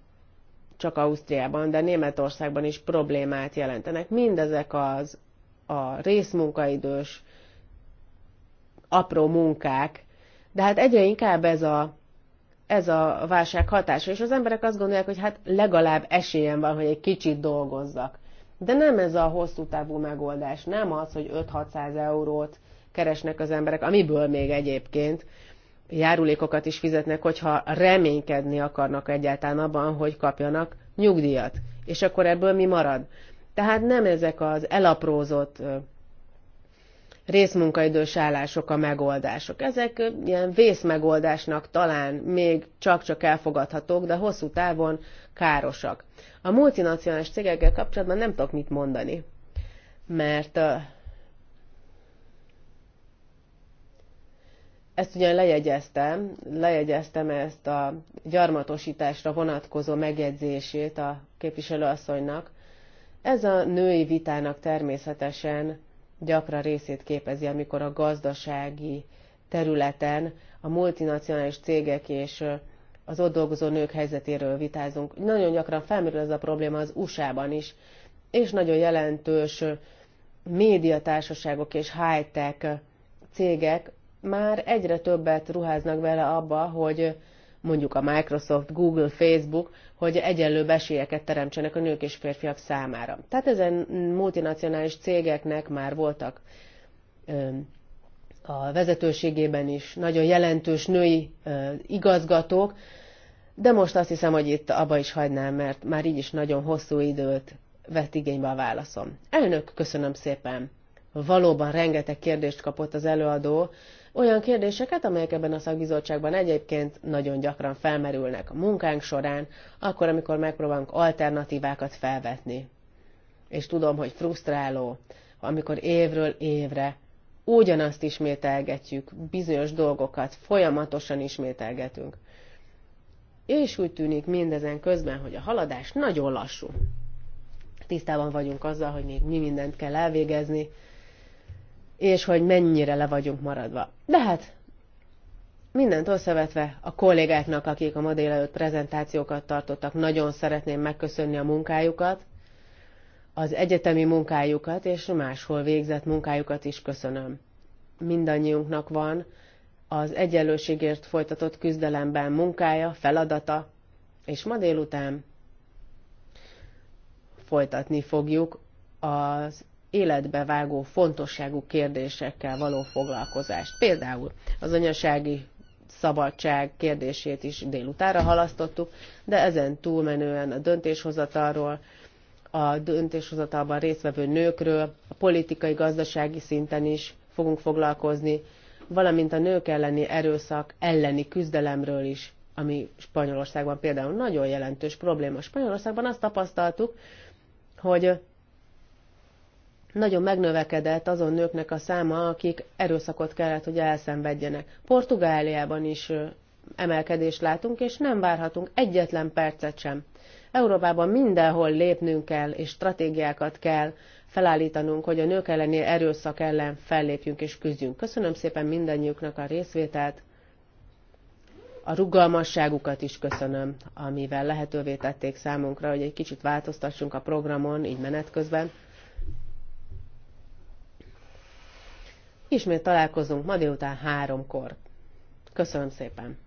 csak Ausztriában, de Németországban is problémát jelentenek. Mindezek az a részmunkaidős apró munkák, de hát egyre inkább ez a, ez a válság hatása, és az emberek azt gondolják, hogy hát legalább esélyem van, hogy egy kicsit dolgozzak. De nem ez a hosszú távú megoldás, nem az, hogy 5-600 eurót keresnek az emberek, amiből még egyébként járulékokat is fizetnek, hogyha reménykedni akarnak egyáltalán abban, hogy kapjanak nyugdíjat. És akkor ebből mi marad? Tehát nem ezek az elaprózott részmunkaidős állások a megoldások. Ezek ilyen vészmegoldásnak talán még csak-csak elfogadhatók, de hosszú távon károsak. A multinacionális cégekkel kapcsolatban nem tudok mit mondani, mert ezt ugyan lejegyeztem, lejegyeztem ezt a gyarmatosításra vonatkozó megjegyzését a képviselőasszonynak. Ez a női vitának természetesen gyakran részét képezi, amikor a gazdasági területen a multinacionális cégek és az ott dolgozó nők helyzetéről vitázunk. Nagyon gyakran felmerül ez a probléma az USA-ban is, és nagyon jelentős médiatársaságok és high-tech cégek már egyre többet ruháznak vele abba, hogy mondjuk a Microsoft, Google, Facebook, hogy egyenlő esélyeket teremtsenek a nők és férfiak számára. Tehát ezen multinacionális cégeknek már voltak a vezetőségében is nagyon jelentős női igazgatók, de most azt hiszem, hogy itt abba is hagynám, mert már így is nagyon hosszú időt vett igénybe a válaszom. Elnök, köszönöm szépen! Valóban rengeteg kérdést kapott az előadó, olyan kérdéseket, amelyek ebben a szakbizottságban egyébként nagyon gyakran felmerülnek a munkánk során, akkor, amikor megpróbálunk alternatívákat felvetni. És tudom, hogy frusztráló, amikor évről évre ugyanazt ismételgetjük, bizonyos dolgokat folyamatosan ismételgetünk. És úgy tűnik mindezen közben, hogy a haladás nagyon lassú. Tisztában vagyunk azzal, hogy még mi mindent kell elvégezni, és hogy mennyire le vagyunk maradva. De hát mindent összevetve a kollégáknak, akik a ma délelőtt prezentációkat tartottak, nagyon szeretném megköszönni a munkájukat, az egyetemi munkájukat és máshol végzett munkájukat is köszönöm. Mindannyiunknak van az egyenlőségért folytatott küzdelemben munkája, feladata, és ma délután folytatni fogjuk az életbe vágó fontosságú kérdésekkel való foglalkozást. Például az anyasági szabadság kérdését is délutára halasztottuk, de ezen túlmenően a döntéshozatalról, a döntéshozatalban résztvevő nőkről, a politikai, gazdasági szinten is fogunk foglalkozni, valamint a nők elleni erőszak elleni küzdelemről is, ami Spanyolországban például nagyon jelentős probléma. Spanyolországban azt tapasztaltuk, hogy nagyon megnövekedett azon nőknek a száma, akik erőszakot kellett, hogy elszenvedjenek. Portugáliában is emelkedést látunk, és nem várhatunk egyetlen percet sem Európában mindenhol lépnünk kell, és stratégiákat kell felállítanunk, hogy a nők elleni erőszak ellen fellépjünk és küzdjünk. Köszönöm szépen mindannyiuknak a részvételt. A rugalmasságukat is köszönöm, amivel lehetővé tették számunkra, hogy egy kicsit változtassunk a programon, így menet közben. Ismét találkozunk ma délután háromkor. Köszönöm szépen!